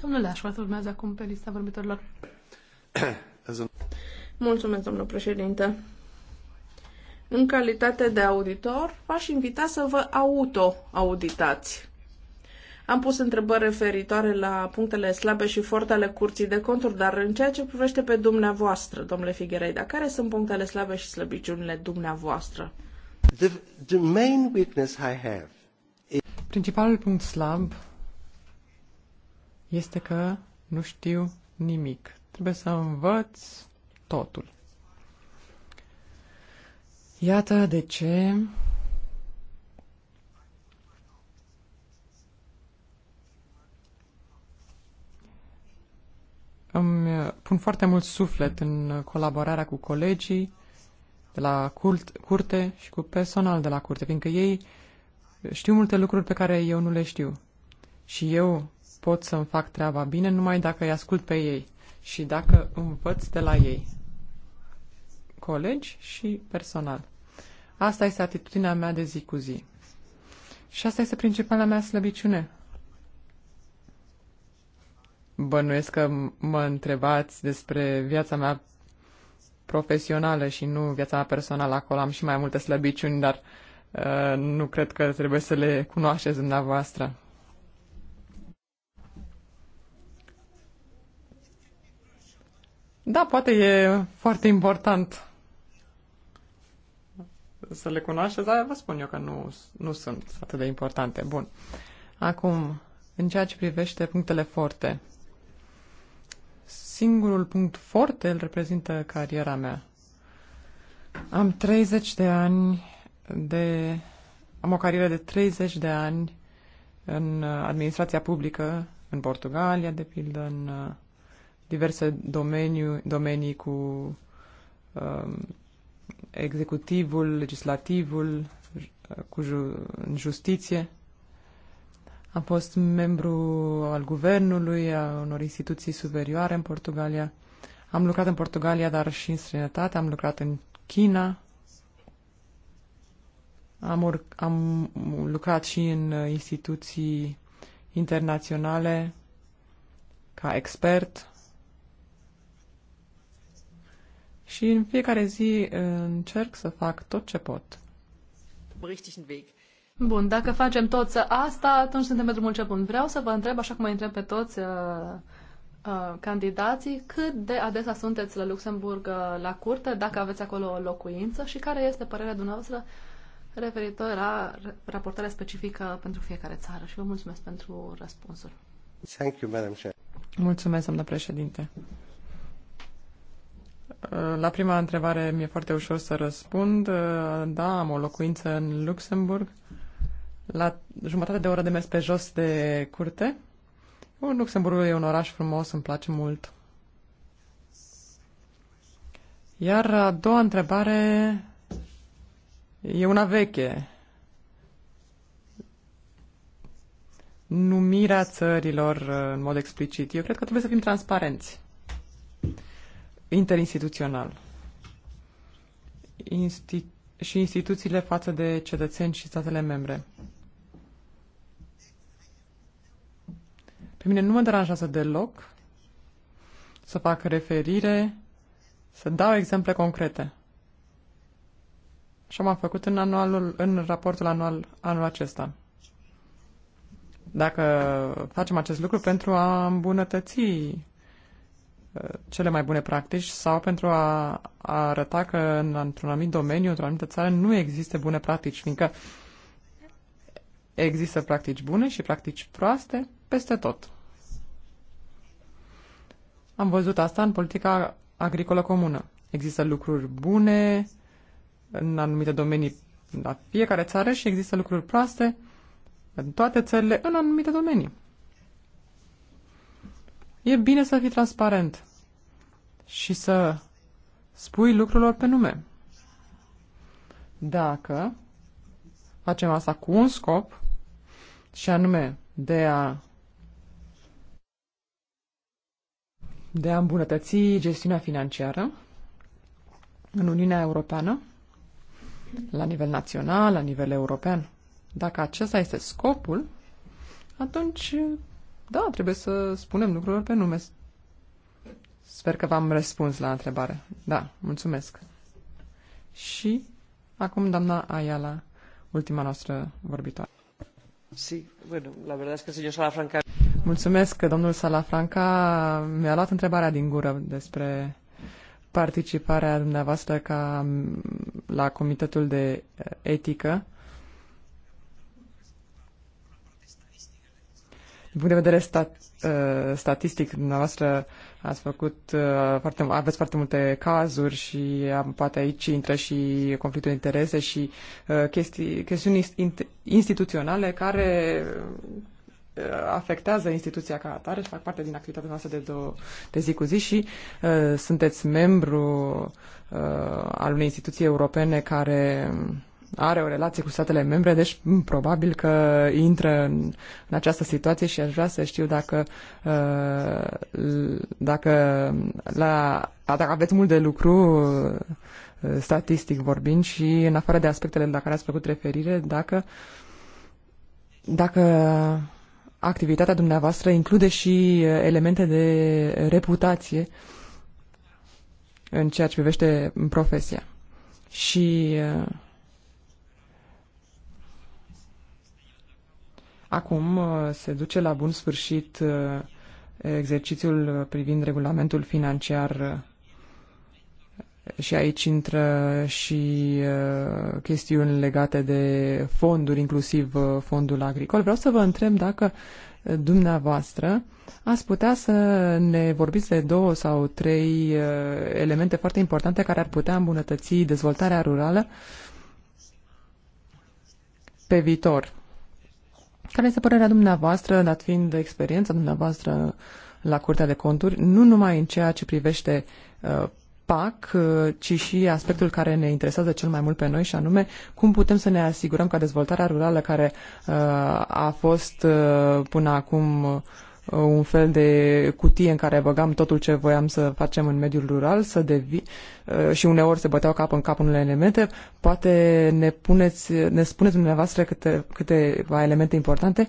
Domnule Ashworth, urmează acum pe lista vorbitorilor. Mulțumesc, domnul președinte. În calitate de auditor, v-aș invita să vă auto-auditați. Am pus întrebări referitoare la punctele slabe și forte ale curții de conturi, dar în ceea ce privește pe dumneavoastră, domnule Figuereida, care sunt punctele slabe și slăbiciunile dumneavoastră? The, the main weakness I have is... Principalul punct slab este că nu știu nimic. Trebuie să învăț totul. Iată de ce îmi uh, pun foarte mult suflet în colaborarea cu colegii de la cult, curte și cu personal de la curte, fiindcă ei știu multe lucruri pe care eu nu le știu. Și eu pot să-mi fac treaba bine numai dacă îi ascult pe ei și dacă învăț de la ei colegi și personal. Asta este atitudinea mea de zi cu zi. Și asta este principala mea slăbiciune. Bănuiesc că mă întrebați despre viața mea profesională și nu viața mea personală. Acolo am și mai multe slăbiciuni, dar uh, nu cred că trebuie să le cunoașteți dumneavoastră. Da, poate e foarte important să le cunoașteți, dar vă spun eu că nu, nu sunt atât de importante. Bun. Acum, în ceea ce privește punctele forte, singurul punct forte îl reprezintă cariera mea. Am 30 de ani de... Am o carieră de 30 de ani în administrația publică, în Portugalia, de pildă, în uh, diverse domeniu, domenii cu um, executivul, legislativul, uh, cu în justiție. Am fost membru al guvernului, a unor instituții superioare în Portugalia. Am lucrat în Portugalia, dar și în străinătate. Am lucrat în China. Am, am lucrat și în instituții internaționale ca expert Și în fiecare zi uh, încerc să fac tot ce pot. Bun, dacă facem toți asta, atunci suntem pe drumul cel bun. Vreau să vă întreb, așa cum mai întreb pe toți uh, uh, candidații, cât de adesea sunteți la Luxemburg uh, la curte, dacă aveți acolo o locuință și care este părerea dumneavoastră referitor la raportarea specifică pentru fiecare țară. Și vă mulțumesc pentru răspunsul. Thank you, Madam Chair. Mulțumesc, doamnă președinte. Eh, la prima întrebare mi-e foarte ușor să răspund. Eh, da, am o locuință în Luxemburg, la jumătate de oră de mers pe jos de curte. Luxemburgul e un oraș frumos, îmi place mult. Iar a doua întrebare e una veche. Numirea țărilor eh, în mod explicit. Eu cred că trebuie să fim transparenți interinstituțional Insti- și instituțiile față de cetățeni și statele membre. Pe mine nu mă deranjează deloc să fac referire, să dau exemple concrete. Și am făcut în, anualul, în raportul anual anul acesta. Dacă facem acest lucru pentru a îmbunătăți cele mai bune practici sau pentru a, a arăta că în, într-un anumit domeniu, într-o anumită țară, nu există bune practici, fiindcă există practici bune și practici proaste peste tot. Am văzut asta în politica agricolă comună. Există lucruri bune în anumite domenii la fiecare țară și există lucruri proaste în toate țările în anumite domenii. E bine să fii transparent și să spui lucrurilor pe nume. Dacă facem asta cu un scop, și anume de a de a îmbunătăți gestiunea financiară în Uniunea Europeană, la nivel național, la nivel european. Dacă acesta este scopul, atunci da, trebuie să spunem lucrurile pe nume. Sper că v-am răspuns la întrebare. Da, mulțumesc. Și acum doamna Ayala, ultima noastră vorbitoare. Sí, bueno, la verdad es que señor Salafranca... Mulțumesc, domnul Salafranca mi-a luat întrebarea din gură despre participarea dumneavoastră ca la Comitetul de Etică Din punct de vedere stat, uh, statistic, dumneavoastră ați făcut, uh, foarte, aveți foarte multe cazuri și am poate aici intră și conflictul de interese și uh, chestii, chestiuni instituționale care uh, afectează instituția ca atare și fac parte din activitatea noastră de, două, de zi cu zi și uh, sunteți membru uh, al unei instituții europene care uh, are o relație cu statele membre, deci probabil că intră în, în această situație și aș vrea să știu dacă, uh, dacă, la, dacă aveți mult de lucru uh, statistic vorbind și în afară de aspectele la care ați făcut referire, dacă, dacă activitatea dumneavoastră include și uh, elemente de reputație în ceea ce privește profesia. Și uh, Acum uh, se duce la bun sfârșit uh, exercițiul privind regulamentul financiar uh, și aici intră și chestiuni legate de fonduri, inclusiv fondul agricol. Vreau să vă întreb dacă dumneavoastră ați putea să ne vorbiți de două sau trei elemente foarte importante care ar putea îmbunătăți dezvoltarea rurală pe viitor. Care este părerea dumneavoastră, dat fiind experiența dumneavoastră la Curtea de Conturi, nu numai în ceea ce privește uh, PAC, uh, ci și aspectul care ne interesează cel mai mult pe noi și anume cum putem să ne asigurăm că dezvoltarea rurală care uh, a fost uh, până acum Uh, un fel de cutie în care băgam totul ce voiam să facem în mediul rural, să devi uh, și uneori se băteau cap în cap unele elemente. Poate ne, puneți, ne spuneți dumneavoastră câte, câteva elemente importante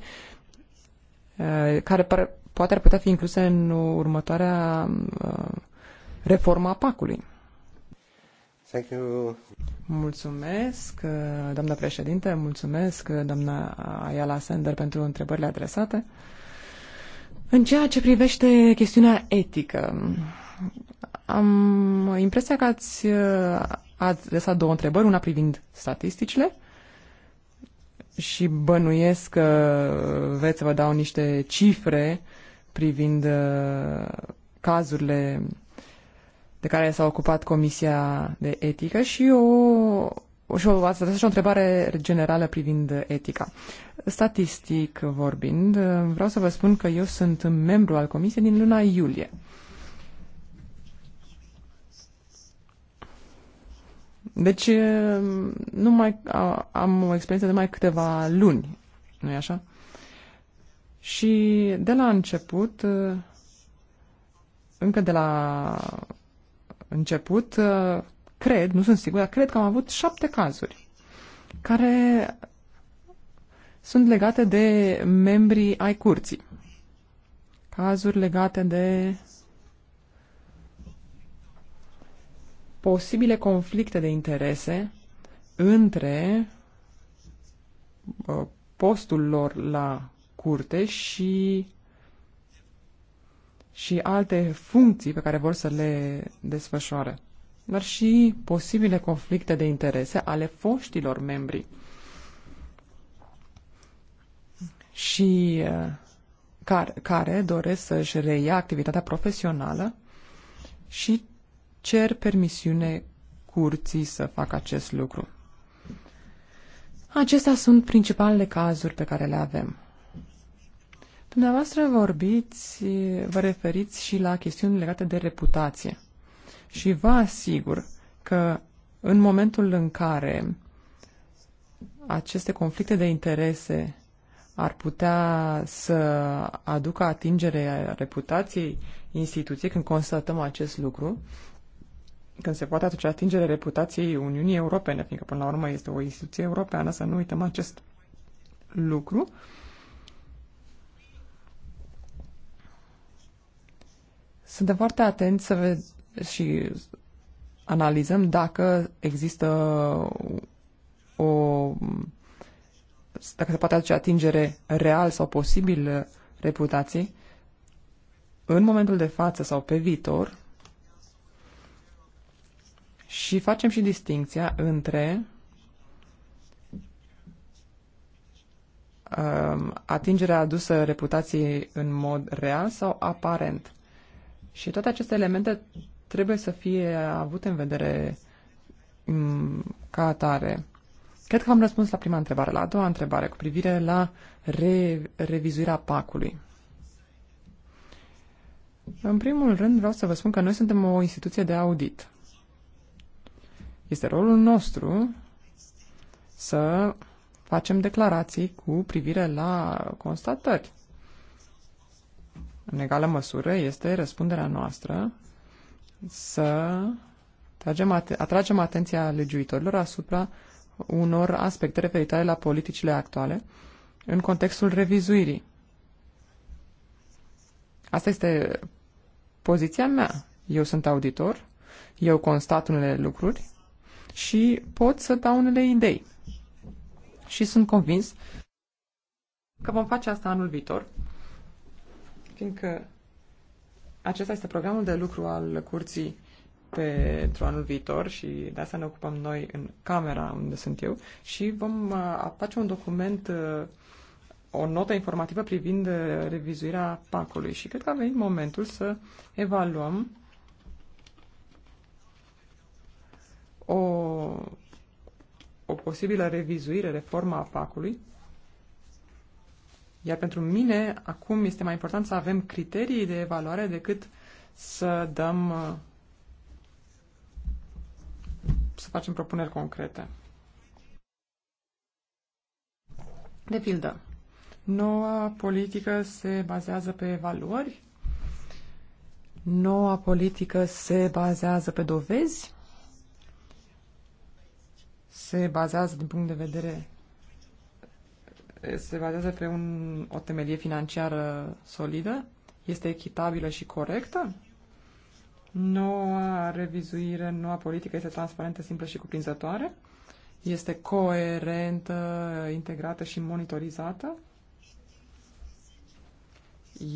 uh, care par, poate ar putea fi incluse în următoarea a PAC-ului. Thank you. Mulțumesc, doamna președinte, mulțumesc, doamna Ayala Sender, pentru întrebările adresate. În ceea ce privește chestiunea etică, am impresia că ați, uh, ați lăsat două întrebări, una privind statisticile și bănuiesc că veți să vă dau niște cifre privind uh, cazurile de care s-a ocupat Comisia de Etică și o, și o, și o întrebare generală privind etica. Statistic vorbind, vreau să vă spun că eu sunt membru al comisiei din luna iulie. Deci, nu mai, am o experiență de mai câteva luni, nu-i așa? Și de la început, încă de la început, cred, nu sunt sigur, dar cred că am avut șapte cazuri care sunt legate de membrii ai curții. Cazuri legate de posibile conflicte de interese între uh, postul lor la curte și și alte funcții pe care vor să le desfășoare dar și posibile conflicte de interese ale foștilor membri. Și eh, care, care doresc să-și reia activitatea profesională și cer permisiune curții să facă acest lucru. Acestea sunt principalele cazuri pe care le avem. Dumneavoastră vorbiți, vă referiți și la chestiuni legate de reputație și vă asigur că în momentul în care aceste conflicte de interese ar putea să aducă atingere reputației instituției, când constatăm acest lucru, când se poate atunci atingere reputației Uniunii Europene, fiindcă până la urmă este o instituție europeană, să nu uităm acest lucru. Suntem foarte atenți să, și analizăm dacă există o dacă se poate aduce atingere real sau posibil reputației, în momentul de față sau pe viitor, și facem și distinția între um, atingerea adusă reputației în mod real sau aparent. Și toate aceste elemente trebuie să fie avut în vedere mm, ca atare. Cred că am răspuns la prima întrebare. La a doua întrebare, cu privire la re, revizuirea pacului. În primul rând vreau să vă spun că noi suntem o instituție de audit. Este rolul nostru să facem declarații cu privire la constatări. În egală măsură este răspunderea noastră să tragem, atragem atenția legiuitorilor asupra unor aspecte referitoare la politicile actuale în contextul revizuirii. Asta este poziția mea. Eu sunt auditor, eu constat unele lucruri și pot să dau unele idei. Și sunt convins că vom face asta anul viitor, fiindcă acesta este programul de lucru al curții pentru anul viitor și de asta ne ocupăm noi în camera unde sunt eu și vom uh, face un document, uh, o notă informativă privind uh, revizuirea PAC-ului și cred că a venit momentul să evaluăm o, o posibilă revizuire, reforma PAC-ului iar pentru mine, acum este mai important să avem criterii de evaluare decât să dăm uh, să facem propuneri concrete. De pildă, noua politică se bazează pe valori, noua politică se bazează pe dovezi, se bazează din punct de vedere se bazează pe un, o temelie financiară solidă? Este echitabilă și corectă? Noua revizuire, noua politică este transparentă, simplă și cuprinzătoare? Este coerentă, integrată și monitorizată?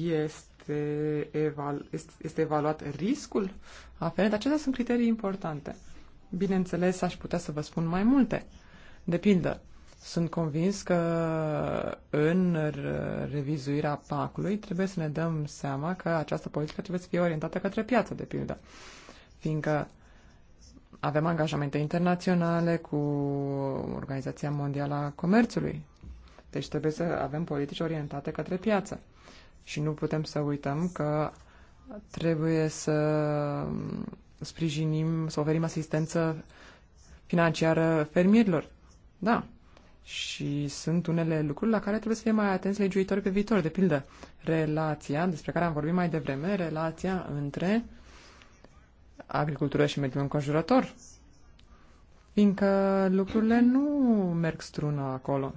Este, evalu- este evaluat riscul aferent? Acestea sunt criterii importante. Bineînțeles, aș putea să vă spun mai multe. De pildă, sunt convins că în revizuirea PAC-ului trebuie să ne dăm seama că această politică trebuie să fie orientată către piață, de pildă, fiindcă avem angajamente internaționale cu Organizația Mondială a Comerțului. Deci trebuie să avem politici orientate către piață. Și nu putem să uităm că trebuie să sprijinim, să oferim asistență financiară fermierilor. Da, și sunt unele lucruri la care trebuie să fie mai atenți legiuitori pe viitor. De pildă, relația, despre care am vorbit mai devreme, relația între agricultură și mediul înconjurător. Fiindcă lucrurile nu merg strună acolo.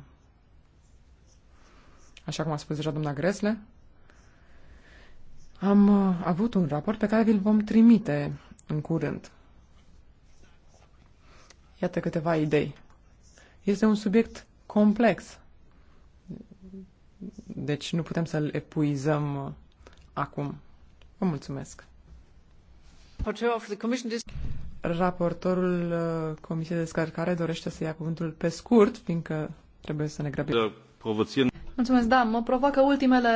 Așa cum a spus deja doamna Gresle, am uh, avut un raport pe care vi-l vom trimite în curând. Iată câteva idei este un subiect complex. Deci nu putem să-l epuizăm uh, acum. Vă mulțumesc. Raportorul uh, Comisiei de Descărcare dorește să ia cuvântul pe scurt, fiindcă trebuie să ne grăbim. Da, Mulțumesc, da, mă provoacă ultimele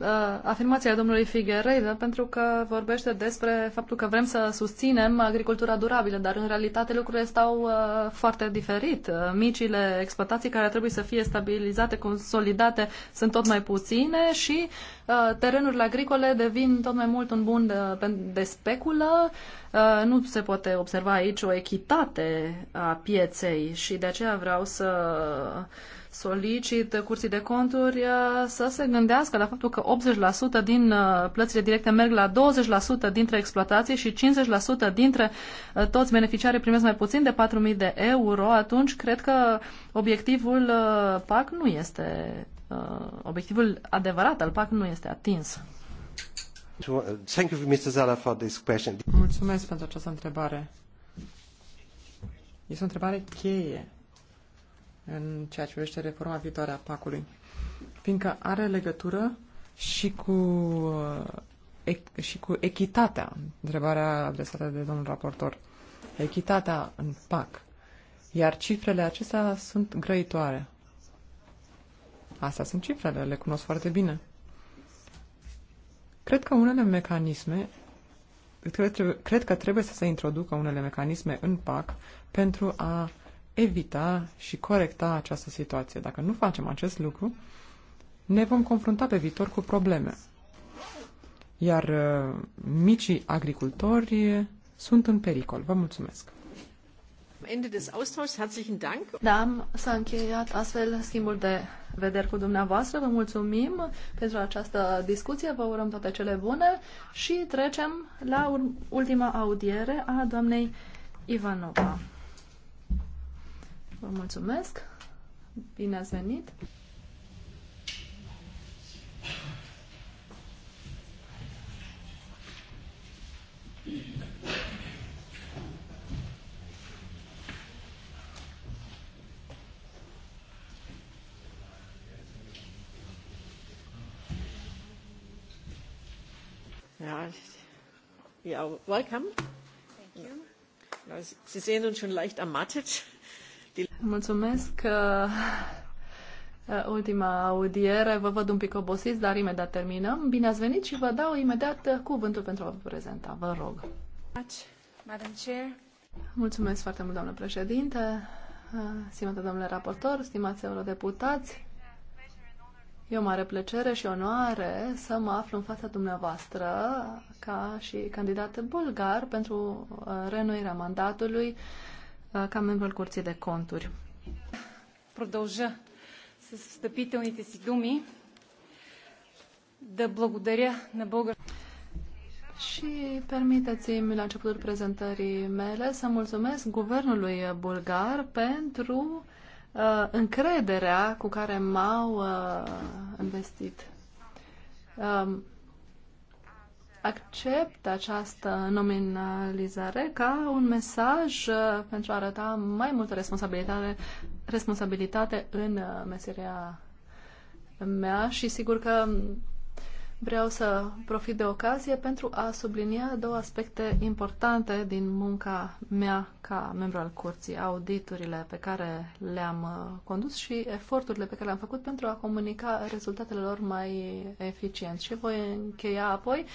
uh, afirmații ale domnului Figueiredo pentru că vorbește despre faptul că vrem să susținem agricultura durabilă, dar în realitate lucrurile stau uh, foarte diferit. Uh, micile exploatații care trebuie să fie stabilizate, consolidate, sunt tot mai puține și uh, terenurile agricole devin tot mai mult un bun de, de speculă. Uh, nu se poate observa aici o echitate a pieței și de aceea vreau să uh, solicit curții de conturi uh, să se gândească la faptul că 80% din uh, plățile directe merg la 20% dintre exploatații și 50% dintre uh, toți beneficiarii primesc mai puțin de 4.000 de euro, atunci cred că obiectivul PAC nu este, obiectivul adevărat al PAC nu este atins. Mulțumesc pentru această întrebare. Este o întrebare cheie în ceea ce privește reforma viitoare a PAC-ului, fiindcă are legătură și cu, uh, și cu echitatea, întrebarea adresată de domnul raportor, echitatea în pac. Iar cifrele acestea sunt grăitoare. Astea sunt cifrele, le cunosc foarte bine. Cred că unele mecanisme, cred, cred că trebuie să se introducă unele mecanisme în PAC pentru a evita și corecta această situație. Dacă nu facem acest lucru, ne vom confrunta pe viitor cu probleme. Iar uh, micii agricultori sunt în pericol. Vă mulțumesc! Ende des Austauschs. Herzlichen Dank. Da, s-a încheiat astfel schimbul de vederi cu dumneavoastră. Vă mulțumim pentru această discuție, vă urăm toate cele bune și trecem la ultima audiere a doamnei Ivanova. Vă mulțumesc. Bine ați venit. Yeah, welcome. Thank you. Sie sehen uns schon leicht ermattet. Mulțumesc. Uh, ultima audiere. Vă văd un pic obosiți, dar imediat terminăm. Bine ați venit și vă dau imediat uh, cuvântul pentru a vă prezenta. Vă rog. Mulțumesc foarte mult, doamnă președinte, uh, stimate domnule raportor, stimați eurodeputați. E o mare plăcere și onoare să mă aflu în fața dumneavoastră ca și candidat bulgar pentru renoirea mandatului Uh, ca membru al Curții de Conturi. Продължа с встъпителните си думи да благодаря на българ... Și permiteți-mi la începutul prezentării mele să mulțumesc guvernului bulgar pentru uh, încrederea cu care m-au uh, investit. Uh, accept această nominalizare ca un mesaj uh, pentru a arăta mai multă responsabilitate, responsabilitate în uh, meseria mea și sigur că vreau să profit de ocazie pentru a sublinia două aspecte importante din munca mea ca membru al curții, auditurile pe care le-am uh, condus și eforturile pe care le-am făcut pentru a comunica rezultatele lor mai eficient. Și voi încheia apoi uh,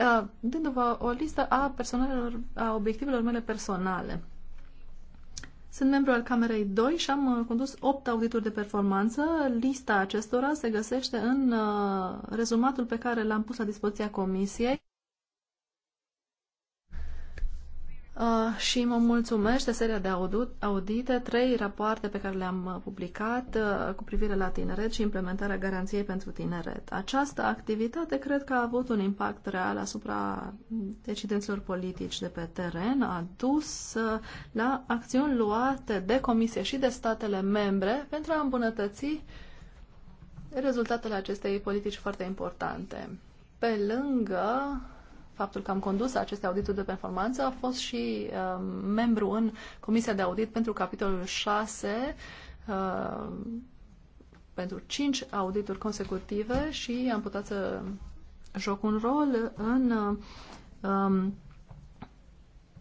Uh, dându-vă o listă a, personalelor, a obiectivelor mele personale. Sunt membru al Camerei 2 și am uh, condus 8 audituri de performanță. Lista acestora se găsește în uh, rezumatul pe care l-am pus la dispoziția Comisiei. Uh, și mă mulțumește seria de audite, trei rapoarte pe care le-am uh, publicat uh, cu privire la tineret și implementarea garanției pentru tineret. Această activitate cred că a avut un impact real asupra decidenților politici de pe teren, a dus la acțiuni luate de Comisie și de statele membre pentru a îmbunătăți rezultatele acestei politici foarte importante. Pe lângă faptul că am condus aceste audituri de performanță. A fost și uh, membru în Comisia de Audit pentru capitolul 6, uh, pentru 5 audituri consecutive și am putut să joc un rol în uh, um,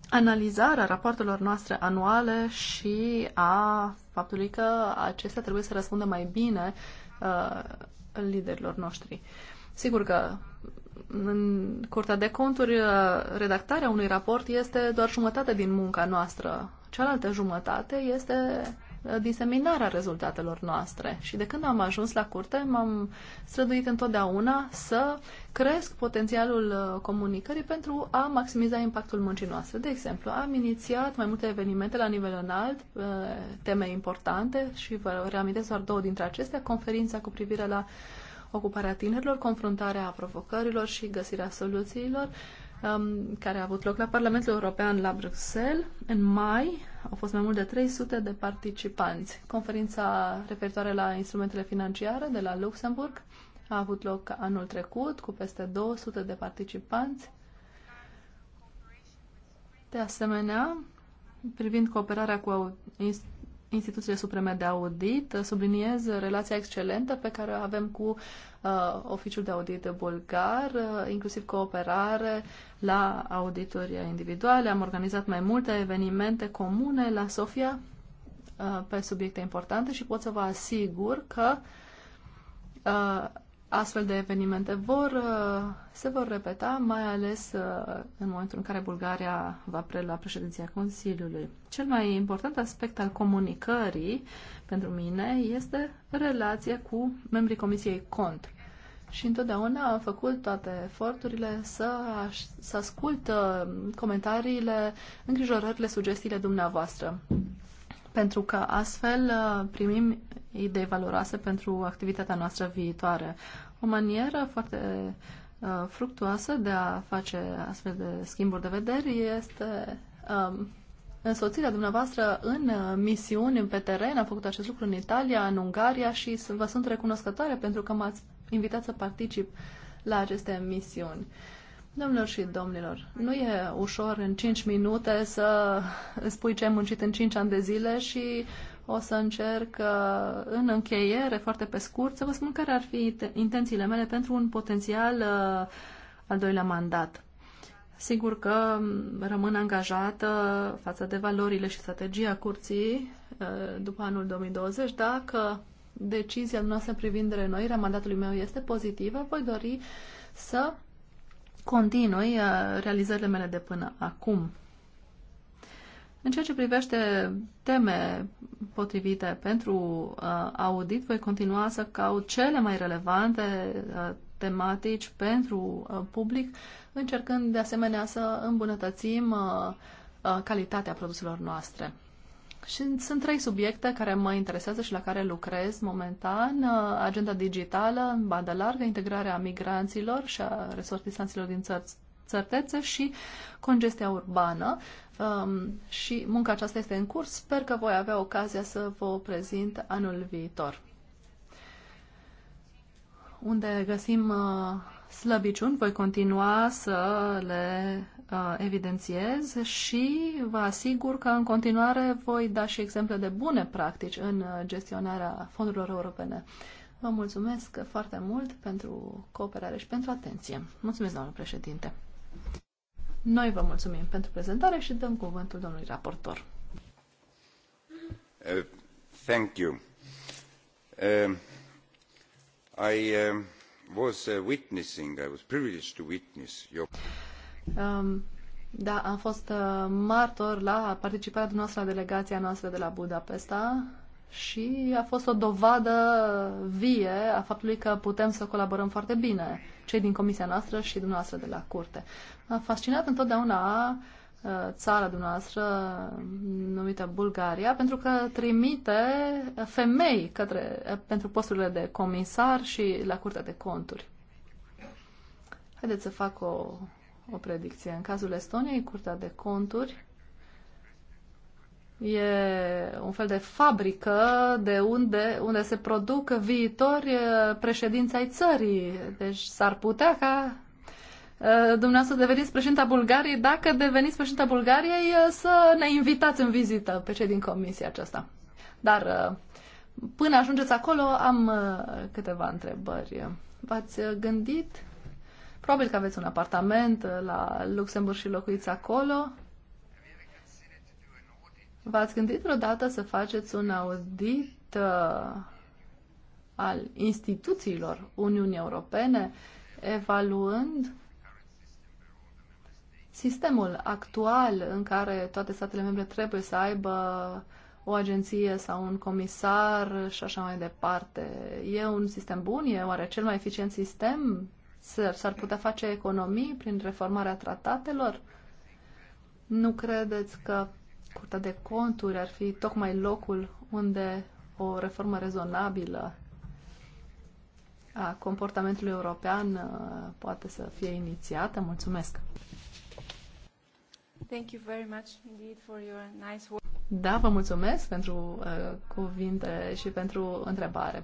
analizarea rapoartelor noastre anuale și a faptului că acestea trebuie să răspundă mai bine uh, liderilor noștri. Sigur că în Curtea de Conturi, uh, redactarea unui raport este doar jumătate din munca noastră. Cealaltă jumătate este uh, diseminarea rezultatelor noastre. Și de când am ajuns la curte, m-am străduit întotdeauna să cresc potențialul uh, comunicării pentru a maximiza impactul muncii noastre. De exemplu, am inițiat mai multe evenimente la nivel înalt, teme importante și vă reamintesc doar două dintre acestea, conferința cu privire la uh, ocuparea tinerilor, confruntarea provocărilor și găsirea soluțiilor, um, care a avut loc la Parlamentul European la Bruxelles. În mai au fost mai mult de 300 de participanți. Conferința referitoare la instrumentele financiare de la Luxemburg a avut loc anul trecut cu peste 200 de participanți. De asemenea, privind cooperarea cu instituțiile supreme de audit, subliniez relația excelentă pe care o avem cu uh, oficiul de audit bulgar, uh, inclusiv cooperare la audituri individuale. Am organizat mai multe evenimente comune la Sofia uh, pe subiecte importante și pot să vă asigur că uh, astfel de evenimente vor, uh, se vor repeta, mai ales uh, în momentul în care Bulgaria va prelua președinția Consiliului. Cel mai important aspect al comunicării pentru mine este relația cu membrii Comisiei Cont. Și întotdeauna am făcut toate eforturile să, să ascult uh, comentariile, îngrijorările, sugestiile dumneavoastră pentru că astfel uh, primim idei valoroase pentru activitatea noastră viitoare. O manieră foarte uh, fructuoasă de a face astfel de schimburi de vederi este um, însoțirea dumneavoastră în uh, misiuni pe teren. Am făcut acest lucru în Italia, în Ungaria și vă sunt recunoscătoare pentru că m-ați invitat să particip la aceste misiuni. Domnilor și domnilor, nu e ușor în 5 minute să spui ce am muncit în 5 ani de zile și o să încerc uh, în încheiere, foarte pe scurt, să vă spun care ar fi intențiile mele pentru un potențial uh, al doilea mandat. Sigur că um, rămân angajată față de valorile și strategia curții uh, după anul 2020. Dacă decizia noastră privind renoirea mandatului meu este pozitivă, voi dori să continui uh, realizările mele de până acum. În ceea ce privește teme potrivite pentru uh, audit, voi continua să caut cele mai relevante uh, tematici pentru public, încercând de asemenea să îmbunătățim calitatea produselor noastre. Și sunt trei subiecte care mă interesează și la care lucrez momentan. Uh, agenda digitală, bandă largă, integrarea migranților și a resortisanților din țăr- țărtețe și congestia urbană. Um, și munca aceasta este în curs. Sper că voi avea ocazia să vă prezint anul viitor. Unde găsim uh, slăbiciuni, voi continua să le Uh, evidențiez și vă asigur că în continuare voi da și exemple de bune practici în uh, gestionarea fondurilor europene. Vă mulțumesc foarte mult pentru cooperare și pentru atenție. Mulțumesc, doamnă președinte. Noi vă mulțumim pentru prezentare și dăm cuvântul domnului raportor. Uh, thank you. Uh, I uh, was uh, witnessing, I was privileged to witness your... Um, da, am fost uh, martor la participarea dumneavoastră la delegația noastră de la Budapesta și a fost o dovadă vie a faptului că putem să colaborăm foarte bine, cei din comisia noastră și dumneavoastră de la curte. M-a fascinat întotdeauna uh, țara dumneavoastră um, numită Bulgaria, pentru că trimite femei către, uh, pentru posturile de comisar și la curtea de conturi. Haideți să fac o o predicție. În cazul Estoniei, Curtea de Conturi e un fel de fabrică de unde, unde se produc viitori eh, președinți ai țării. Deci s-ar putea ca eh, dumneavoastră deveniți președinta Bulgariei, dacă deveniți președinta Bulgariei, eh, să ne invitați în vizită pe cei din comisia aceasta. Dar până ajungeți acolo, am câteva întrebări. V-ați gândit Probabil că aveți un apartament la Luxemburg și locuiți acolo. V-ați gândit vreodată să faceți un audit uh, al instituțiilor Uniunii Europene, evaluând sistemul actual în care toate statele membre trebuie să aibă o agenție sau un comisar și așa mai departe. E un sistem bun? E oare cel mai eficient sistem? S-ar putea face economii prin reformarea tratatelor? Nu credeți că Curtea de Conturi ar fi tocmai locul unde o reformă rezonabilă a comportamentului european uh, poate să fie inițiată? Mulțumesc! Thank you very much indeed for your nice work. Da, vă mulțumesc pentru uh, cuvinte și pentru întrebare.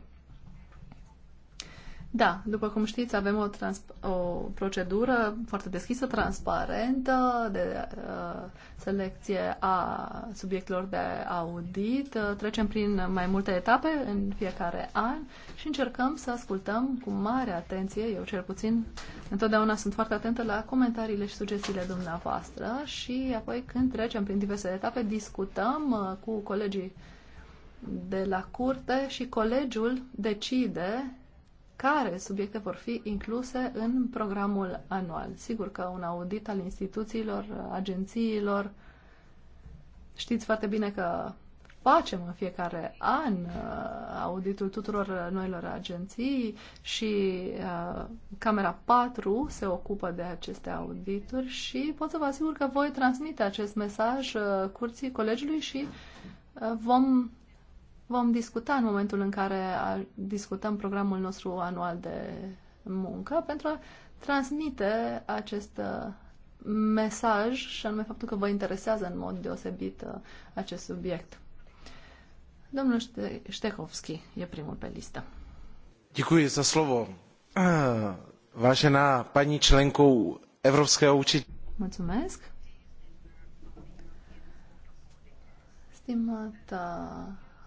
Da, după cum știți, avem o, trans- o procedură foarte deschisă, transparentă, de uh, selecție a subiectelor de audit. Uh, trecem prin mai multe etape în fiecare an și încercăm să ascultăm cu mare atenție, eu cel puțin întotdeauna sunt foarte atentă la comentariile și sugestiile dumneavoastră și apoi când trecem prin diverse etape discutăm uh, cu colegii de la curte și colegiul decide care subiecte vor fi incluse în programul anual. Sigur că un audit al instituțiilor, agențiilor, știți foarte bine că facem în fiecare an uh, auditul tuturor noilor agenții și uh, Camera 4 se ocupă de aceste audituri și pot să vă asigur că voi transmite acest mesaj uh, curții colegiului și vom vom discuta în momentul în care discutăm programul nostru anual de muncă pentru a transmite acest uh, mesaj și anume faptul că vă interesează în mod deosebit uh, acest subiect. Domnul Ștehovski e primul pe listă. Děkuji za slovo. <clears throat> Vážená paní členkou Evropského učit... Mulțumesc. Stimată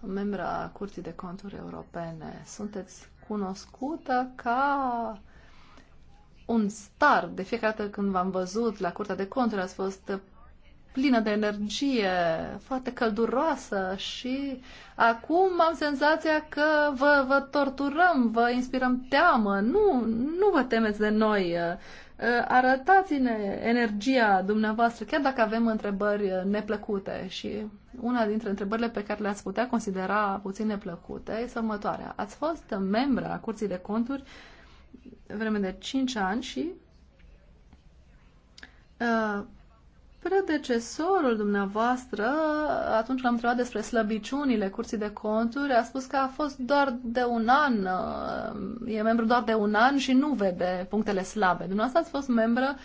membra a Curții de Conturi Europene, sunteți cunoscută ca un star. De fiecare dată când v-am văzut la Curtea de Conturi, ați fost plină de energie, foarte călduroasă și acum am senzația că vă, vă torturăm, vă inspirăm teamă. Nu, nu vă temeți de noi. Ă, arătați-ne energia dumneavoastră, chiar dacă avem întrebări neplăcute și una dintre întrebările pe care le-ați putea considera puțin neplăcute este următoarea. Ați fost membra a Curții de Conturi vreme de 5 ani și uh, Predecesorul dumneavoastră, atunci l-am întrebat despre slăbiciunile curții de conturi, a spus că a fost doar de un an, uh, e membru doar de un an și nu vede punctele slabe. Dumneavoastră ați fost membră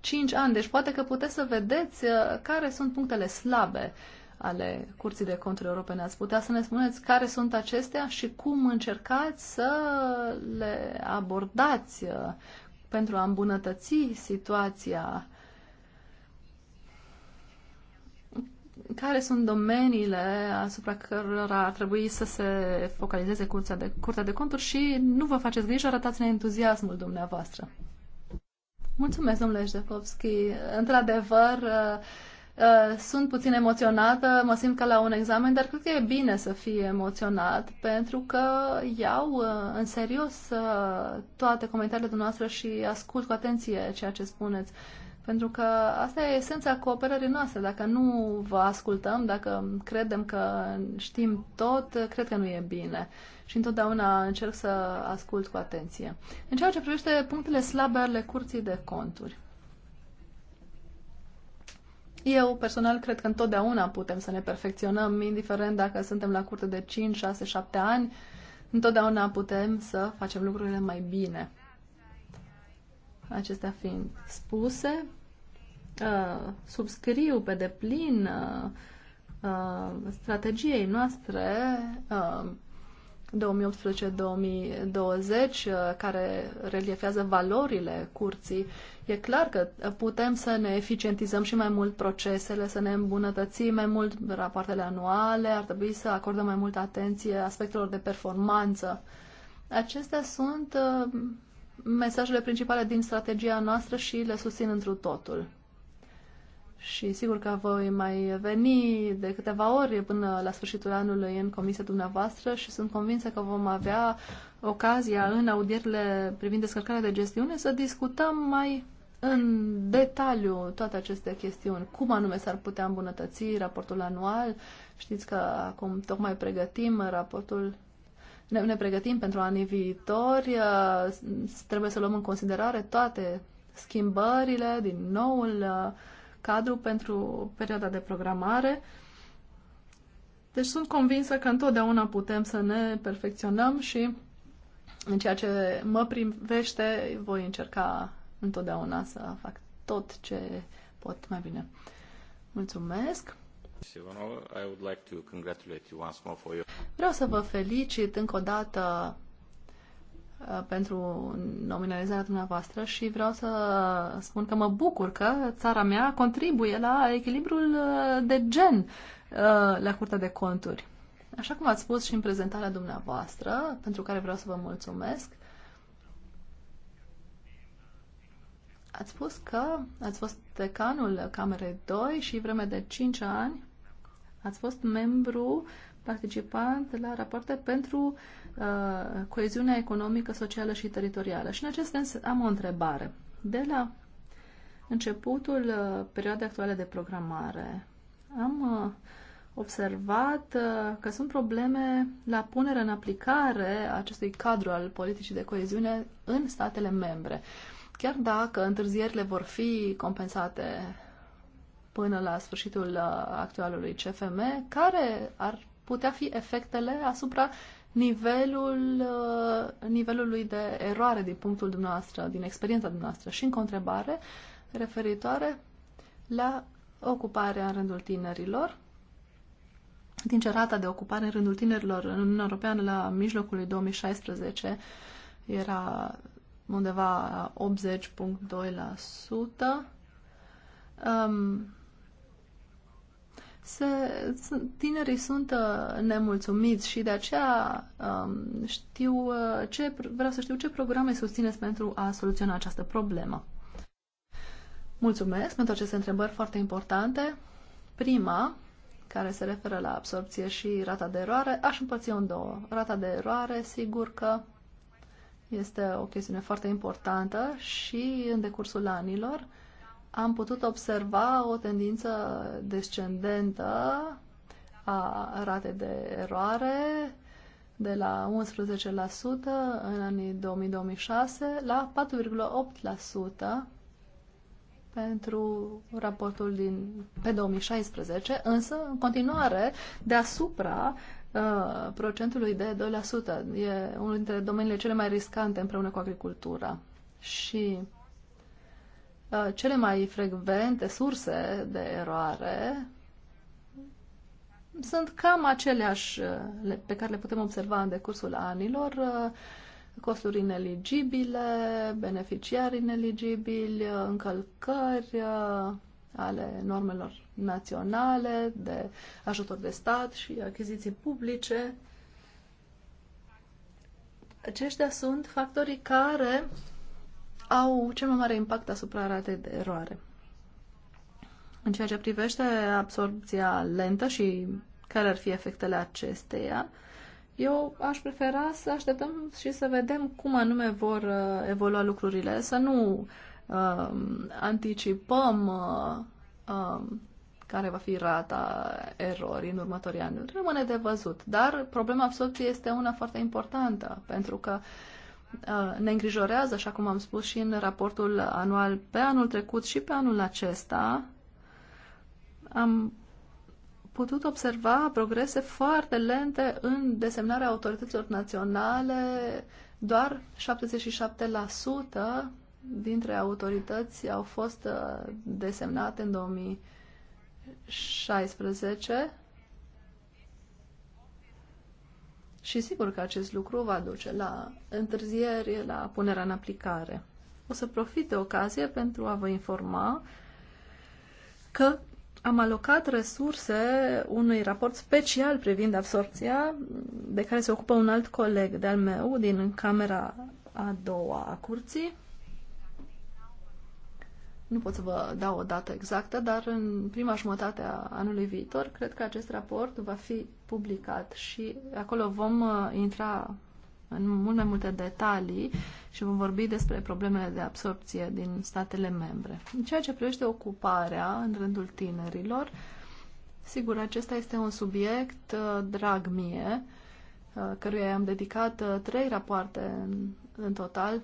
5 ani, deci poate că puteți să vedeți uh, care sunt punctele slabe ale Curții de Conturi Europene. Ați putea să ne spuneți care sunt acestea și cum încercați să le abordați uh, pentru a îmbunătăți situația care sunt domeniile asupra cărora ar trebui să se focalizeze curtea de, curtea de conturi și nu vă faceți grijă, arătați-ne entuziasmul dumneavoastră. Mulțumesc, domnule Ștefovski. Într-adevăr, uh, uh, sunt puțin emoționată, mă simt ca la un examen, dar cred că e bine să fie emoționat, pentru că iau uh, în serios toate comentariile dumneavoastră și ascult cu atenție ceea ce spuneți. Pentru că asta e esența cooperării noastre. Dacă nu vă ascultăm, dacă credem că știm tot, cred că nu e bine. Și întotdeauna încerc să ascult cu atenție. În ceea ce privește punctele slabe ale curții de conturi. Eu personal cred că întotdeauna putem să ne perfecționăm, indiferent dacă suntem la curte de 5, 6, 7 ani, întotdeauna putem să facem lucrurile mai bine. Acestea fiind spuse, uh, subscriu pe deplin uh, uh, strategiei noastre 2018-2020 care reliefează valorile curții, e clar că putem să ne eficientizăm și mai mult procesele, să ne îmbunătățim mai mult rapoartele anuale, ar trebui să acordăm mai multă atenție aspectelor de performanță. Acestea sunt mesajele principale din strategia noastră și le susțin întru totul. Și sigur că voi mai veni de câteva ori până la sfârșitul anului în comisia dumneavoastră și sunt convinsă că vom avea ocazia în audierile privind descărcarea de gestiune să discutăm mai în detaliu toate aceste chestiuni. Cum anume s-ar putea îmbunătăți raportul anual? Știți că acum tocmai pregătim raportul ne, ne pregătim pentru anii viitori, uh, trebuie să luăm în considerare toate schimbările din noul uh, cadru pentru perioada de programare. Deci sunt convinsă că întotdeauna putem să ne perfecționăm și în ceea ce mă privește voi încerca întotdeauna să fac tot ce pot mai bine. Mulțumesc! Vreau să vă felicit încă o dată uh, pentru nominalizarea dumneavoastră și vreau să spun că mă bucur că țara mea contribuie la echilibrul uh, de gen uh, la Curtea de Conturi. Așa cum ați spus și în prezentarea dumneavoastră, pentru care vreau să vă mulțumesc, ați spus că ați fost decanul Camerei 2 și vreme de 5 ani Ați fost membru participant la rapoarte pentru uh, coeziunea economică, socială și teritorială. Și în acest sens am o întrebare. De la începutul uh, perioadei actuale de programare, am uh, observat uh, că sunt probleme la punerea în aplicare a acestui cadru al politicii de coeziune în statele membre. Chiar dacă întârzierile vor fi compensate până la sfârșitul uh, actualului CFM, care ar putea fi efectele asupra nivelul, uh, nivelului de eroare din punctul dumneavoastră, din experiența dumneavoastră și în întrebare referitoare la ocuparea în rândul tinerilor. Din ce rata de ocupare în rândul tinerilor în Uniunea Europeană la mijlocul lui 2016 era undeva 80.2%. Um, se, tinerii sunt uh, nemulțumiți și de aceea um, știu uh, ce, vreau să știu ce programe susțineți pentru a soluționa această problemă. Mulțumesc pentru aceste întrebări foarte importante. Prima, care se referă la absorpție și rata de eroare, aș împărți-o în două. Rata de eroare, sigur că este o chestiune foarte importantă și în decursul anilor am putut observa o tendință descendentă a ratei de eroare de la 11% în anii 2006 la 4,8% pentru raportul din, pe 2016, însă în continuare deasupra uh, procentului de 2%. E unul dintre domeniile cele mai riscante împreună cu agricultura. Și Uh, cele mai frecvente surse de eroare sunt cam aceleași uh, pe care le putem observa în decursul anilor, uh, costuri ineligibile, beneficiari ineligibili, încălcări ale normelor naționale de ajutor de stat și achiziții publice. Aceștia sunt factorii care au cel mai mare impact asupra ratei de eroare. În ceea ce privește absorbția lentă și care ar fi efectele acesteia, eu aș prefera să așteptăm și să vedem cum anume vor uh, evolua lucrurile, să nu uh, anticipăm uh, uh, care va fi rata erorii în următorii ani. Rămâne de văzut, dar problema absorpției este una foarte importantă, pentru că uh, Uh, ne îngrijorează, așa cum am spus și în raportul anual pe anul trecut și pe anul acesta, am putut observa progrese foarte lente în desemnarea autorităților naționale. Doar 77% dintre autorități au fost uh, desemnate în 2016 Și sigur că acest lucru va duce la întârzieri, la punerea în aplicare. O să profit de ocazie pentru a vă informa că am alocat resurse unui raport special privind absorpția, de care se ocupă un alt coleg de-al meu din camera a doua a curții, nu pot să vă dau o dată exactă, dar în prima jumătate a anului viitor cred că acest raport va fi publicat și acolo vom uh, intra în mult mai multe detalii și vom vorbi despre problemele de absorpție din statele membre. În ceea ce privește ocuparea în rândul tinerilor, sigur, acesta este un subiect uh, drag mie, uh, căruia am dedicat trei rapoarte în, în total,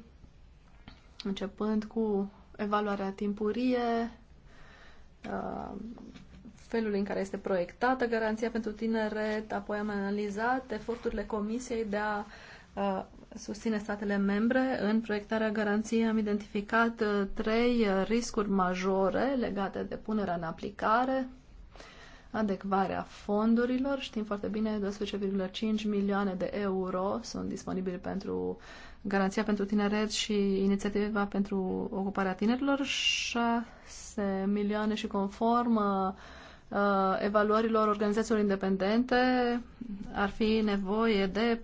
începând cu evaluarea timpurie, uh, felul în care este proiectată garanția pentru tineret, apoi am analizat eforturile Comisiei de a uh, susține statele membre. În proiectarea garanției am identificat uh, trei riscuri majore legate de punerea în aplicare, adecvarea fondurilor. Știm foarte bine, 12,5 milioane de euro sunt disponibili pentru Garanția pentru Tineret și Inițiativa pentru Ocuparea Tinerilor, 6 milioane și conform uh, evaluărilor organizațiilor independente ar fi nevoie de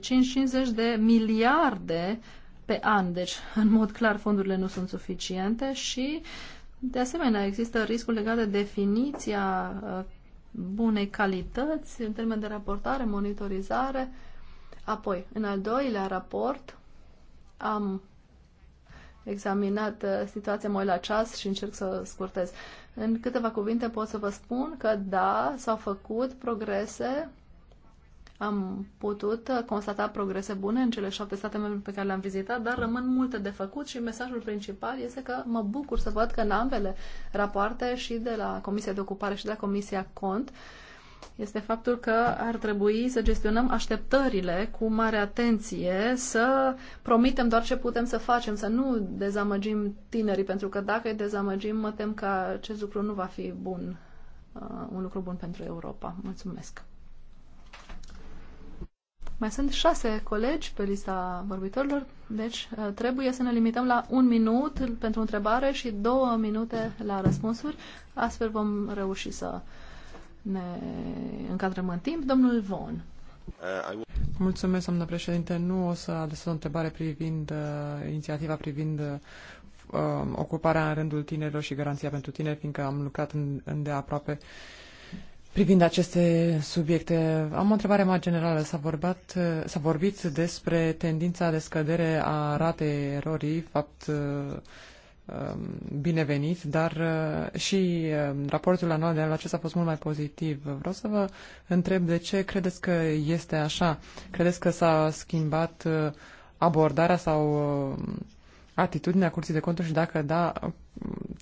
45-50 de miliarde pe an. Deci, în mod clar, fondurile nu sunt suficiente și, de asemenea, există riscul legat de definiția uh, bunei calități în termen de raportare, monitorizare, uh, Apoi, în al doilea raport am examinat uh, situația mai la ceas și încerc să scurtez. În câteva cuvinte pot să vă spun că da, s-au făcut progrese, am putut uh, constata progrese bune în cele șapte state membre pe care le-am vizitat, dar rămân multe de făcut și mesajul principal este că mă bucur să văd că în ambele rapoarte și de la Comisia de Ocupare și de la Comisia Cont uh, este faptul că ar trebui să gestionăm așteptările cu mare atenție, să promitem doar ce putem să facem, să nu dezamăgim tinerii, pentru că dacă îi dezamăgim, mă tem că acest lucru nu va fi bun, uh, un lucru bun pentru Europa. Mulțumesc! Mai sunt șase colegi pe lista vorbitorilor, deci uh, trebuie să ne limităm la un minut pentru întrebare și două minute la răspunsuri. Astfel vom reuși să ne încadrăm în timp. Domnul Von. Mulțumesc, doamnă președinte. Nu o să adresez o întrebare privind uh, inițiativa privind uh, ocuparea în rândul tinerilor și garanția pentru tineri, fiindcă am lucrat în, îndeaproape privind aceste subiecte. Am o întrebare mai generală. S-a, vorbat, uh, s-a vorbit despre tendința de scădere a ratei erorii, fapt uh, Um, binevenit, dar uh, și um, raportul anual de anul acesta a fost mult mai pozitiv. Vreau să vă întreb de ce credeți că este așa? Credeți că s-a schimbat uh, abordarea sau uh, atitudinea Curții de Conturi și dacă da,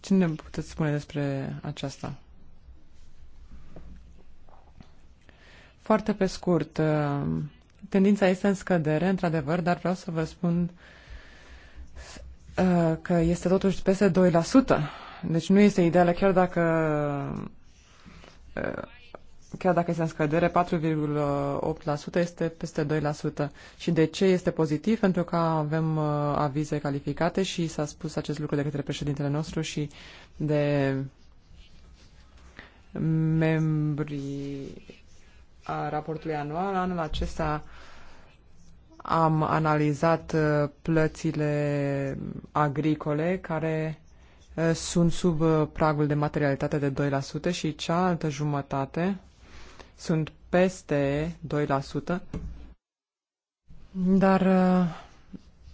ce ne puteți spune despre aceasta? Foarte pe scurt, tendința este în scădere, într-adevăr, dar vreau să vă spun uh, Uh, că este totuși peste 2%. Deci nu este ideală chiar dacă uh, chiar dacă este în scădere, 4,8% este peste 2%. Și de ce este pozitiv? Pentru că avem uh, avize calificate și s-a spus acest lucru de către președintele nostru și de membrii a raportului anual. Anul acesta uh, am analizat uh, plățile agricole care uh, sunt sub uh, pragul de materialitate de 2% și cealaltă jumătate sunt peste 2%. Dar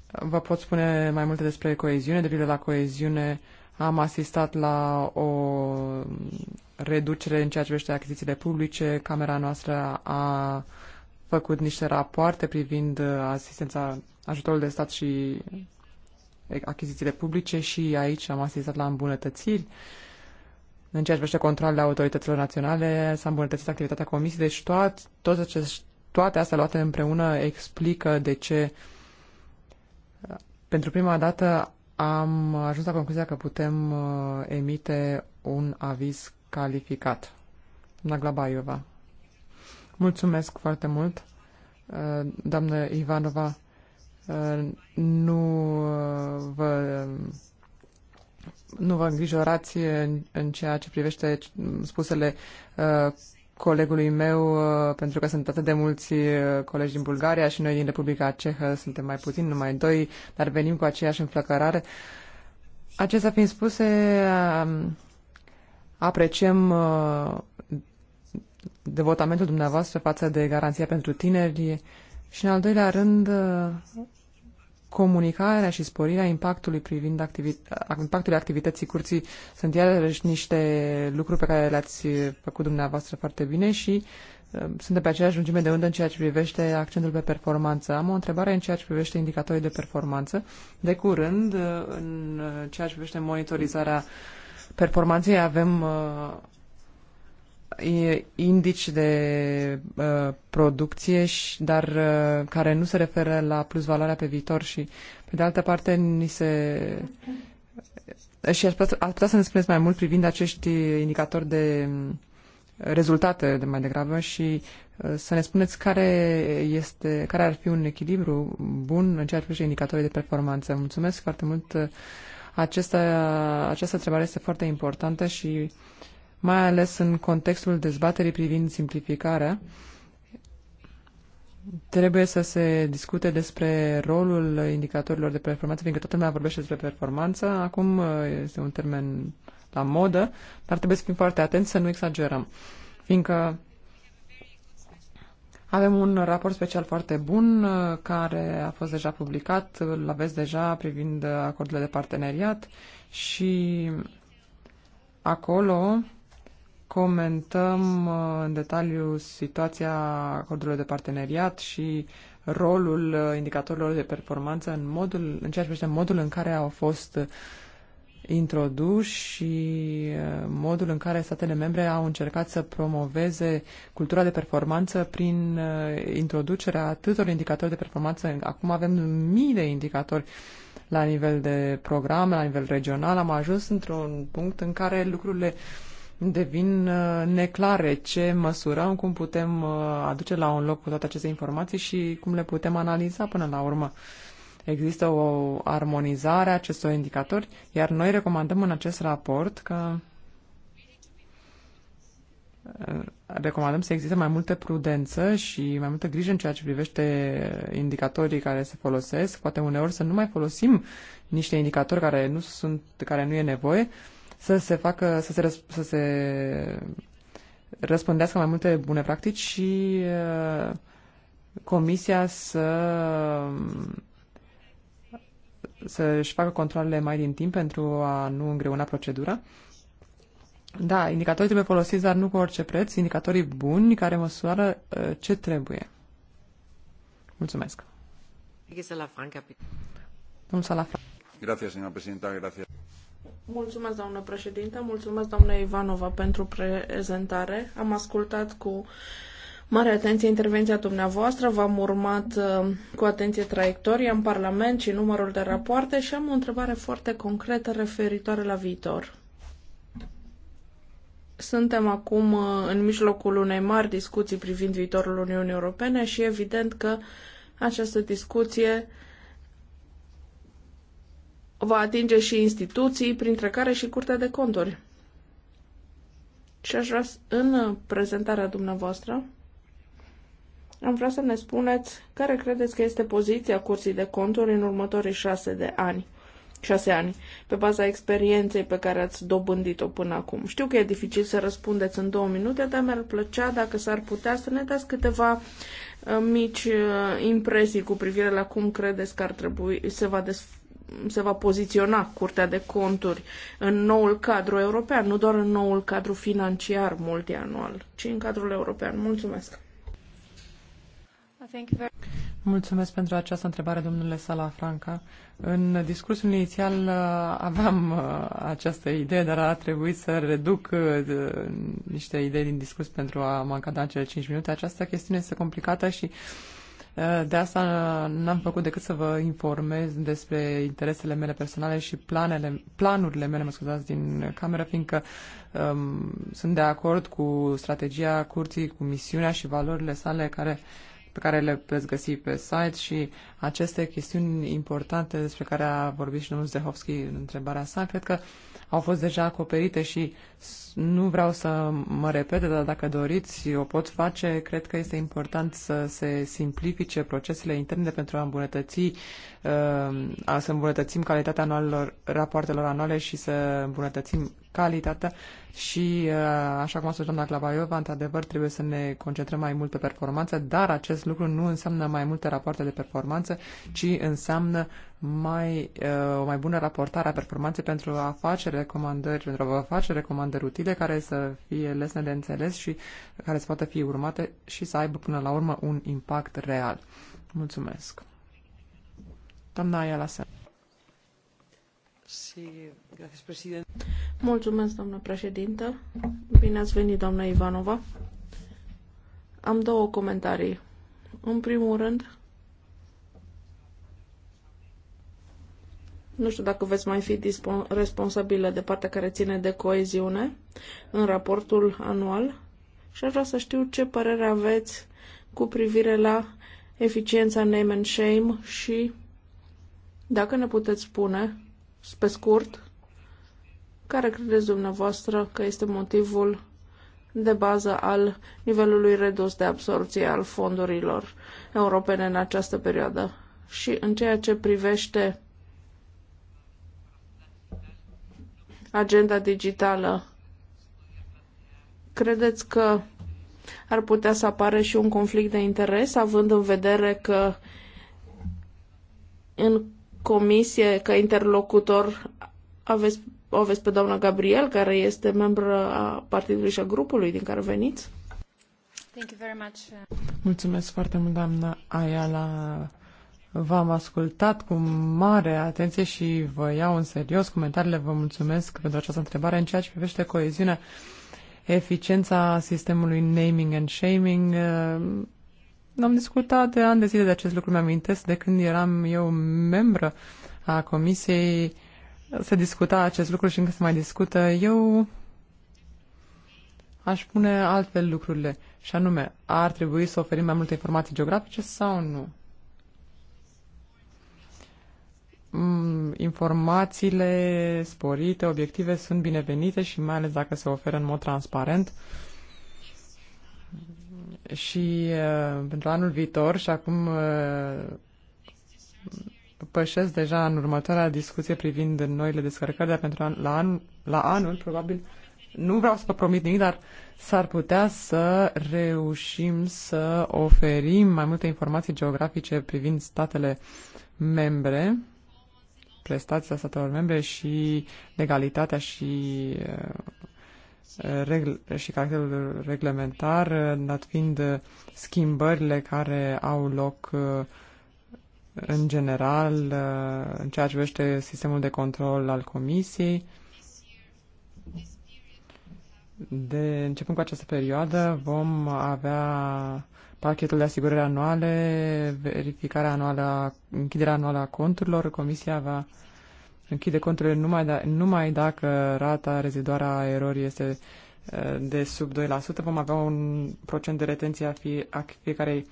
vă pot spune mai multe despre coeziune. De la coeziune am asistat la o reducere în ceea ce privește achizițiile publice. Camera noastră a făcut niște rapoarte privind uh, asistența, ajutorul de stat și achizițiile publice și aici am asistat la îmbunătățiri. În ceea ce privește controlele autorităților naționale, s-a îmbunătățit activitatea comisiei, deci toat, toate, acest, toate astea luate împreună explică de ce uh, pentru prima dată am ajuns la concluzia că putem uh, emite un aviz calificat. Doamna Glabaiova. Mulțumesc foarte mult, uh, doamnă Ivanova. Uh, nu uh, vă, nu vă îngrijorați în, în ceea ce privește spusele colegului meu, pentru că sunt atât de mulți colegi din Bulgaria și noi din Republica Cehă suntem mai puțini, numai doi, dar venim cu aceeași înflăcărare. Acestea fiind spuse, apreciem devotamentul dumneavoastră față de garanția pentru tineri și, în al doilea rând, comunicarea și sporirea impactului privind activi- impactul activității curții sunt iarăși niște lucruri pe care le-ați făcut dumneavoastră foarte bine și uh, sunt de pe aceeași lungime de undă în ceea ce privește accentul pe performanță. Am o întrebare în ceea ce privește indicatorii de performanță. De curând, uh, în ceea ce privește monitorizarea performanței, avem uh, indici de uh, producție, și, dar uh, care nu se referă la plus valoarea pe viitor și, pe de altă parte, ni se... Și aș putea, aș putea să ne spuneți mai mult privind acești indicatori de mm, rezultate de mai degrabă și uh, să ne spuneți care, este, care ar fi un echilibru bun în ceea ce privește indicatorii de performanță. Mulțumesc foarte mult. Aceasta, această întrebare este foarte importantă și uh, mai ales în contextul dezbaterii privind simplificarea, trebuie să se discute despre rolul indicatorilor de performanță, fiindcă toată lumea vorbește despre performanță, acum uh, este un termen la modă, dar trebuie să fim foarte atenți să nu exagerăm, fiindcă avem un raport special foarte bun uh, care a fost deja publicat, îl aveți deja privind acordurile de parteneriat și acolo comentăm uh, în detaliu situația acordurilor de parteneriat și rolul uh, indicatorilor de performanță în, modul, în ceea ce privește modul în care au fost introduși și uh, modul în care statele membre au încercat să promoveze cultura de performanță prin introducerea atâtor indicatori de performanță. Acum avem mii de indicatori la nivel de program, la nivel regional. Am ajuns într-un punct în care lucrurile uh, devin uh, neclare ce măsurăm, cum putem uh, aduce la un loc cu toate aceste informații și cum le putem analiza până la urmă. Există o armonizare a acestor indicatori, iar noi recomandăm în acest raport că uh, recomandăm să existe mai multă prudență și mai multă grijă în ceea ce privește indicatorii care se folosesc. Poate uneori să nu mai folosim niște indicatori care nu, sunt, care nu e nevoie, să se facă, să se, să se răspândească mai multe bune practici și uh, comisia să să-și facă controlele mai din timp pentru a nu îngreuna procedura. Da, indicatorii trebuie folosiți, dar nu cu orice preț, indicatorii buni care măsoară uh, ce trebuie. Mulțumesc. Domnul Salafranca. Grazie, señora presidenta. grazie. Mulțumesc, doamnă președinte, mulțumesc, doamnă Ivanova, pentru prezentare. Am ascultat cu mare atenție intervenția dumneavoastră, v-am urmat uh, cu atenție traiectoria în Parlament și numărul de rapoarte și am o întrebare foarte concretă referitoare la viitor. Suntem acum uh, în mijlocul unei mari discuții privind viitorul Uniunii Europene și evident că această discuție va atinge și instituții, printre care și Curtea de Conturi. Și aș vrea, în prezentarea dumneavoastră, am vrea să ne spuneți care credeți că este poziția Curții de Conturi în următorii șase de ani. 6 ani, pe baza experienței pe care ați dobândit-o până acum. Știu că e dificil să răspundeți în două minute, dar mi-ar plăcea dacă s-ar putea să ne dați câteva uh, mici uh, impresii cu privire la cum credeți că ar trebui, se va desf- se va poziționa Curtea de Conturi în noul cadru european, nu doar în noul cadru financiar multianual, ci în cadrul european. Mulțumesc! Mulțumesc pentru această întrebare, domnule Sala Franca. În discursul inițial uh, aveam uh, această idee, dar a trebuit să reduc uh, niște idei din discurs pentru a mă încadra în cele 5 minute. Această chestiune este complicată și uh, de asta n-am făcut decât să vă informez despre interesele mele personale și planele, planurile mele, mă scuzați, din cameră, fiindcă um, sunt de acord cu strategia curții, cu misiunea și valorile sale care pe care le veți găsi pe site și aceste chestiuni importante despre care a vorbit și domnul Zdehovski în întrebarea sa, cred că uh, au fost deja acoperite și nu vreau să mă repete, dar dacă doriți, o pot face. Cred că este important să se simplifice procesele interne pentru a îmbunătăți, ehm, a să îmbunătățim calitatea anualelor, rapoartelor anuale și să îmbunătățim calitatea și, eh, așa cum a spus doamna Clavaiova, într-adevăr trebuie să ne concentrăm mai mult pe performanță, dar acest lucru nu înseamnă mai multe rapoarte de performanță, ci înseamnă mai, uh, o mai bună raportare a performanței pentru a face recomandări, pentru a face recomandări utile care să fie lesne de înțeles și care să poată fi urmate și să aibă până la urmă un impact real. Mulțumesc. Doamna Aia Sen. Mulțumesc, doamnă președintă. Bine ați venit, doamna Ivanova. Am două comentarii. În primul rând, Nu știu dacă veți mai fi responsabilă de partea care ține de coeziune în raportul anual și aș vrea să știu ce părere aveți cu privire la eficiența name and shame și dacă ne puteți spune, pe scurt, care credeți dumneavoastră că este motivul de bază al nivelului redus de absorție al fondurilor europene în această perioadă. Și în ceea ce privește agenda digitală, credeți că ar putea să apară și un conflict de interes, având în vedere că în comisie, ca interlocutor, aveți, o aveți pe doamna Gabriel, care este membră a partidului și a grupului din care veniți? Mulțumesc foarte mult, doamna Ayala V-am ascultat cu mare atenție și vă iau în serios comentariile. Vă mulțumesc pentru această întrebare. În ceea ce privește coeziunea, eficiența sistemului naming and shaming, eh, am discutat de ani de zile de acest lucru. Mi-amintesc de când eram eu membră a comisiei, să discuta acest lucru și încă se mai discută. Eu aș pune altfel lucrurile și anume, ar trebui să oferim mai multe informații geografice sau nu? Mm, informațiile sporite, obiective sunt binevenite și mai ales dacă se oferă în mod transparent. Și pentru anul viitor și acum pășesc deja în următoarea discuție privind noile descărcări, dar pentru an, la, an, la anul probabil nu vreau să vă promit nimic, dar s-ar putea să reușim să oferim mai multe informații geografice privind statele membre prestația statelor membre și legalitatea și, eh, regl- și caracterul reglementar, dat fiind schimbările care au loc eh, în general eh, în ceea ce privește sistemul de control al Comisiei. De începând cu această perioadă vom avea pachetul de asigurări anuale, verificarea anuală, închiderea anuală a conturilor. Comisia va închide conturile numai, da, numai dacă rata reziduară a erorii este de sub 2%. Vom avea un procent de retenție a, a fiecarei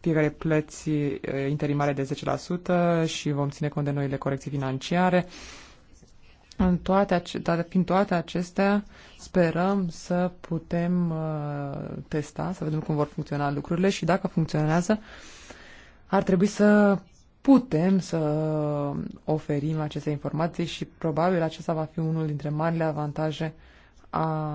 fiecare plăți interimare de 10% și vom ține cont de noile corecții financiare. În toate, dar fiind toate acestea, sperăm să putem uh, testa, să vedem cum vor funcționa lucrurile și dacă funcționează, ar trebui să putem să oferim aceste informații și probabil acesta va fi unul dintre marile avantaje a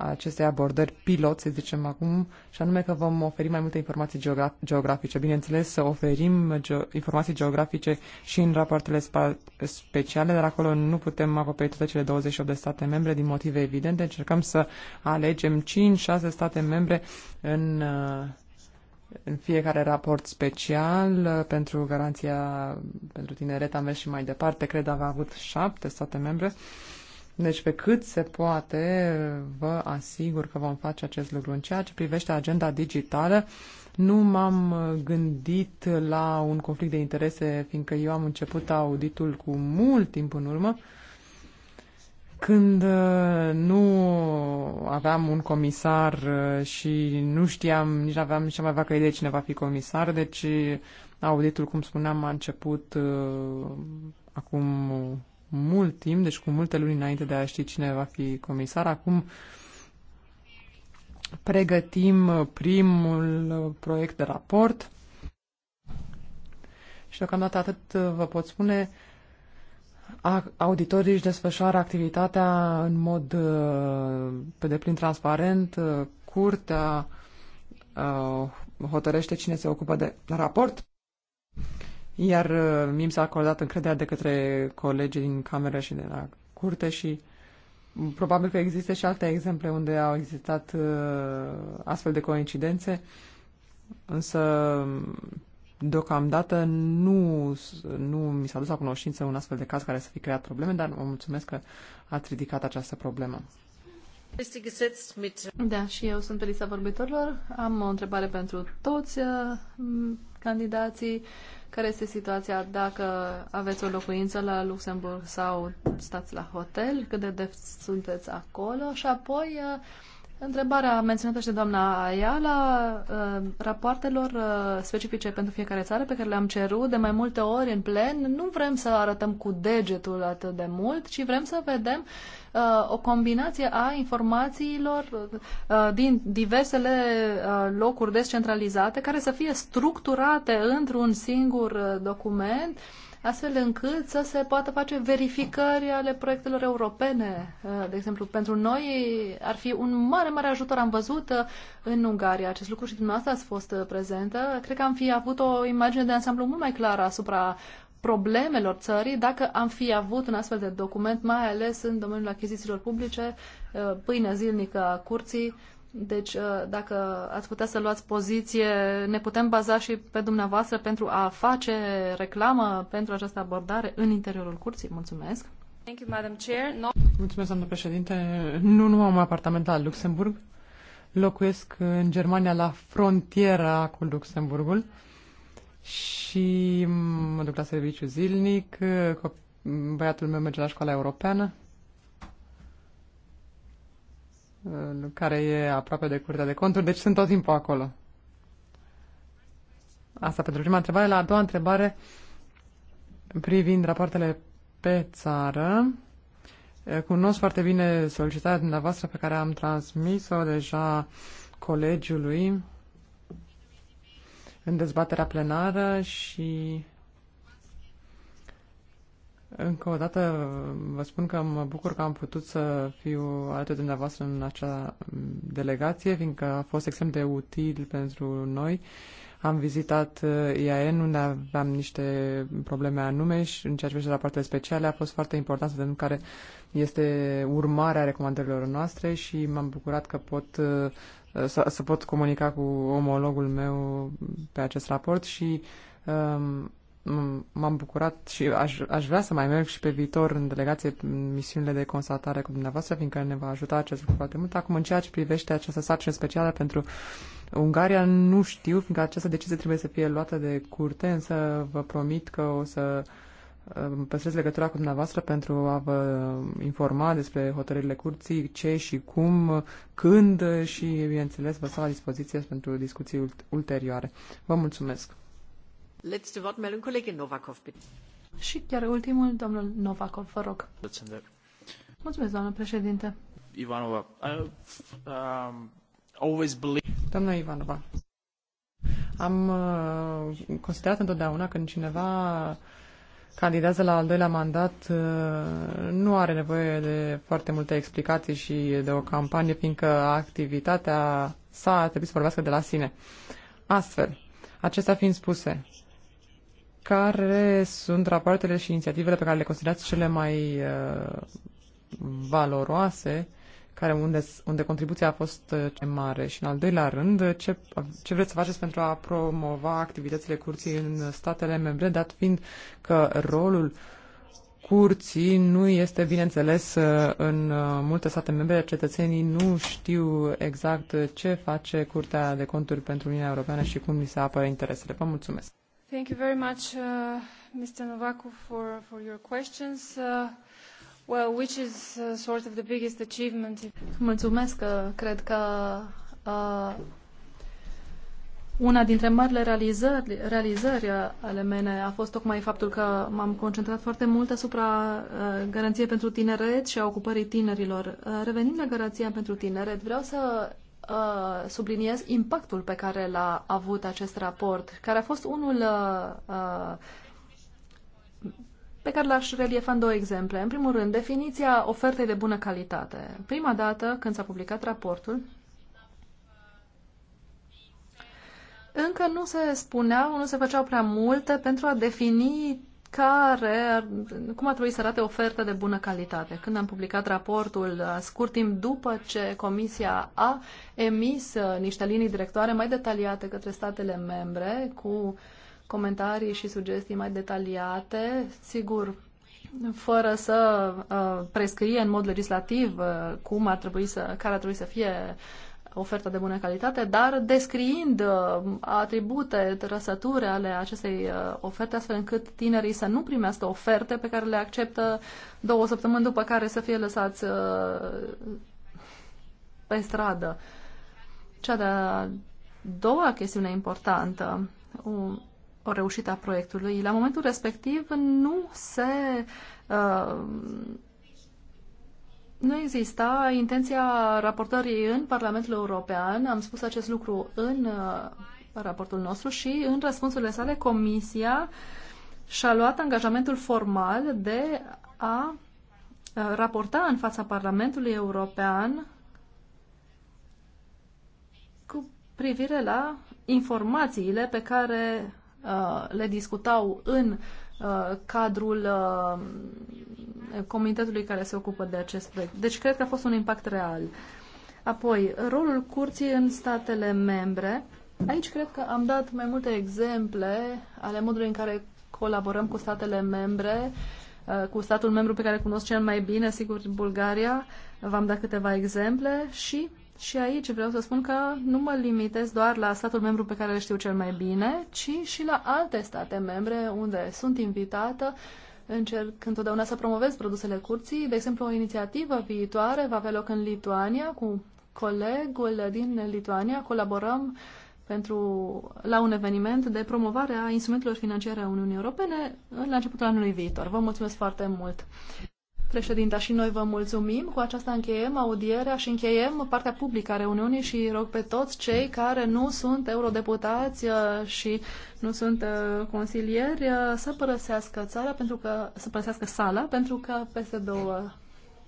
acestei abordări pilot, să zicem acum, și anume că vom oferi mai multe informații geograf geografice. Bineînțeles, să oferim ge informații geografice și în rapoartele speciale, dar acolo nu putem acoperi toate cele 28 de state membre din motive evidente. Încercăm să alegem 5-6 state membre în în fiecare raport special pentru garanția pentru tineret am mers și mai departe, cred că a avut 7 state membre deci, pe cât se poate, vă asigur că vom face acest lucru. În ceea ce privește agenda digitală, nu m-am gândit la un conflict de interese, fiindcă eu am început auditul cu mult timp în urmă, când uh, nu aveam un comisar uh, și nu știam, nici aveam nici mai vacă idee cine va fi comisar, deci auditul, cum spuneam, a început uh, acum mult timp, deci cu multe luni înainte de a ști cine va fi comisar. Acum pregătim primul proiect de raport și deocamdată atât vă pot spune. Auditorii își desfășoară activitatea în mod uh, pe deplin transparent. Uh, curtea uh, hotărăște cine se ocupă de raport iar uh, mi s-a acordat încrederea de către colegii din cameră și de la curte și probabil că există și alte exemple unde au existat uh, astfel de coincidențe, însă um, deocamdată nu, nu mi s-a dus la cunoștință un astfel de caz care să fi creat probleme, dar vă mulțumesc că ați ridicat această problemă. Da, și eu sunt pe lista vorbitorilor. Am o întrebare pentru toți uh, candidații care este situația dacă aveți o locuință la Luxemburg sau stați la hotel, cât de deft sunteți acolo și apoi uh, întrebarea menționată și de doamna Aia la uh, rapoartelor uh, specifice pentru fiecare țară pe care le-am cerut de mai multe ori în plen. Nu vrem să arătăm cu degetul atât de mult, ci vrem să vedem uh, uh, o combinație a informațiilor uh, din diversele uh, locuri descentralizate care să fie structurate într-un singur uh, document astfel încât să se poată face verificări ale proiectelor europene. Uh, de exemplu, pentru noi ar fi un mare, mare ajutor. Am văzut uh, în Ungaria acest lucru și dumneavoastră ați fost uh, prezentă. Cred că am fi avut o imagine de ansamblu mult mai clară asupra problemelor țării dacă am fi avut un astfel de document, mai ales în domeniul achizițiilor publice, uh, pâinea zilnică a curții. Deci, uh, dacă ați putea să luați poziție, ne putem baza și pe dumneavoastră pentru a face reclamă pentru această abordare în interiorul curții. Mulțumesc! Thank you, Madam Chair. No... Mulțumesc, doamnă președinte. Nu, nu am apartament la Luxemburg. Locuiesc în Germania la frontiera cu Luxemburgul și mă duc la serviciu zilnic, băiatul meu merge la școala europeană, uh, care e aproape de curtea de conturi, deci sunt tot timpul acolo. Asta pentru prima întrebare. La a doua întrebare, privind rapoartele pe țară, uh, cunosc foarte bine solicitarea dumneavoastră pe care am transmis-o deja colegiului în dezbaterea plenară și încă o dată vă spun că mă bucur că am putut să fiu alte dumneavoastră în acea delegație, fiindcă a fost extrem de util pentru noi. Am vizitat uh, IAN unde aveam niște probleme anume și în ceea ce privește rapoartele speciale a fost foarte important să vedem care este urmarea recomandărilor noastre și m-am bucurat că pot uh, Uh, să, să pot comunica cu omologul meu pe acest raport și um, m-am bucurat și aș, aș vrea să mai merg și pe viitor în delegație în misiunile de constatare cu dumneavoastră, fiindcă ne va ajuta acest lucru foarte mult. Acum, în ceea ce privește această sarcină specială pentru Ungaria, nu știu, fiindcă această decizie trebuie să fie luată de curte, însă vă promit că o să uh, păstrez legătura cu dumneavoastră pentru a vă informa despre hotărârile curții, ce și cum, când și, bineînțeles, vă stau la dispoziție pentru discuții ulterioare. Vă mulțumesc! Letzte Wortmeldung, Kollegin Novakov, bitte. Și chiar ultimul, domnul Novakov, vă rog. Mulțumesc, doamnă președinte. Ivanova, I, um, always believe... Doamna Ivanova, am uh, considerat întotdeauna când cineva candidează la al doilea mandat uh, nu are nevoie de foarte multe explicații și de o campanie, fiindcă activitatea sa a trebuit să vorbească de la sine. Astfel, acestea fiind spuse, care sunt rapoartele și inițiativele pe care le considerați cele mai uh, valoroase care unde, unde contribuția a fost uh, ce mare și în al doilea rând uh, ce, ce vreți să faceți pentru a promova activitățile curții în statele membre, dat fiind că rolul curții nu este bineînțeles uh, în multe state membre, cetățenii nu știu exact ce face Curtea de Conturi pentru Uniunea Europeană și cum li se apără interesele. Vă mulțumesc! Thank you very much, uh, Mr. Novaku, for, for your questions. Uh... Well, which is uh, sort of the biggest achievement. Mulțumesc, uh, cred că uh, una dintre marile realizări, realizări uh, ale mele a fost tocmai faptul că m-am concentrat foarte mult asupra uh, garanției pentru tineret și a ocupării tinerilor. Uh, revenind la garanția pentru tineret, vreau să uh, subliniez impactul pe care l-a avut acest raport, care a fost unul uh, uh, pe care l-aș reliefa în două exemple. În primul rând, definiția ofertei de bună calitate. Prima dată, când s-a publicat raportul, încă nu se spuneau, nu se făceau prea multe pentru a defini care, cum ar trebui să arate oferta de bună calitate. Când am publicat raportul, scurt timp după ce Comisia a emis uh, niște linii directoare mai detaliate către statele membre cu comentarii și sugestii mai detaliate, sigur, fără să uh, prescrie în mod legislativ uh, cum ar trebui să, care ar trebui să fie oferta de bună calitate, dar descriind uh, atribute, trăsături ale acestei uh, oferte, astfel încât tinerii să nu primească oferte pe care le acceptă două săptămâni după care să fie lăsați uh, pe stradă. Cea de-a doua chestiune importantă, um, o reușită a proiectului. La momentul respectiv nu se uh, nu exista intenția raportării în Parlamentul European. Am spus acest lucru în uh, raportul nostru și în răspunsurile sale Comisia și-a luat angajamentul formal de a uh, raporta în fața Parlamentului European cu privire la informațiile pe care Uh, le discutau în uh, cadrul uh, comitetului care se ocupă de acest proiect. Deci cred că a fost un impact real. Apoi, rolul curții în statele membre. Aici cred că am dat mai multe exemple ale modului în care colaborăm cu statele membre, cu statul membru pe care cunosc cel mai bine, sigur, Bulgaria. V-am dat câteva exemple și și aici vreau să spun că nu mă limitez doar la statul membru pe care îl știu cel mai bine, ci și la alte state membre unde sunt invitată. Încerc întotdeauna să promovez produsele curții. De exemplu, o inițiativă viitoare va avea loc în Lituania cu colegul din Lituania. Colaborăm pentru, la un eveniment de promovare a instrumentelor financiare a Uniunii Europene la începutul anului viitor. Vă mulțumesc foarte mult! Președinta, și noi vă mulțumim. Cu aceasta încheiem audierea și încheiem partea publică a reuniunii și rog pe toți cei care nu sunt eurodeputați uh, și nu sunt uh, consilieri uh, să părăsească țara pentru că, să părăsească sala pentru că peste două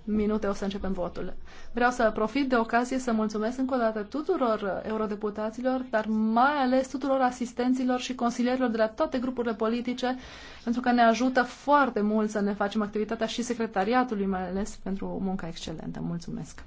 minute o să începem votul. Vreau să profit de ocazie să mulțumesc încă o dată tuturor eurodeputaților, dar mai ales tuturor asistenților și consilierilor de la toate grupurile politice, pentru că ne ajută foarte mult să ne facem activitatea și secretariatului, mai ales pentru munca excelentă. Mulțumesc!